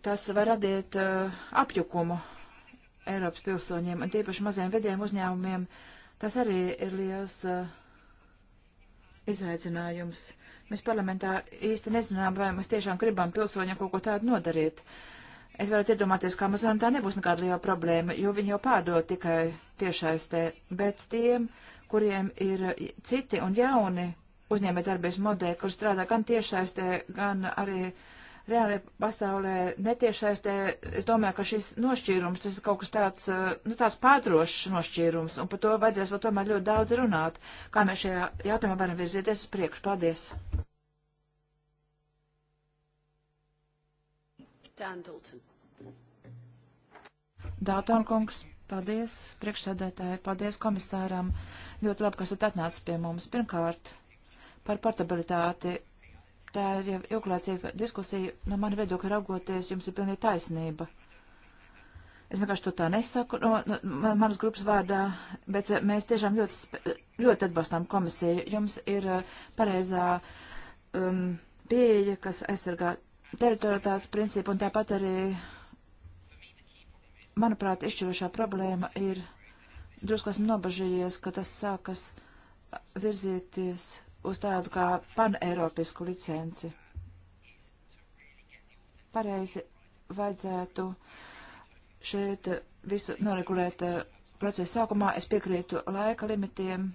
S4: tas var radīt uh, apjukumu Eiropas pilsoņiem, un tīpaši maziem vediem uzņēmumiem, tas arī ir liels uh, izaicinājums. Mēs parlamentā īsti nezinām, vai mēs tiešām gribam pilsoņiem kaut ko tādu nodarīt. Es varētu iedomāties, kā mazliet tā nebūs nekāda liela problēma, jo viņi jau pārdod tikai tiešaistē, bet tiem, kuriem ir citi un jauni uzņēmē darbības modeļi, kur strādā gan tiešaistē, gan arī uh, reālajā pasaulē netiešaistē, es domāju, ka šis nošķīrums, tas ir kaut kas tāds, eh, nu, tāds pārdrošs nošķīrums, un par to vajadzēs vēl tomēr ļoti daudz runāt, kā mēs šajā jautājumā varam virzīties uz priekšu. Paldies!
S1: Dan Dalton.
S4: Dalton kungs, paldies priekšsēdētāji, paldies komisāram. Ļoti labi, ka esat atnācis pie mums. Pirmkārt, par portabilitāti tā ir jau ilglaicīga diskusija, no mani viedokļa raugoties, jums ir pilnīgi taisnība. Es vienkārši to tā nesaku no, no manas grupas vārdā, bet eh, mēs tiešām ļoti, ļoti atbalstām komisiju. Jums ir eh, pareizā um, pieeja, kas aizsargā teritorialitātes principu, un tāpat arī, manuprāt, izšķirošā problēma ir, drusku esmu nobažījies, ka tas sākas virzīties uz tādu kā paneiropisku licenci. Pareizi vajadzētu šeit visu noregulēt eh, procesa sākumā. Es piekrītu laika limitiem.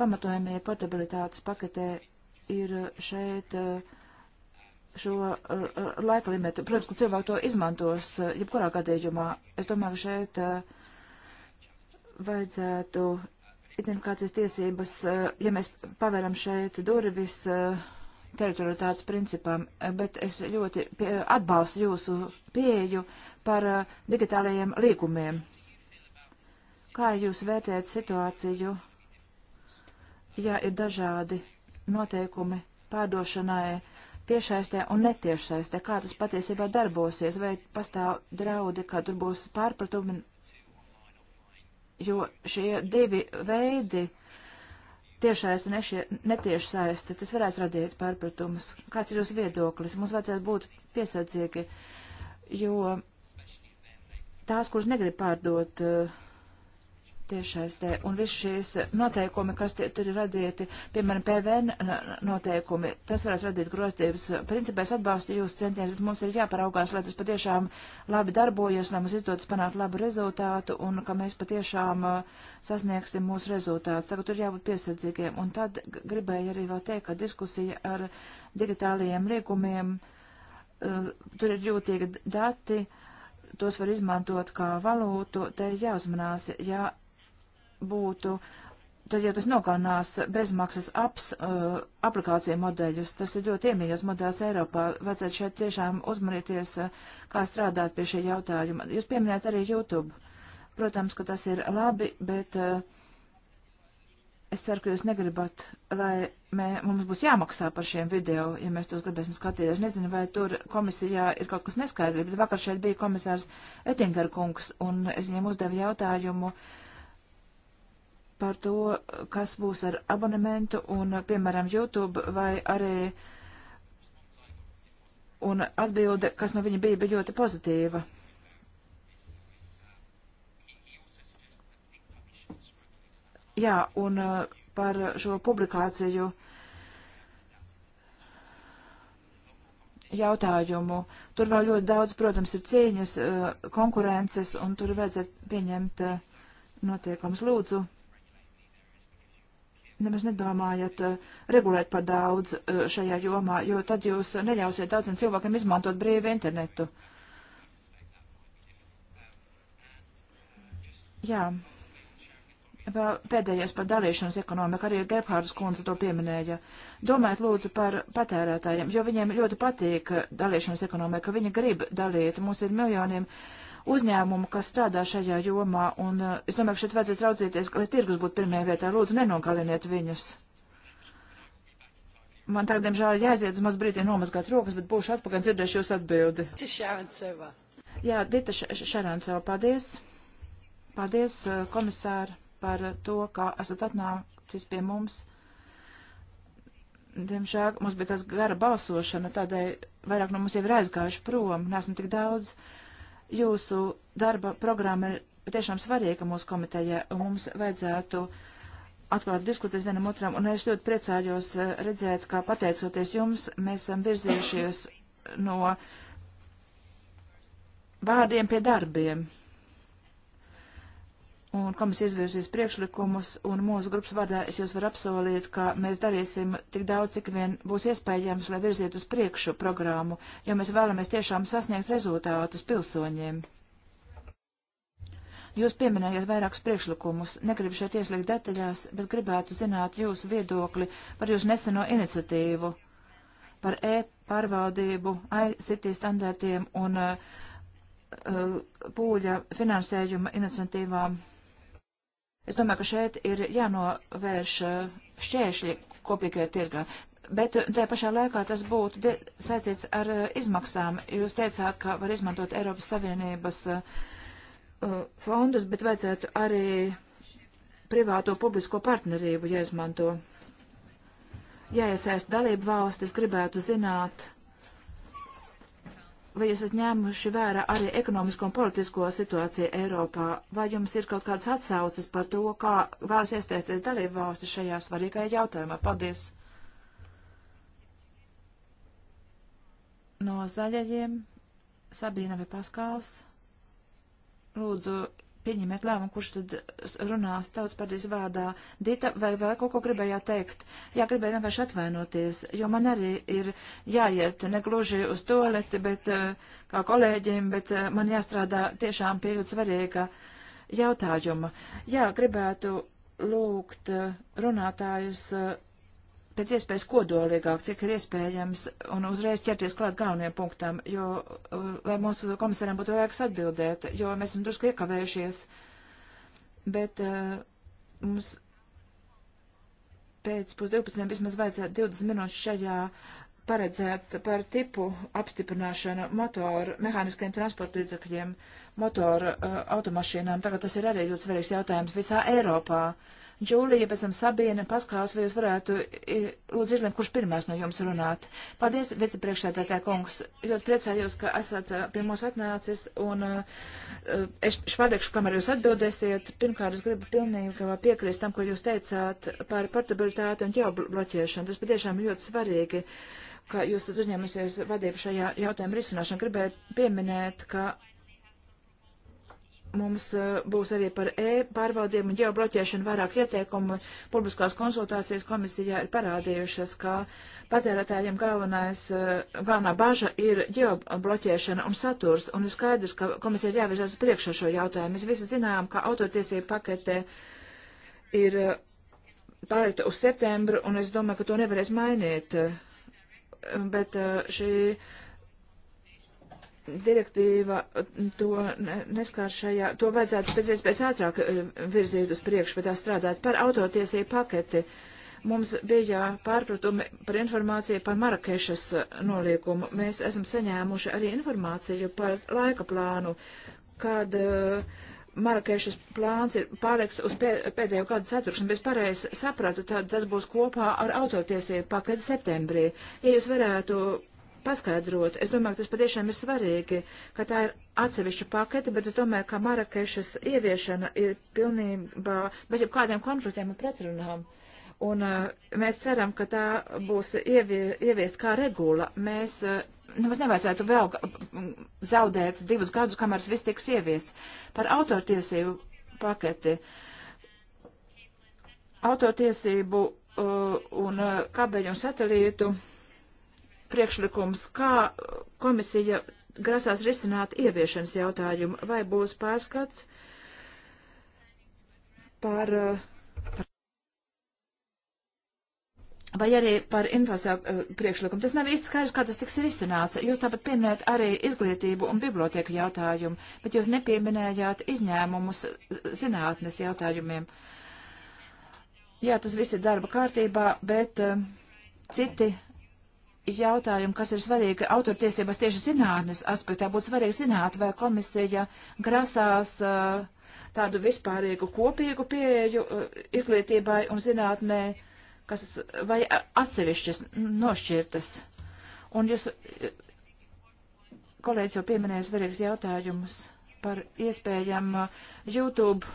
S4: Pamatojumie portabilitātes paketē ir šeit eh, šo eh, laika limitu. Protams, ka cilvēki to izmantos jebkurā gadījumā. Es domāju, ka šeit vajadzētu identifikācijas tiesības, eh, ja mēs paveram šeit durvis eh, teritorialitātes principam, eh, bet es ļoti pie, atbalstu jūsu pieeju par digitālajiem līgumiem. Kā jūs vērtējat situāciju, ja ir dažādi noteikumi pārdošanai tiešsaistē un netiešsaistē, kā tas patiesībā darbosies, vai pastāv draudi, ka tur būs pārpratumi jo šie divi veidi tiešais un netiešsaisti, tas varētu radīt pārpratumus. Kāds ir jūsu viedoklis? Mums vajadzētu būt piesardzīgi, jo tās, kuras negrib pārdot uh, tiešaistē. Un viss šīs noteikumi, kas tie, tur ir radīti, piemēram, PVN noteikumi, tas varētu radīt grotības. Principā es atbalstu jūs centienus, bet mums ir jāparaugās, lai tas patiešām labi darbojas, lai mums izdodas panākt labu rezultātu un ka mēs patiešām uh, sasniegsim mūsu rezultātus. Tagad tur jābūt piesardzīgiem. Un tad gribēju arī vēl teikt, ka diskusija ar digitālajiem liegumiem, uh, tur ir jūtīgi dati tos var izmantot kā valūtu, te ir jāuzmanās, ja būtu, tad jau tas nokaunās bezmaksas aps, uh, aplikācija modeļus. Tas ir ļoti iemīļots modelis Eiropā. Vajadzētu šeit tiešām uzmanīties, uh, kā strādāt pie šī jautājuma. Jūs pieminējat arī YouTube. Protams, ka tas ir labi, bet uh, es ceru, ka jūs negribat, lai mē, mums būs jāmaksā par šiem video, ja mēs tos gribēsim skatīties. Es nezinu, vai tur komisijā ir kaut kas neskaidri, bet vakar šeit bija komisārs Ettinger kungs, un es viņam uzdevu jautājumu. Uh, par to, kas būs ar abonementu un, piemēram, YouTube vai arī. Un atbilde, kas no viņa bija, bija ļoti pozitīva. Jā, un uh, par šo publikāciju jautājumu. Tur vēl ļoti daudz, protams, ir cīņas, uh, konkurences, un tur vajadzētu pieņemt uh, notiekums. Lūdzu, nemaz nedomājat eh, regulēt par daudz eh, šajā jomā, jo tad jūs neļausiet daudziem cilvēkiem izmantot brīvu internetu. Jā. Vēl pēdējais par dalīšanas ekonomiku, arī Gebhārdas kundze to pieminēja. Domājiet lūdzu par patērētājiem, jo viņiem ļoti patīk eh, dalīšanas ekonomika, viņi grib dalīt. Mums ir miljoniem uh, uzņēmumu, kas strādā šajā jomā, un uh, es domāju, ka šeit vajadzētu raudzīties, lai tirgus būtu pirmajā vietā. Lūdzu, nenogaliniet viņus. Man tagad, diemžēl, jāiziet uz maz brīdi nomazgāt rokas, bet būšu atpakaļ
S1: dzirdēšu jūs atbildi.
S4: Jā, Dita Šarancova, paldies. Paldies, uh, komisāri, par to, ka esat atnācis pie mums. Diemžēl mums bija tas gara balsošana, tādēļ vairāk no mums jau ir aizgājuši prom, nesam tik daudz. Uh, Jūsu darba programma ir patiešām svarīga mūsu komitejā, un mums vajadzētu atklāt diskutēt vienam otram, un es ļoti priecājos eh, redzēt, kā pateicoties jums, mēs esam virzījušies no vārdiem pie darbiem un komisija izvirzīs priekšlikumus, un mūsu grupas vārdā es jūs varu apsolīt, ka mēs darīsim tik daudz, cik vien būs iespējams, lai virzītu uz priekšu programmu, jo mēs vēlamies tiešām sasniegt rezultātus pilsoņiem. Jūs pieminējat vairākus priekšlikumus, negribu šeit ieslīgt detaļās, bet gribētu zināt jūsu viedokli par jūsu neseno iniciatīvu, par e-pārvaldību, ICT standartiem un uh, uh, pūļa finansējuma iniciatīvām Es domāju, ka šeit ir jānovērš eh, šķēršļi kopīgajā tirgā. Bet eh, tajā pašā laikā tas būtu saistīts ar eh, izmaksām. Jūs teicāt, ka var izmantot Eiropas Savienības uh, fondus, bet vajadzētu arī privāto publisko partnerību jāizmanto. Jāiesaist dalību valstis, gribētu zināt, vai esat ņēmuši vērā arī ekonomisko un politisko situāciju Eiropā, vai jums ir kaut kādas atsauces par to, kā vēlas iesaistīties dalību valsti šajā svarīgajā jautājumā? Paldies! No zaļajiem Sabīna Vipaskāls. Lūdzu, pieņemiet lēmumu, kurš tad runās tautas partijas vārdā. Dita, vai vēl kaut ko gribējāt teikt? Jā, gribēju vienkārši atvainoties, jo man arī ir jāiet negluži uz toleti, bet eh, kā kolēģiem, bet eh, man jāstrādā tiešām pie ļoti svarīga jautājuma. Jā, gribētu lūgt eh, runātājus pēc iespējas kodolīgāk, cik ir iespējams, un uzreiz ķerties klāt galvenajam punktam, jo, uh, lai mūsu komisāriem būtu vajag atbildēt, jo mēs esam drusku iekavējušies, bet uh, mums pēc pusdivpadsmitiem vismaz vajadzētu 20 minūtes šajā uh, paredzēta par tipu apstiprināšanu motoru mehāniskiem transportlīdzakļiem, motoru uh, automašīnām. Tagad tas ir arī ļoti svarīgs jautājums visā Eiropā. Džūlija, pēc tam Sabīne, Paskās, vai jūs varētu lūdzu izlemt, kurš pirmais no jums runāt. Paldies, vicepriekšsēdētāj kungs. Ļoti priecājos, ka esat uh, pie mums atnācis, un uh, uh es pateikšu, kamēr jūs atbildēsiet. Pirmkārt, es gribu pilnīgi piekrist tam, ko jūs teicāt par portabilitāti un ģeobloķēšanu. Tas patiešām ļoti svarīgi ka jūs esat uzņēmusies vadību šajā jautājuma risināšanu. Gribēju pieminēt, ka mums eh, būs arī par e-pārvaldiem un ģeobloķēšanu vairāk ieteikumu. Publiskās konsultācijas komisijā ir parādījušas, ka patērētājiem galvenais, eh, galvenā baža ir ģeobloķēšana un saturs, un ir skaidrs, ka komisija ir jāvirzās priekšā šo jautājumu. Mēs visi zinām, ka autotiesība pakete ir eh, pārēta uz septembru, un es domāju, ka to nevarēs mainīt. Uh, bet uh, šī direktīva uh, to neskar šajā, to vajadzētu pēc iespējas ātrāk uh, virzīt uz priekšu, bet tā strādāt par autotiesību paketi. Mums bija pārpratumi par informāciju par Marakešas noliekumu. Mēs esam saņēmuši arī informāciju par laika plānu, kad uh, Marakešas plāns ir pārēks uz pēdējo gadu ceturkšņu, bet pareizi sapratu, tad tas būs kopā ar autotiesību paketi septembrī. Ja jūs varētu paskaidrot, es domāju, ka tas patiešām ir svarīgi, ka tā ir atsevišķa pakete, bet es domāju, ka Marakešas ieviešana ir pilnībā bez jebkādiem konfliktiem un pretrunām. Uh, Un uh, mēs ceram, ka tā būs ievie, ieviest kā regula. Mēs uh, nemaz nevajadzētu vēl zaudēt divus gadus, kamēr viss tiks ieviests. Par autortiesību paketi. Autortiesību uh, un kabeļu un satelītu priekšlikums, kā komisija grasās risināt ieviešanas jautājumu, vai būs pārskats par. par vai arī par invaziju eh, priekšlikumu. Tas nav īsti skaidrs, kā tas tiks risināts. Jūs tāpat pieminējat arī izglītību un bibliotēku jautājumu, bet jūs nepieminējāt izņēmumus eh, zinātnes jautājumiem. Jā, tas viss ir darba kārtībā, bet uh, citi jautājumi, kas ir svarīgi autortiesībās tieši zinātnes aspektā, būtu svarīgi zināt, vai komisija grasās uh, tādu vispārīgu kopīgu pieeju uh, izglītībai un zinātnē. Uh, kas vai atsevišķas nošķirtas. Un jūs, e, kolēģis jau pieminēja svarīgs jautājumus par iespējām YouTube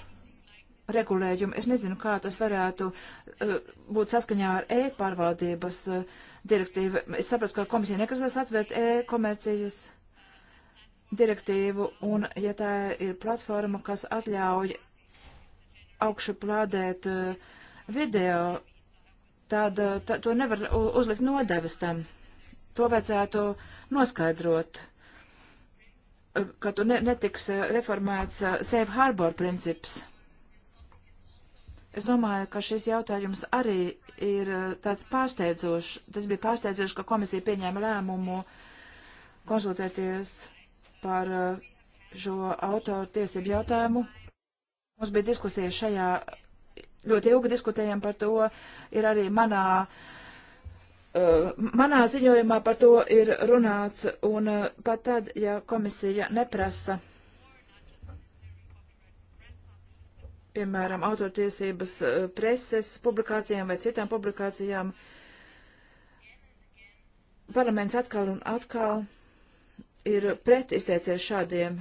S4: regulējumu. Es nezinu, kā tas varētu uh, būt saskaņā ar e-pārvaldības uh, direktīvu. Es sapratu, ka komisija negrasās atvērt e-komercijas direktīvu, un ja tā ir platforma, kas atļauj augšu plādēt uh, video tad eh, tā, to nevar uzlikt nodevas tam. To vajadzētu noskaidrot, eh, ka tu ne, netiks eh, reformēts safe harbor princips. Es domāju, ka šis jautājums arī ir tāds pārsteidzošs. Tas bija pārsteidzošs, ka komisija pieņēma lēmumu konsultēties par šo autoru tiesību jautājumu. Mums bija diskusija šajā ļoti ilgi diskutējam par to, ir arī manā. Uh, manā ziņojumā par to ir runāts, un uh, pat tad, ja komisija neprasa, piemēram, autortiesības uh, preses publikācijām vai citām publikācijām, parlaments atkal un atkal ir pretizteicies šādiem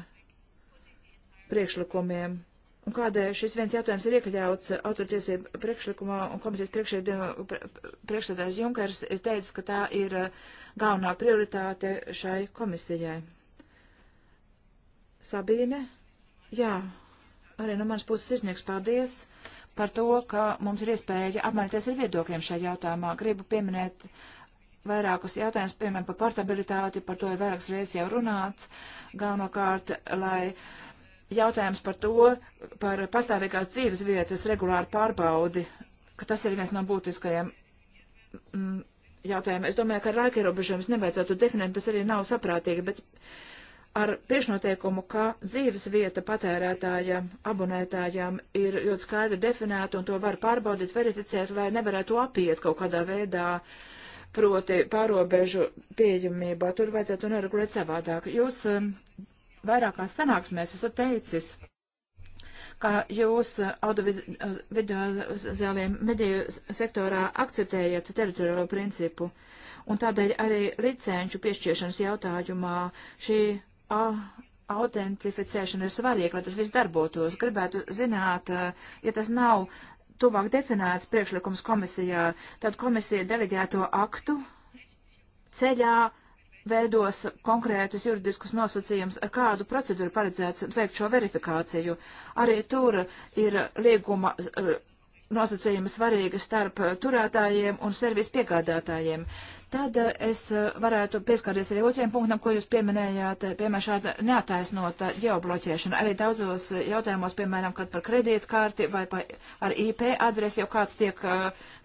S4: priekšlikumiem Un kādēļ šis viens jautājums ir iekļauts autortiesību priekšlikumā un komisijas priekšsēdājs Junkers ir teicis, ka tā ir uh, galvenā prioritāte šai komisijai. Sabīne, jā, arī no manas puses izniegs paldies par to, ka mums ir iespēja apmainīties ar viedokļiem šajā jautājumā. Gribu pieminēt vairākus jautājumus, piemēram, par portabilitāti, par to ir vairākas reizes jau runāts, galvenokārt, lai uh, jautājums par to, par pastāvīgās dzīves vietas regulāru pārbaudi, ka tas ir viens no būtiskajiem mm, jautājumiem. Es domāju, ka ar laika ierobežojumus nevajadzētu definēt, tas arī nav saprātīgi, bet ar priekšnoteikumu, ka dzīves vieta patērētājiem, abonētājiem ir ļoti skaidri definēta un to var pārbaudīt, verificēt, lai nevarētu apiet kaut kādā veidā proti pārobežu pieejamībā. Tur vajadzētu noregulēt savādāk. Jūs um, vairākās sanāksmēs esat teicis, ka jūs audiovizuālajiem mediju sektorā akceptējat teritoriālo principu, un tādēļ arī licenču piešķiešanas jautājumā šī autentificēšana ir svarīga, lai tas viss darbotos. Gribētu zināt, ja tas nav tuvāk definēts priekšlikums komisijā, tad komisija deleģēto aktu ceļā veidos konkrētus juridiskus nosacījumus, ar kādu procedūru paredzēts veikt šo verifikāciju. Arī tur ir lieguma eh, nosacījumi svarīgi starp turētājiem un servis piegādātājiem. Tad eh, es eh, varētu pieskarties arī otriem punktam, ko jūs pieminējāt, eh, piemēram, šāda neataisnota ģeobloķēšana. Arī daudzos jautājumos, piemēram, kad par kredītkarti vai pa, ar IP adresi jau kāds tiek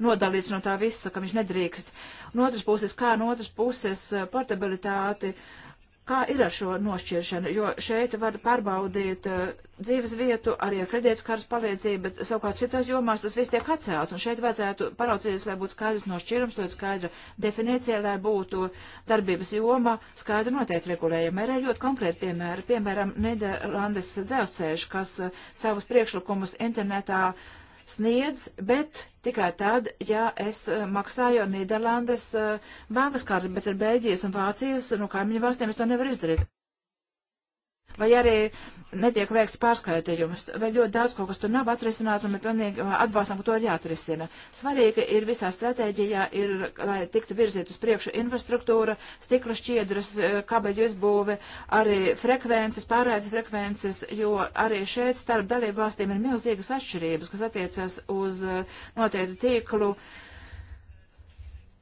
S4: nodalīts no tā visa, ka viņš nedrīkst. No otras puses, kā no otras puses portabilitāti. Uh, Kā ir ar šo nošķiršanu? Jo šeit var pārbaudīt uh, dzīves vietu arī ar kredītskaras palīdzību, bet savukārt citās jomās tas viss tiek atcēlts. Un šeit vajadzētu paraudzīties, lai būtu skaidrs nošķirums, lai skaidra definīcija, lai būtu darbības joma skaidri noteikti regulējama. Ir ļoti konkrēti piemēri, piemēram, Nederlandes dzelzceļš, kas uh, savus priekšlikumus internetā uh, sniedz, bet tikai tad, ja es eh, maksāju ar Nīderlandes eh, bankas karti, bet ar Beļģijas un Vācijas, nu, kaimiņu valstīm es to nevaru izdarīt vai arī netiek veikts pārskaitījums, vai ļoti daudz kaut kas tur nav atrisināts, un mēs pilnīgi atbalstam, ka to ir jāatrisina. Svarīgi ir visā stratēģijā, ir, lai tiktu virzīt uz priekšu infrastruktūra, stikla šķiedras, eh, kabeļu izbūve, arī frekvences, pārēdas frekvences, jo arī šeit starp dalību valstīm ir milzīgas atšķirības, kas attiecas uz eh, noteiktu tīklu. Uh,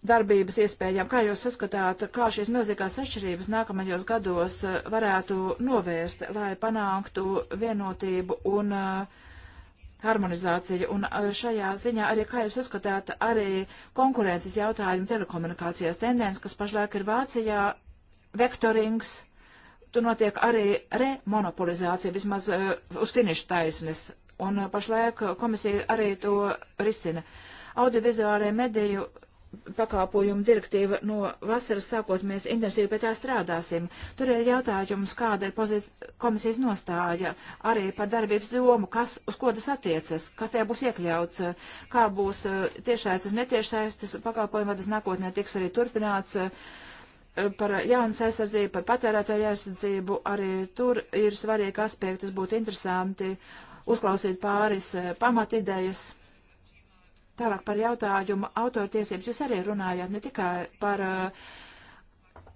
S4: darbības iespējām, kā jūs saskatāt, kā šīs milzīgās atšķirības nākamajos gados eh, varētu novērst, lai panāktu vienotību un uh, harmonizāciju. Un eh, šajā ziņā arī, kā jūs saskatāt, arī konkurences jautājumu telekomunikācijās tendence, kas pašlaik ir Vācijā, vektorings, tur notiek arī remonopolizācija, vismaz uh, uz finišu taisnes. Un uh, pašlaik komisija arī to risina. Audiovizuālajie mediju pakāpojumu direktīva no vasaras sākot mēs intensīvi pie tā strādāsim. Tur ir jautājums, kāda ir komisijas nostāja arī par darbības jomu, kas, uz ko tas attiecas, kas tajā būs iekļauts, kā būs eh, tiešais, netiešais, tas pakāpojumu vadas nākotnē tiks arī turpināts eh, par jaunas aizsardzību, par patērētāju aizsardzību, arī tur ir svarīgi aspekti, tas būtu interesanti uzklausīt pāris eh, pamatidejas Tālāk par jautājumu autortiesības. Jūs arī runājāt ne tikai par uh,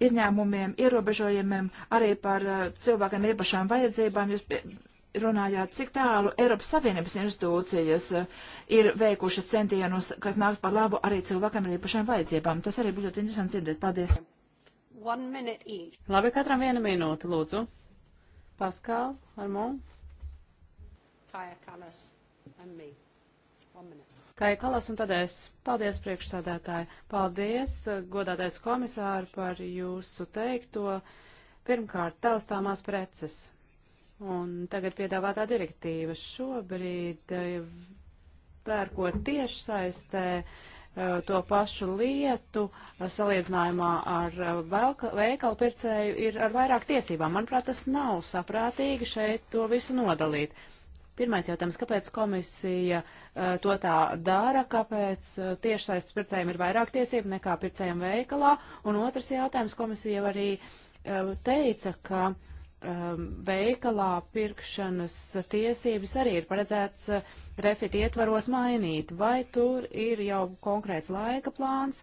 S4: izņēmumiem, ierobežojumiem, arī par uh, cilvēkiem īpašām vajadzībām. Jūs runājāt, cik tālu Eiropas Savienības institūcijas uh, ir veikušas centienus, kas nāks par labu arī cilvēkiem ar īpašām vajadzībām. Tas arī bija ļoti interesanti dzirdēt. Paldies! Labi, katram viena minūte, lūdzu. Paskāl, Armon.
S1: Kaja Kalas un me.
S2: Kai Kalas un tad es. Paldies, priekšsādātāji. Paldies, godātais komisāri, par jūsu teikto. Pirmkārt, taustāmās preces. Un tagad piedāvātā direktīva šobrīd eh, pērkot tiešsaistē eh, to pašu lietu eh, salīdzinājumā ar veikalu pircēju ir ar vairāk tiesībām. Manuprāt, tas nav saprātīgi šeit to visu nodalīt. Pirmais jautājums, kāpēc komisija uh, to tā dara, kāpēc uh, tiešsaistes pircējiem ir vairāk tiesību nekā pircējiem veikalā? Un otrs jautājums, komisija jau arī uh, teica, ka veikalā pirkšanas tiesības arī ir paredzēts refit ietvaros mainīt. Vai tur ir jau konkrēts laika plāns,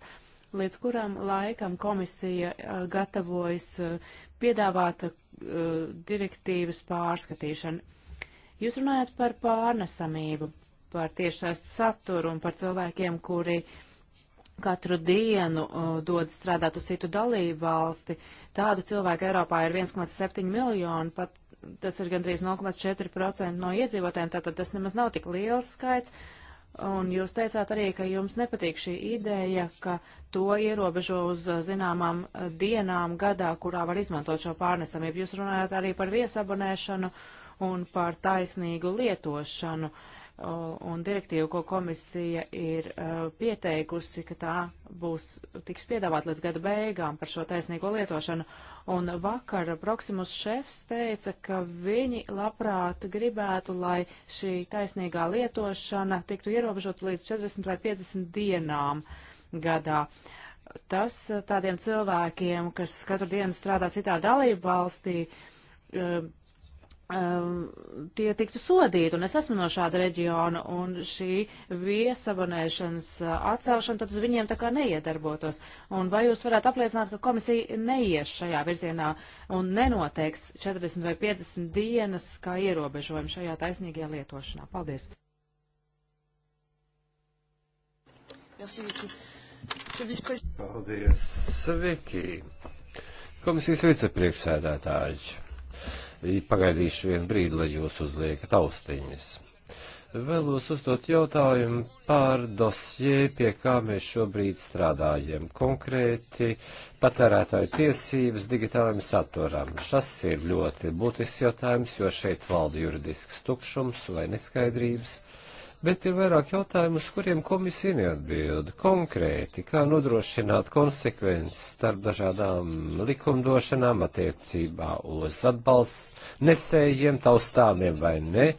S2: līdz kuram laikam komisija gatavojas piedāvāt direktīvas pārskatīšanu? Jūs runājat par pārnesamību, par tiešsaistes saturu un par cilvēkiem, kuri katru dienu uh, dod strādāt uz citu dalību valsti. Tādu cilvēku Eiropā ir 1,7 miljoni, pat tas ir gandrīz 0,4% no iedzīvotājiem, tātad tas nemaz nav tik liels skaits. Un jūs teicāt arī, ka jums nepatīk šī ideja, ka to ierobežo uz uh, zināmām uh, dienām gadā, kurā var izmantot šo pārnesamību. Jūs runājat arī par viesabonēšanu. Uh, un par taisnīgu lietošanu. Un direktīvu, ko komisija ir pieteikusi, ka tā būs tiks piedāvāt līdz gada beigām par šo taisnīgo lietošanu. Un vakar Proximus šefs teica, ka viņi labprāt gribētu, lai šī taisnīgā lietošana tiktu ierobežot līdz 40 vai 50 dienām gadā. Uh, tas tādiem cilvēkiem, kas katru dienu strādā citā dalību valstī, um, tie tiktu sodīti, un es esmu no šāda reģiona, un šī viesabonēšanas uh, atcelšana tad uz viņiem tā kā neiedarbotos. Un vai jūs varētu apliecināt, ka komisija neies šajā virzienā un nenoteiks 40 vai 50 dienas kā ierobežojumu šajā taisnīgajā lietošanā? Paldies!
S4: Merci, Vicky.
S3: Paldies, Viki. Komisijas vicepriekšsēdētāji. Pagaidīšu vienu brīdi, lai jūs uzliekat austiņas. Vēlos uzdot jautājumu par dosjē, pie kā mēs šobrīd strādājam. Konkrēti patērētāju tiesības digitālajam saturam. Šas ir ļoti būtisks jautājums, jo šeit valda juridisks tukšums vai neskaidrības. Uh, bet ir vairāk jautājumu, uz kuriem komisija neatbild. Konkrēti, kā nodrošināt konsekvences starp dažādām likumdošanām attiecībā uz atbalsts nesējiem, taustāmiem vai ne,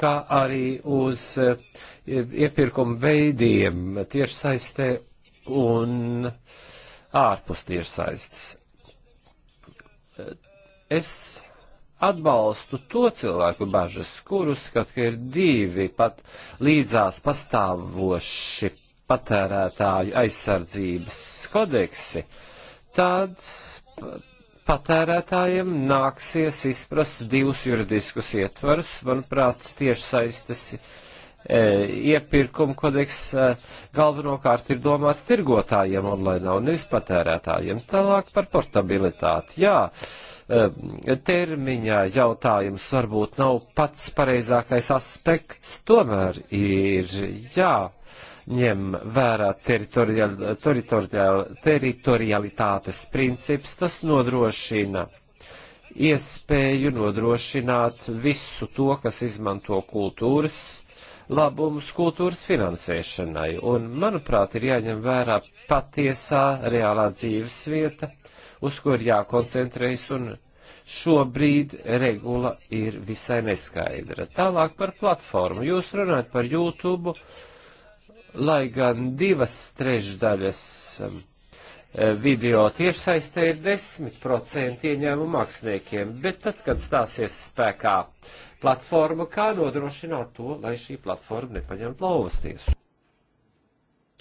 S3: kā arī uz eh, iepirkumu veidiem tieši saistē un ārpus tieši saistes. Es atbalstu to cilvēku bažas, kurus skat, ka ir divi pat līdzās pastāvoši patērētāju aizsardzības kodeksi, tad patērētājiem nāksies izprast divus juridiskus ietvarus, manuprāt, tieši saistas E, iepirkuma kodeks e, galvenokārt ir domāts tirgotājiem online un nevis patērētājiem. Tālāk par portabilitāti. Jā, e, termiņā jautājums varbūt nav pats pareizākais aspekts, tomēr ir jā ņem vērā teritorial, teritorial, teritorialitātes princips, tas nodrošina iespēju nodrošināt visu to, kas izmanto kultūras labumus kultūras finansēšanai. Un, manuprāt, ir jāņem vērā patiesā, reālā dzīves vieta, uz ko ir jākoncentrējas un šobrīd regula ir visai neskaidra. Tālāk par platformu. Jūs runājat par YouTube, lai gan divas trešdaļas um, video tiešsaistē ir 10% ieņēmu māksliniekiem, bet tad, kad stāsies spēkā uh, platformu, kā nodrošināt to, lai šī platforma nepaņemtu lauvas tiesu.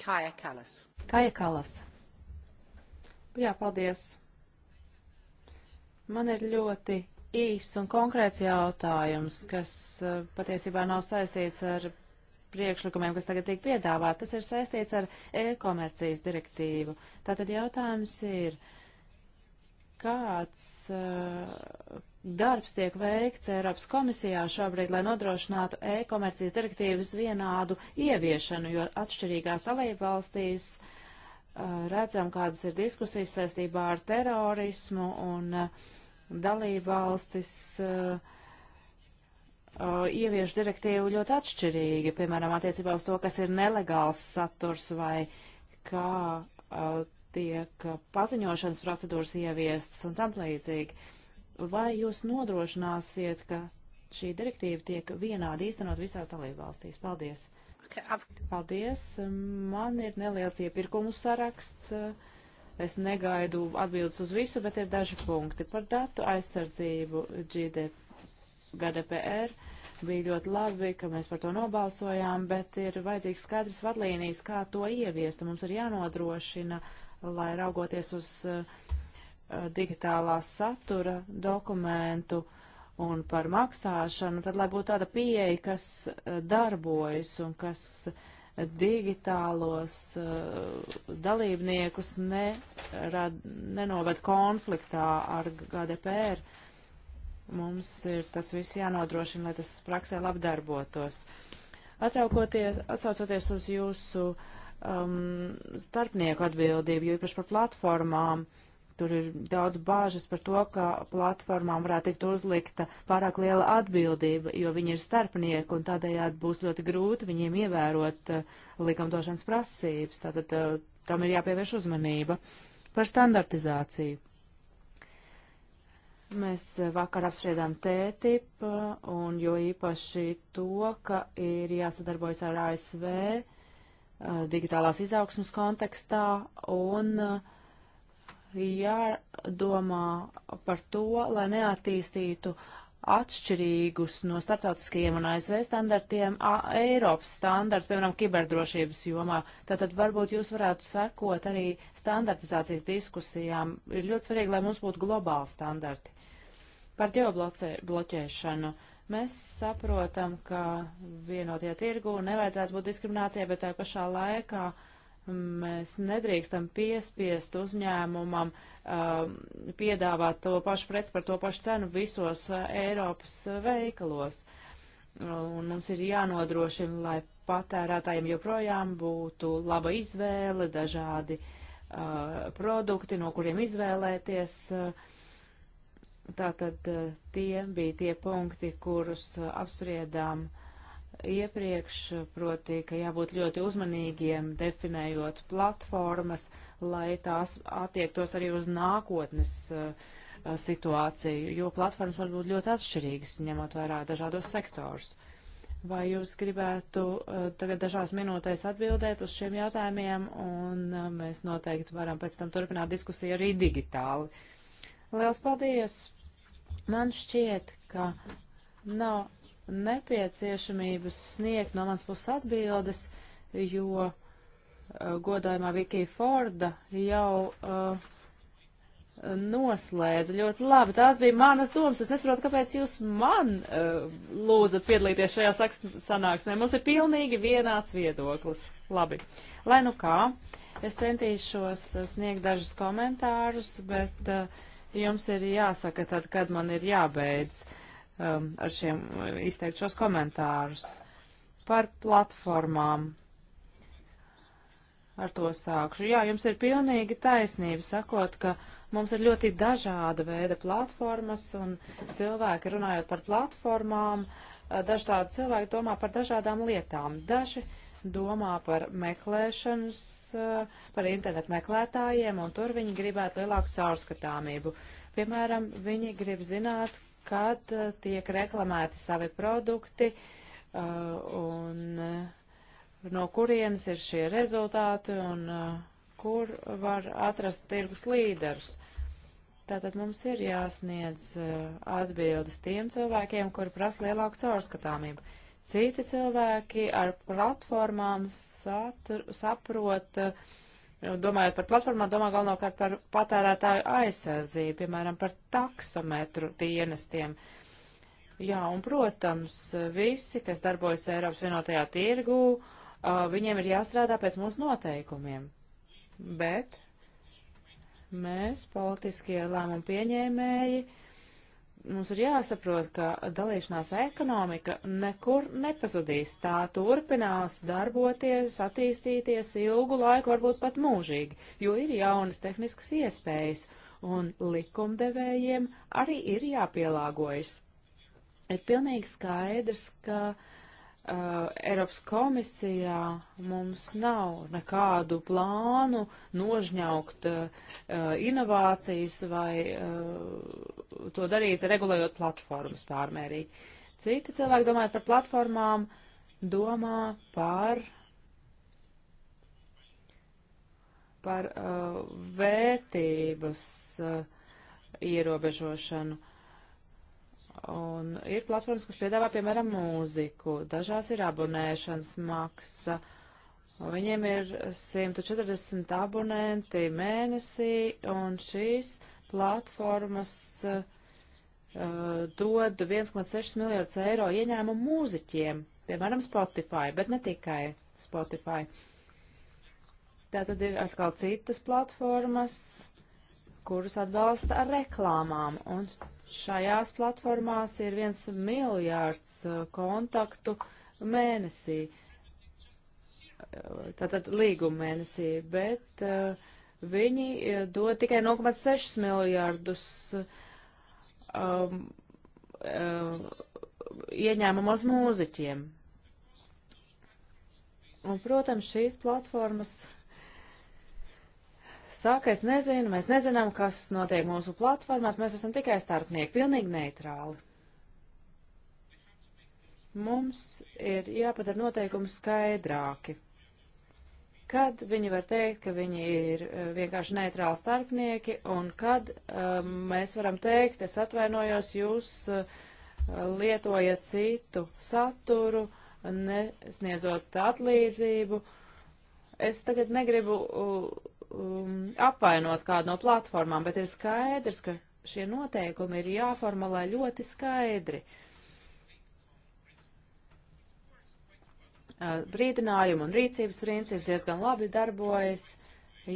S1: Kāja Kalas. Kāja
S2: Kalas. Jā, paldies. Man ir ļoti īss un konkrēts jautājums, kas eh, patiesībā nav saistīts ar priekšlikumiem, kas tagad tiek piedāvāt. Tas ir saistīts ar e-komercijas direktīvu. Tātad jautājums ir. Uh, kāds uh, darbs tiek veikts Eiropas komisijā šobrīd, lai nodrošinātu e-komercijas direktīvas vienādu ieviešanu, jo atšķirīgās dalībvalstīs uh, eh, redzam, kādas ir diskusijas saistībā ar terorismu un uh, eh, dalībvalstis ievieš direktīvu ļoti atšķirīgi, piemēram, attiecībā uz to, kas ir nelegāls saturs vai kā tiek paziņošanas procedūras ieviestas un tam līdzīgi. Vai jūs nodrošināsiet, ka šī direktīva tiek vienādi īstenot visās dalībvalstīs? Paldies! Paldies! Man ir neliels iepirkumu saraksts. Es negaidu atbildes uz visu, bet ir daži punkti par datu aizsardzību GD, GDPR. Bija ļoti labi, ka mēs par to nobalsojām, bet ir vajadzīgs skaidrs vadlīnijas, kā to ieviest. Mums ir jānodrošina lai raugoties uz eh, digitālā satura dokumentu un par maksāšanu, tad lai būtu tāda pieeja, kas eh, darbojas un kas eh, digitālos dalībniekus nerad, nenovad konfliktā ar GDPR. Mums ir tas viss jānodrošina, lai tas praksē labdarbotos. Atraukoties, atsaucoties uz jūsu uh, um, starpnieku atbildību, jo īpaši par platformām. Tur ir daudz bāžas par to, ka platformām varētu tikt uzlikta pārāk liela atbildība, jo viņi ir starpnieki un tādējādi būs ļoti grūti viņiem ievērot uh, likumdošanas prasības. Tātad uh, tam ir jāpievērš uzmanība par standartizāciju. Mēs uh, vakar apspriedām tētipu uh, un jo īpaši to, ka ir jāsadarbojas ar ASV Uh, digitālās izaugsmas kontekstā un uh, jādomā par to, lai neattīstītu atšķirīgus no starptautiskajiem un ASV standartiem a, Eiropas standarts, piemēram, kiberdrošības jomā. Tātad varbūt jūs varētu sekot arī standartizācijas diskusijām. Ir ļoti svarīgi, lai mums būtu globāli standarti. Par ģeobloķēšanu. Geobloķē, Mēs saprotam, ka vienotie tirgu nevajadzētu būt diskriminācijai, bet tajā pašā laikā mēs nedrīkstam piespiest uzņēmumam um, piedāvāt to pašu preci par to pašu cenu visos uh, Eiropas uh, veikalos. Un mums ir jānodrošina, lai patērētājiem joprojām būtu laba izvēle, dažādi uh, produkti, no kuriem izvēlēties. Uh, Tātad eh, tie bija tie punkti, kurus eh, apspriedām iepriekš, proti, ka jābūt ļoti uzmanīgiem definējot platformas, lai tās attiektos arī uz nākotnes uh, situāciju, jo platformas var būt ļoti atšķirīgas, ņemot vērā dažādos sektors. Vai jūs gribētu uh, tagad dažās minūtēs atbildēt uz šiem jautājumiem, un uh, mēs noteikti varam pēc tam turpināt diskusiju arī digitāli. Uh, Liels paldies! Man šķiet, ka nav nepieciešamības sniegt no mans puses atbildes, jo uh, godājumā Vikija Forda jau uh, noslēdza ļoti labi. Tās bija manas domas. Es nesaprotu, kāpēc jūs man uh, lūdzat piedalīties šajā sanāksmē. Mums ir pilnīgi vienāds viedoklis. Labi. Lai nu kā, es centīšos sniegt dažus komentārus, bet. Uh, jums ir jāsaka tad, kad man ir jābeidz um, ar šiem izteikt šos komentārus par platformām. Ar to sākšu. Jā, jums ir pilnīgi taisnība sakot, ka mums ir ļoti dažāda veida platformas un cilvēki runājot par platformām, dažādi cilvēki domā par dažādām lietām. Daži uh, domā par meklēšanas, eh, par internetu meklētājiem, un tur viņi gribētu lielāku caurskatāmību. Piemēram, viņi grib zināt, kad eh, tiek reklamēti savi produkti, eh, un no kurienes ir šie rezultāti, un kur var atrast tirgus līderus. Tātad mums ir jāsniedz atbildes tiem cilvēkiem, kuri prasa lielāku caurskatāmību. Citi cilvēki ar platformām satur, saprot, eh, domājot par platformām, domā galvenokārt par patērētāju aizsardzību, piemēram, par taksometru dienestiem. Jā, un, protams, visi, kas darbojas Eiropas vienotajā tirgū, eh, viņiem ir jāstrādā pēc mūsu noteikumiem. Bet mēs, politiskie lēmumu pieņēmēji, mums ir jāsaprot, ka dalīšanās ekonomika nekur nepazudīs. Tā turpinās darboties, attīstīties ilgu laiku, varbūt pat mūžīgi, jo ir jaunas tehniskas iespējas, un likumdevējiem arī ir jāpielāgojas. Ir pilnīgi skaidrs, ka uh, Uh, Eiropas komisijā mums nav nekādu plānu nožņaukt uh, inovācijas vai uh, to darīt, regulējot platformas pārmērīgi. Citi cilvēki domājot par platformām, domā par, par uh, vērtības uh, ierobežošanu. Uh, Un ir platformas, kas piedāvā, piemēram, mūziku. Dažās ir abonēšanas maksa. Viņiem ir 140 abonenti mēnesī, un šīs platformas uh, dod 1,6 miljardus eiro ieņēmumu mūziķiem, piemēram, Spotify, bet ne tikai Spotify. Tā tad ir atkal citas platformas, kurus atbalsta ar reklāmām. Un šajās platformās ir viens miljārds uh, kontaktu mēnesī. Uh, tātad līguma mēnesī, bet uh, viņi uh, dod tikai 0,6 miljārdus um, um, ieņēmumos mūziķiem. Un, protams, šīs platformas saka, es nezinu, mēs nezinām, kas notiek mūsu platformās, mēs esam tikai starpnieki, pilnīgi neitrāli. Mums ir jāpadara noteikumi skaidrāki. Kad viņi var teikt, ka viņi ir e, vienkārši neitrāli starpnieki, un kad um, mēs varam teikt, es atvainojos, jūs uh, lietojat citu saturu, nesniedzot atlīdzību. Es tagad negribu uh, um, apvainot kādu no platformām, bet ir skaidrs, ka šie noteikumi ir jāformulē ļoti skaidri. Uh, Brīdinājumu un rīcības princips diezgan labi darbojas,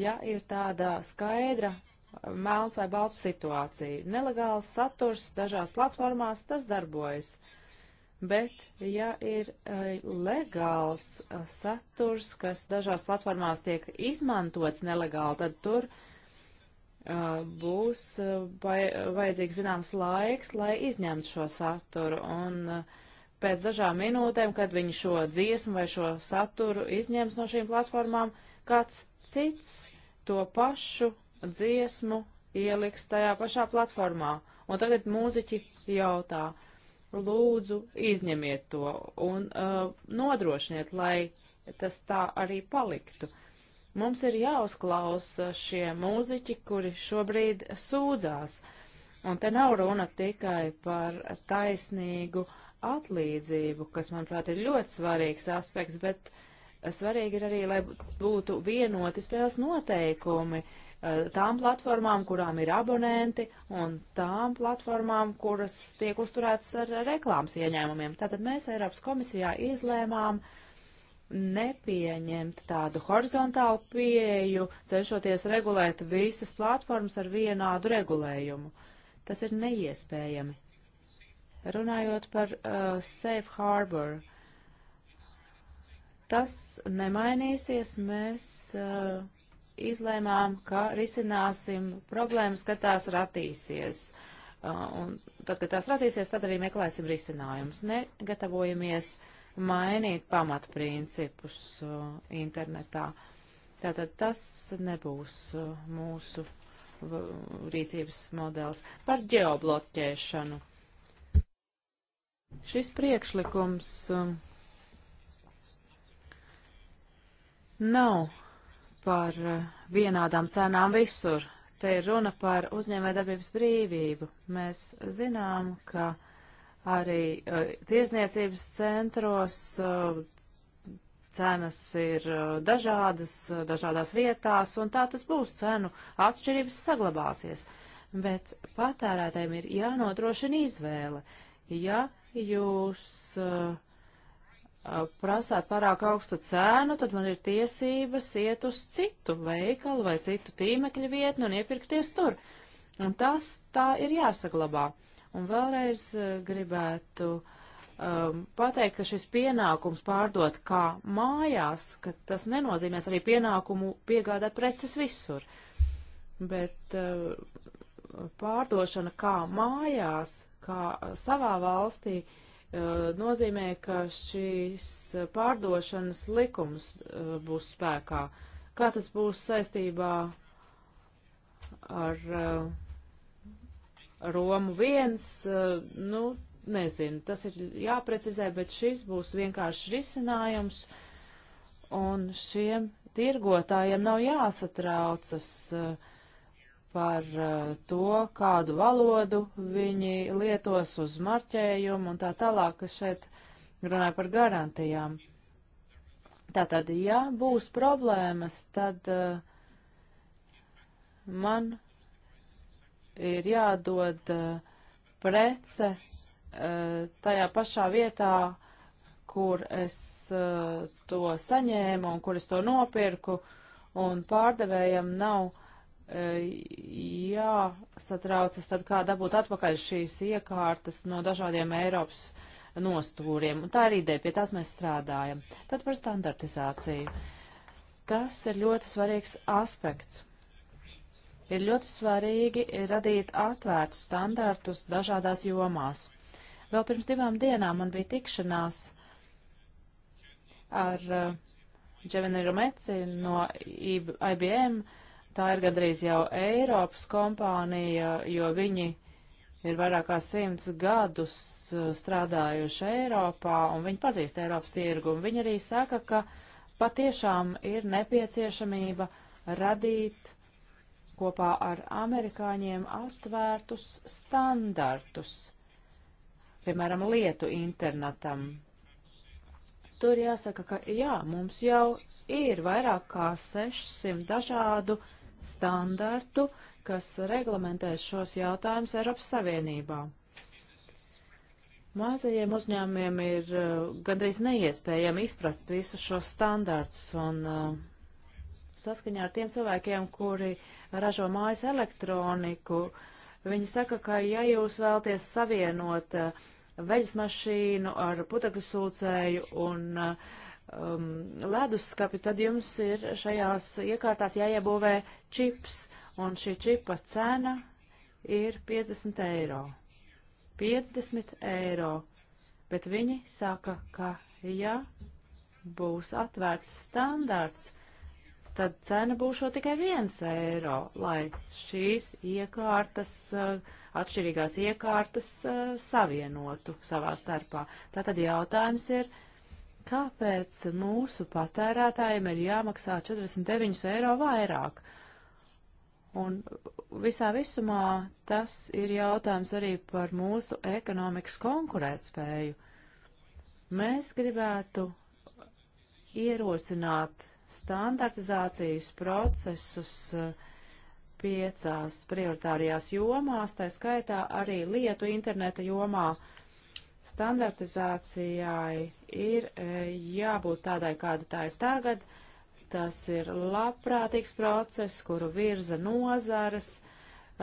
S2: ja ir tāda skaidra uh, melns vai balts situācija. Nelegāls saturs dažās platformās, tas darbojas. Uh, Bet, ja ir eh, legāls eh, saturs, kas dažās platformās tiek izmantots nelegāli, tad tur eh, būs vajadzīgs zināms laiks, lai izņemtu šo saturu. Un pēc dažām minūtēm, kad viņi šo dziesmu vai šo saturu izņems no šīm platformām, kāds cits to pašu dziesmu ieliks tajā pašā platformā. Un tagad mūziķi jautā, lūdzu izņemiet to un uh, nodrošiniet, lai tas tā arī paliktu. Mums ir jāuzklausa šie mūziķi, kuri šobrīd sūdzās, un te nav runa tikai par taisnīgu atlīdzību, kas, manuprāt, ir ļoti svarīgs aspekts, bet svarīgi ir arī, lai būtu vienoti spēles noteikumi. Uh, Eh, tām platformām, kurām ir abonenti, un tām platformām, kuras tiek uzturētas ar reklāmas ieņēmumiem. Tātad mēs Eiropas komisijā izlēmām nepieņemt tādu horizontālu pieeju, cenšoties regulēt visas platformas ar vienādu regulējumu. Tas ir neiespējami. Runājot par uh, Safe Harbor, tas nemainīsies, mēs. Uh, izlēmām, ka risināsim problēmas, kad tās ratīsies. Uh, un tad, kad tās ratīsies, tad arī meklēsim risinājumus. Negatavojamies mainīt pamatprincipus uh, internetā. Tātad tas nebūs uh, mūsu rīcības modelis par ģeobloķēšanu. Šis priekšlikums um, nav par eh, vienādām cenām visur. Te ir runa par uzņēmējdarbības brīvību. Mēs zinām, ka arī uh, eh, tiesniecības centros uh, cenas ir uh, dažādas, uh, dažādās vietās, un tā tas būs. Cenu atšķirības saglabāsies. Bet patērētājiem ir jānodrošina izvēle. Ja jūs uh, Uh, prasāt pārāk augstu cēnu, tad man ir tiesības iet uz citu veikalu vai citu tīmekļa vietnu un iepirkties tur. Un tas tā ir jāsaglabā. Un vēlreiz uh, gribētu um, pateikt, ka šis pienākums pārdot kā mājās, ka tas nenozīmēs arī pienākumu piegādāt preces visur. Bet uh, pārdošana kā mājās, kā savā valstī, uh, Eh, nozīmē, ka šīs pārdošanas likums eh, būs spēkā. Kā tas būs saistībā ar eh, Romu viens, nu, nezinu, tas ir jāprecizē, bet šis būs vienkārši risinājums, un šiem tirgotājiem nav jāsatraucas uh, par eh, to, kādu valodu viņi lietos uz marķējumu un tā tālāk, kas šeit runāja par garantijām. Tātad, ja būs problēmas, tad uh, man ir jādod uh, prece uh, tajā pašā vietā, kur es to saņēmu un kur es to nopirku, un pārdevējam nav jāsatraucas tad, kā dabūt atpakaļ šīs iekārtas no dažādiem Eiropas nostūriem. Un tā ir ideja, pie tās mēs strādājam. Tad par standartizāciju. Tas ir ļoti svarīgs aspekts. Ir ļoti svarīgi radīt atvērtus standartus dažādās jomās. Vēl pirms divām dienām man bija tikšanās ar Dževenu eh, Romeci no IBM. Uh, Tā ir gadrīz jau Eiropas kompānija, jo viņi ir vairāk kā simts gadus uh, strādājuši Eiropā, un viņi pazīst Eiropas tirgu. Un viņi arī saka, ka patiešām ir nepieciešamība radīt kopā ar amerikāņiem atvērtus standartus, piemēram, lietu internetam. Tur jāsaka, ka jā, mums jau ir vairāk kā 600 dažādu uh, standartu, kas reglamentēs šos jautājumus Eiropas Savienībā. Mazajiem uzņēmumiem ir uh, gandrīz neiespējami izprast visus šos standārtus un uh, saskaņā ar tiem cilvēkiem, kuri ražo mājas elektroniku, viņi saka, ka ja jūs vēlties savienot uh, veļas mašīnu ar putekļu sūcēju un uh, um, leduskapi, tad jums ir šajās iekārtās jāiebūvē čips, un šī čipa cena ir 50 eiro. 50 eiro. Bet viņi saka, ka ja būs atvērts standārts, tad cena būs šo tikai 1 eiro, lai šīs iekārtas, uh, atšķirīgās iekārtas uh, savienotu savā starpā. Tātad jautājums ir, Kāpēc mūsu patērētājiem ir jāmaksā 49 eiro vairāk? Un visā visumā tas ir jautājums arī par mūsu ekonomikas konkurētspēju. Mēs gribētu ierosināt standartizācijas procesus eh, piecās prioritārajās jomās, tā skaitā arī lietu interneta jomā. Uh, Standartizācijai ir e, jābūt tādai, kāda tā ir tagad. Tas ir labprātīgs process, kuru virza nozares.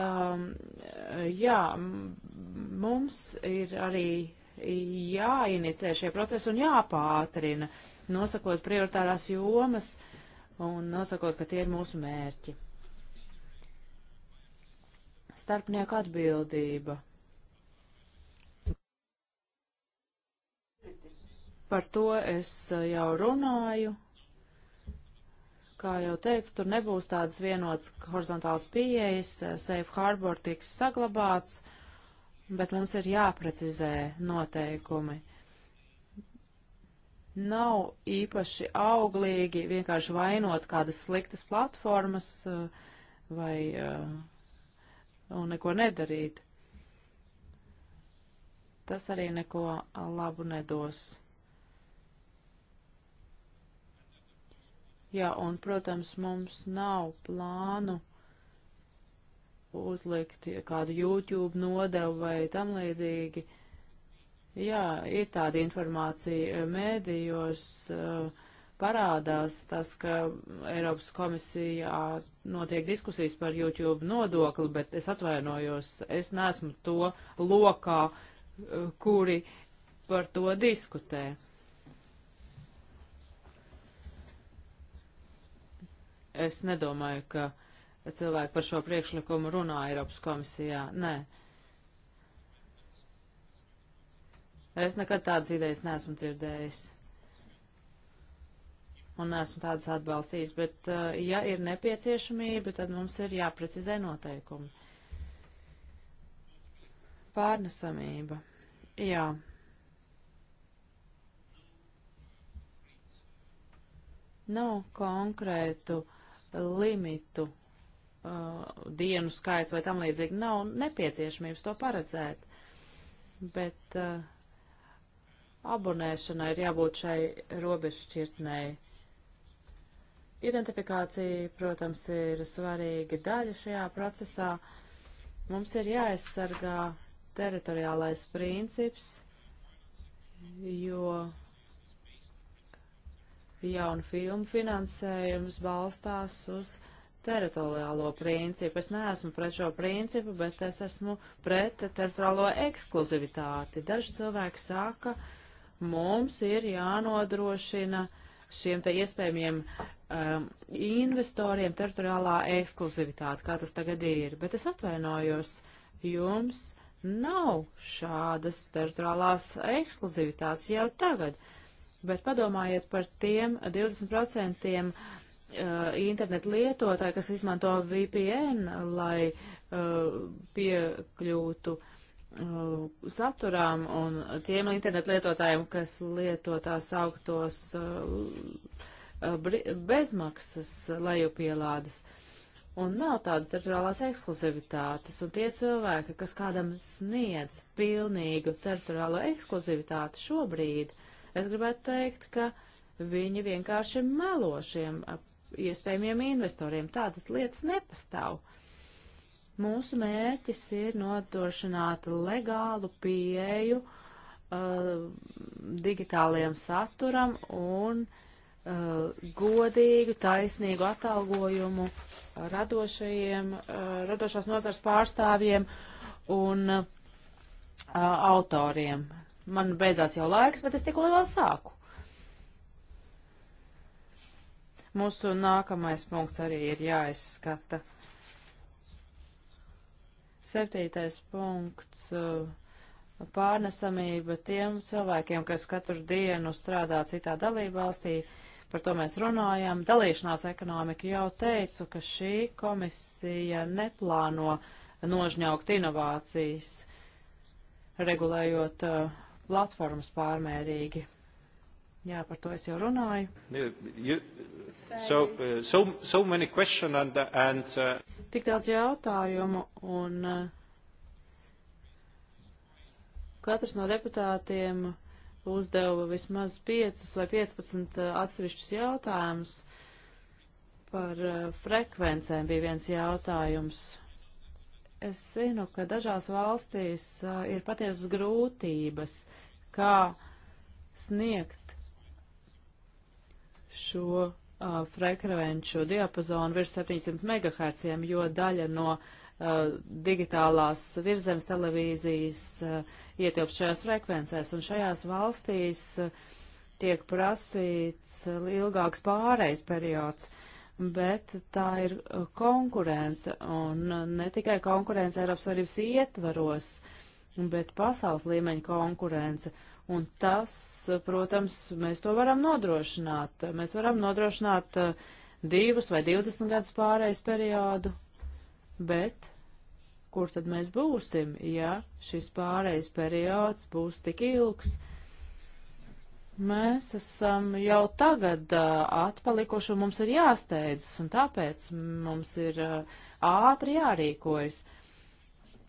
S2: Um, jā, mums ir arī jāinicē šie procesi un jāpātrina, nosakot prioritārās jomas un nosakot, ka tie ir mūsu mērķi. Starpnieku atbildība. Par to es eh, jau runāju. Kā jau teicu, tur nebūs tādas vienotas horizontālas pieejas, eh, safe harbor tiks saglabāts, bet mums ir jāprecizē noteikumi. Nav īpaši auglīgi vienkārši vainot kādas sliktas platformas eh, vai un neko nedarīt. Tas arī neko labu nedos. Jā, un, protams, mums nav plānu uzlikt kādu YouTube nodevu vai tam līdzīgi. Jā, ir tāda informācija eh, mēdījos, eh, parādās tas, ka Eiropas komisijā notiek diskusijas par YouTube nodokli, bet es atvainojos, es neesmu to lokā, eh, kuri par to diskutē. Es nedomāju, ka cilvēki par šo priekšlikumu runā Eiropas komisijā. Nē. Es nekad tādas idejas neesmu dzirdējis. Un neesmu tādas atbalstījis, bet uh, ja ir nepieciešamība, tad mums ir jāprecizē noteikumi. Pārnesamība. Jā. nav konkrētu limitu uh, dienu skaits vai tam līdzīgi. Nav nepieciešamības to paredzēt, bet uh, abonēšanai ir jābūt šai robežšķirtnēji. Identifikācija, protams, ir svarīga daļa šajā procesā. Mums ir jāaizsargā teritoriālais princips, jo jaunu filmu finansējums balstās uz teritoriālo principu. Es neesmu pret šo principu, bet es esmu pret teritoriālo ekskluzivitāti. Daži cilvēki saka, mums ir jānodrošina šiem te iespējamiem um, investoriem teritoriālā ekskluzivitāte, kā tas tagad ir. Bet es atvainojos, jums nav šādas teritoriālās ekskluzivitātes jau tagad. Uh, bet padomājiet par tiem 20% uh, internetu lietotāji, kas izmanto VPN, lai uh, piekļūtu uh, saturām un tiem internetu lietotājiem, kas lieto tās augtos bezmaksas lejupielādes. Un nav tādas teritoriālās ekskluzivitātes, un tie cilvēki, kas kādam sniedz pilnīgu teritoriālo ekskluzivitāti šobrīd, Es gribētu teikt, ka viņi vienkārši melo šiem iespējamiem investoriem. Tādas lietas nepastāv. Mūsu mērķis ir nodrošināt legālu pieeju uh, digitāliem saturam un uh, godīgu, taisnīgu atalgojumu radošajiem, uh, radošās nozars pārstāvjiem un uh, autoriem. Man beidzās jau laiks, bet es tikko vēl sāku. Mūsu nākamais punkts arī ir jāizskata. Septītais punkts uh, - pārnesamība tiem cilvēkiem, kas katru dienu strādā citā dalībvalstī. Par to mēs runājam. Dalīšanās ekonomika jau teicu, ka šī komisija neplāno nožņaukt inovācijas, regulējot uh, platformas pārmērīgi. Jā, par to es jau runāju.
S3: You, so, uh, so, so many question and, and, uh...
S2: Tik daudz jautājumu un uh, katrs no deputātiem uzdeva vismaz 5 vai 15 uh, atsevišķus jautājumus. Par uh, frekvencēm bija viens jautājums. Es zinu, ka dažās valstīs uh, ir patiesas grūtības uh, kā sniegt šo uh, frekvenču diapazonu virs 700 MHz, jo daļa no uh, digitālās virzemes televīzijas uh, ietilpst šajās frekvencēs, un šajās valstīs uh, tiek prasīts uh, ilgāks pārejas periods. Uh, bet tā ir uh, konkurence, un uh, ne tikai konkurence Eiropas Savienības ietvaros, uh, Nu, bet pasaules līmeņa konkurence. Un tas, protams, mēs to varam nodrošināt. Mēs varam nodrošināt eh, divus vai 20 gadus pārējais periodu, bet kur tad mēs būsim, ja šis pārējais periods būs tik ilgs? Mēs esam jau tagad uh, atpalikuši un mums ir jāsteidzas, un tāpēc mums ir uh, ātri jārīkojas. Uh,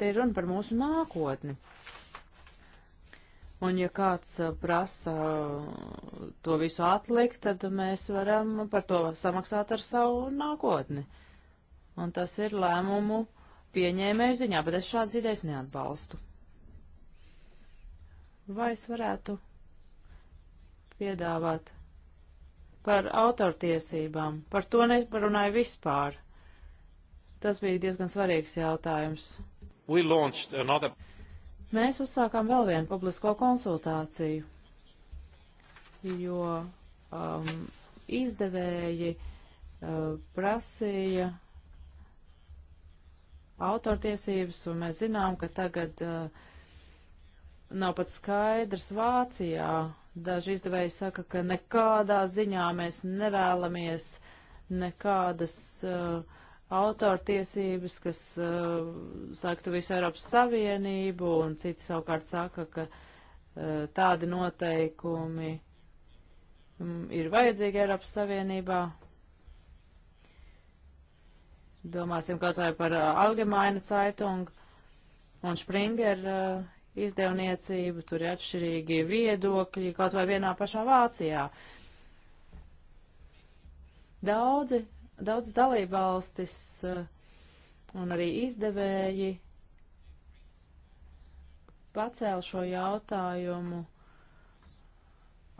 S2: te ir runa par mūsu nākotni. Un ja kāds uh, prasa uh, to visu atlikt, tad mēs varam par to samaksāt ar savu nākotni. Un tas ir lēmumu pieņēmēju ziņā, bet es šādas idejas neatbalstu. Vai es varētu piedāvāt par autortiesībām? Par to neparunāju vispār. Tas bija diezgan svarīgs jautājums
S3: we launched another.
S2: Mēs uzsākām vēl vienu publisko konsultāciju, jo um, izdevēji uh, prasīja autortiesības, un mēs zinām, ka tagad uh, nav pat skaidrs Vācijā. Daži izdevēji saka, ka nekādā ziņā mēs nevēlamies nekādas. Uh, autortiesības, kas uh, saktu visu Eiropas Savienību, un citi savukārt saka, ka uh, tādi noteikumi mm, ir vajadzīgi Eiropas Savienībā. Domāsim kaut vai par uh, Algemaina Zeitung un Springer uh, izdevniecību, tur ir atšķirīgi viedokļi, kaut vai vienā pašā Vācijā. Daudzi Daudz dalībvalstis eh, un arī izdevēji pacēla šo jautājumu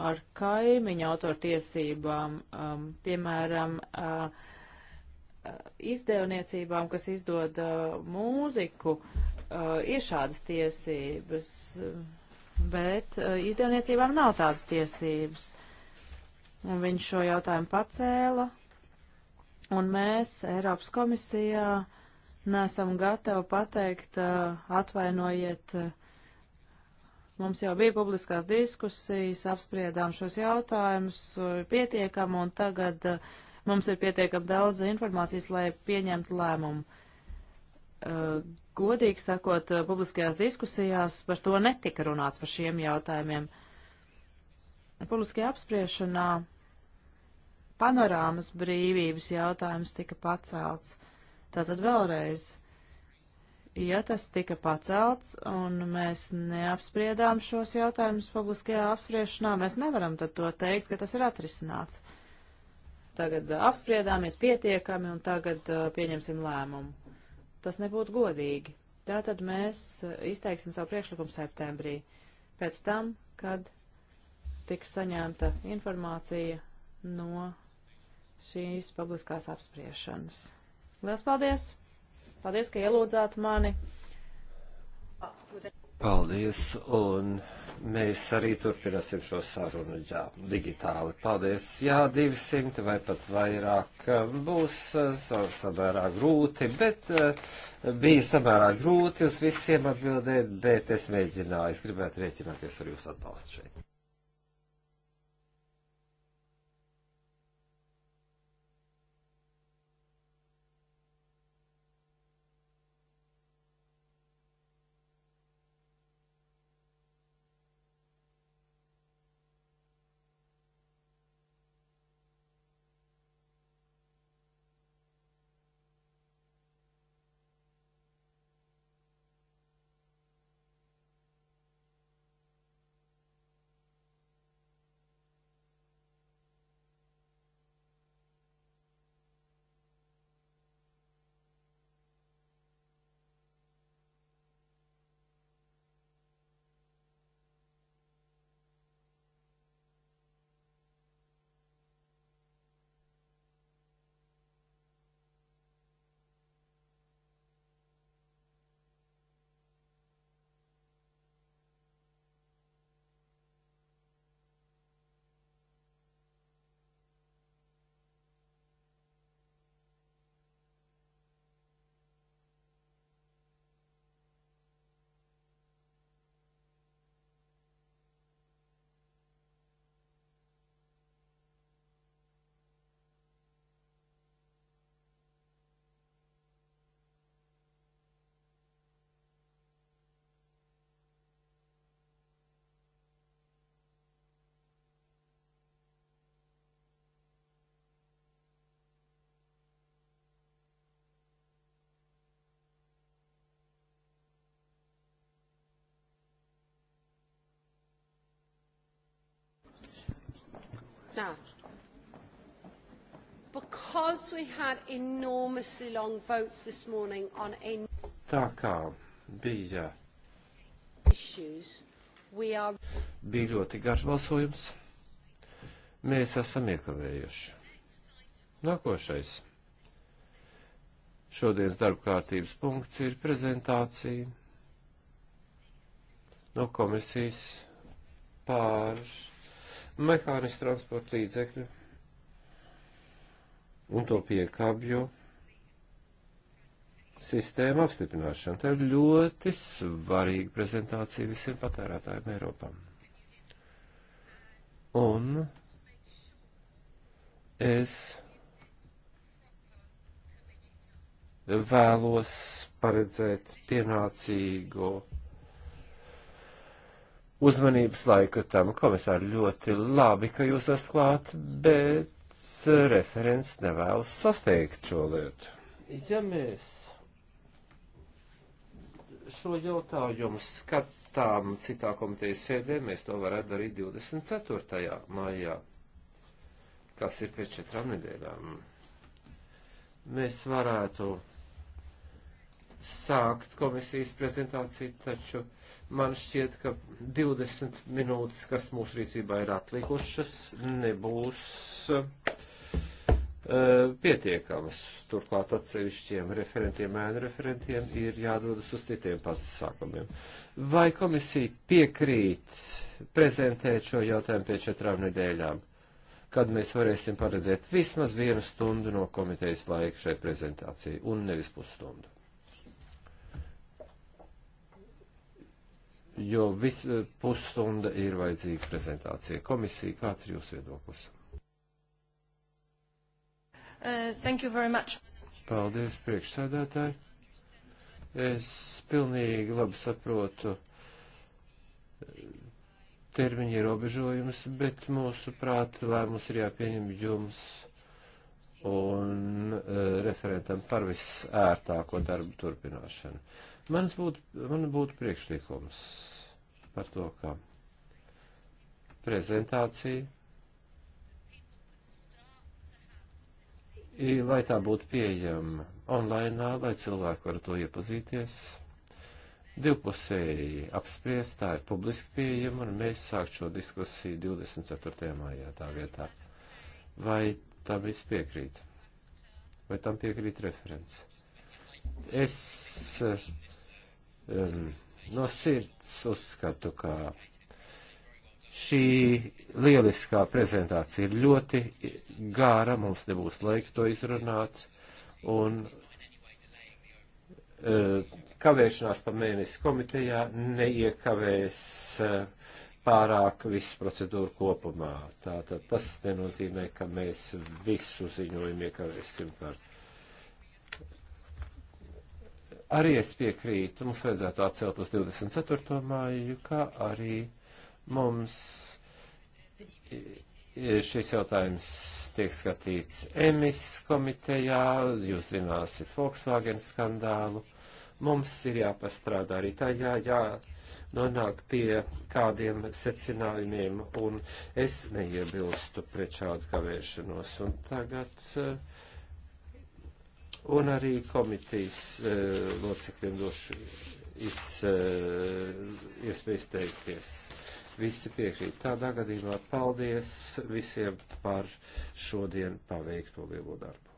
S2: ar kaimiņu autortiesībām, um, piemēram, uh, uh, izdevniecībām, kas izdod uh, mūziku, uh, ir šādas tiesības, bet uh, izdevniecībām nav tādas tiesības. Un viņš šo jautājumu pacēla, Un mēs Eiropas komisijā nesam gatavi pateikt, atvainojiet, mums jau bija publiskās diskusijas, apspriedām šos jautājumus pietiekam, un tagad mums ir pietiekam daudz informācijas, lai pieņemtu lēmumu. Godīgi sakot, publiskajās diskusijās par to netika runāts par šiem jautājumiem. Publiskajā apspriešanā panorāmas brīvības jautājums tika pacelts. Tātad vēlreiz, ja tas tika pacelts un mēs neapspriedām šos jautājumus publiskajā apspriešanā, mēs nevaram tad to teikt, ka tas ir atrisināts. Tagad uh, apspriedāmies pietiekami un tagad uh, pieņemsim lēmumu. Tas nebūtu godīgi. Tātad mēs uh, izteiksim savu priekšlikumu septembrī, pēc tam, kad tiks saņemta informācija no šīs publiskās apspriešanas. Lielas paldies! Paldies, ka ielūdzāt mani!
S3: Paldies, un mēs arī turpināsim šo sarunu, jā, digitāli. Paldies, jā, 200 vai pat vairāk būs eh, samērā grūti, bet eh, bija samērā grūti uz visiem atbildēt, bet es mēģināju, es gribētu rēķināties ar jūsu atbalstu šeit.
S1: Now, because we had enormously long votes this morning on a...
S3: Tā kā bija...
S1: Issues, we are...
S3: Bija ļoti garš balsojums. Mēs esam iekavējuši. Nākošais. Šodienas darba kārtības punkts ir prezentācija no komisijas pār mehānisku transporta līdzekļu un to piekāpju sistēmu apstiprināšanu. Tā ir ļoti svarīga prezentācija visiem patērētājiem Eiropā. Un es vēlos paredzēt pienācīgo uzmanības laiku tam. Komisāri, ļoti labi, ka jūs esat klāt, bet referents nevēlas sasteigt šo lietu. Ja mēs šo jautājumu skatām citā komitejas sēdē, mēs to varētu darīt 24. maijā, kas ir pēc četrām nedēļām. Mēs varētu sākt komisijas prezentāciju, taču man šķiet, ka 20 minūtes, kas mūsu rīcībā ir atlikušas, nebūs uh, pietiekamas. Turklāt atsevišķiem referentiem, ēnu referentiem ir jādodas uz citiem pasākumiem. Vai komisija piekrīt prezentēt šo jautājumu pēc četrām nedēļām, kad mēs varēsim paredzēt vismaz vienu stundu no komitejas laika šai prezentācijai un nevis pusstundu? jo vis pusstunda ir vajadzīga prezentācija. Komisija, kāds ir jūsu viedoklis?
S1: Uh, thank you very much.
S3: Paldies, priekšsēdētāji. Es pilnīgi labi saprotu uh, termiņa ierobežojumus, bet mūsu prāta lēmums ir jāpieņem jums un uh, referentam par visērtāko darbu turpināšanu. Uh, Mans būtu, man būtu priekšlikums par to, kā prezentācija, I, lai tā būtu pieejama online, lai cilvēki var to iepazīties, divpusēji apspriest, tā ir publiski pieejama, un mēs sākt šo diskusiju 24. mājā tā vietā. Vai tam viss piekrīt? Vai tam piekrīt referents? Es um, no sirds uzskatu, ka šī lieliskā prezentācija ir ļoti gāra, mums nebūs laika to izrunāt, un uh, kavēšanās pa mēnesi komitejā neiekavēs uh, pārāk visu procedūru kopumā. Tātad tas nenozīmē, ka mēs visu ziņojumu iekavēsim par Arī es piekrītu, mums vajadzētu atcelt uz 24. māju, kā arī mums šis jautājums tiek skatīts emis komitejā, jūs zināsiet Volkswagen skandālu. Mums ir jāpastrādā arī tajā, jā, nonāk pie kādiem secinājumiem, un es neiebilstu pret šādu kavēšanos. Un tagad uh, un arī komitejas e, locekļiem došu iz, e, iespēju izteikties. Visi piekrīt. Tādā gadījumā paldies visiem par šodien paveikto lielo darbu.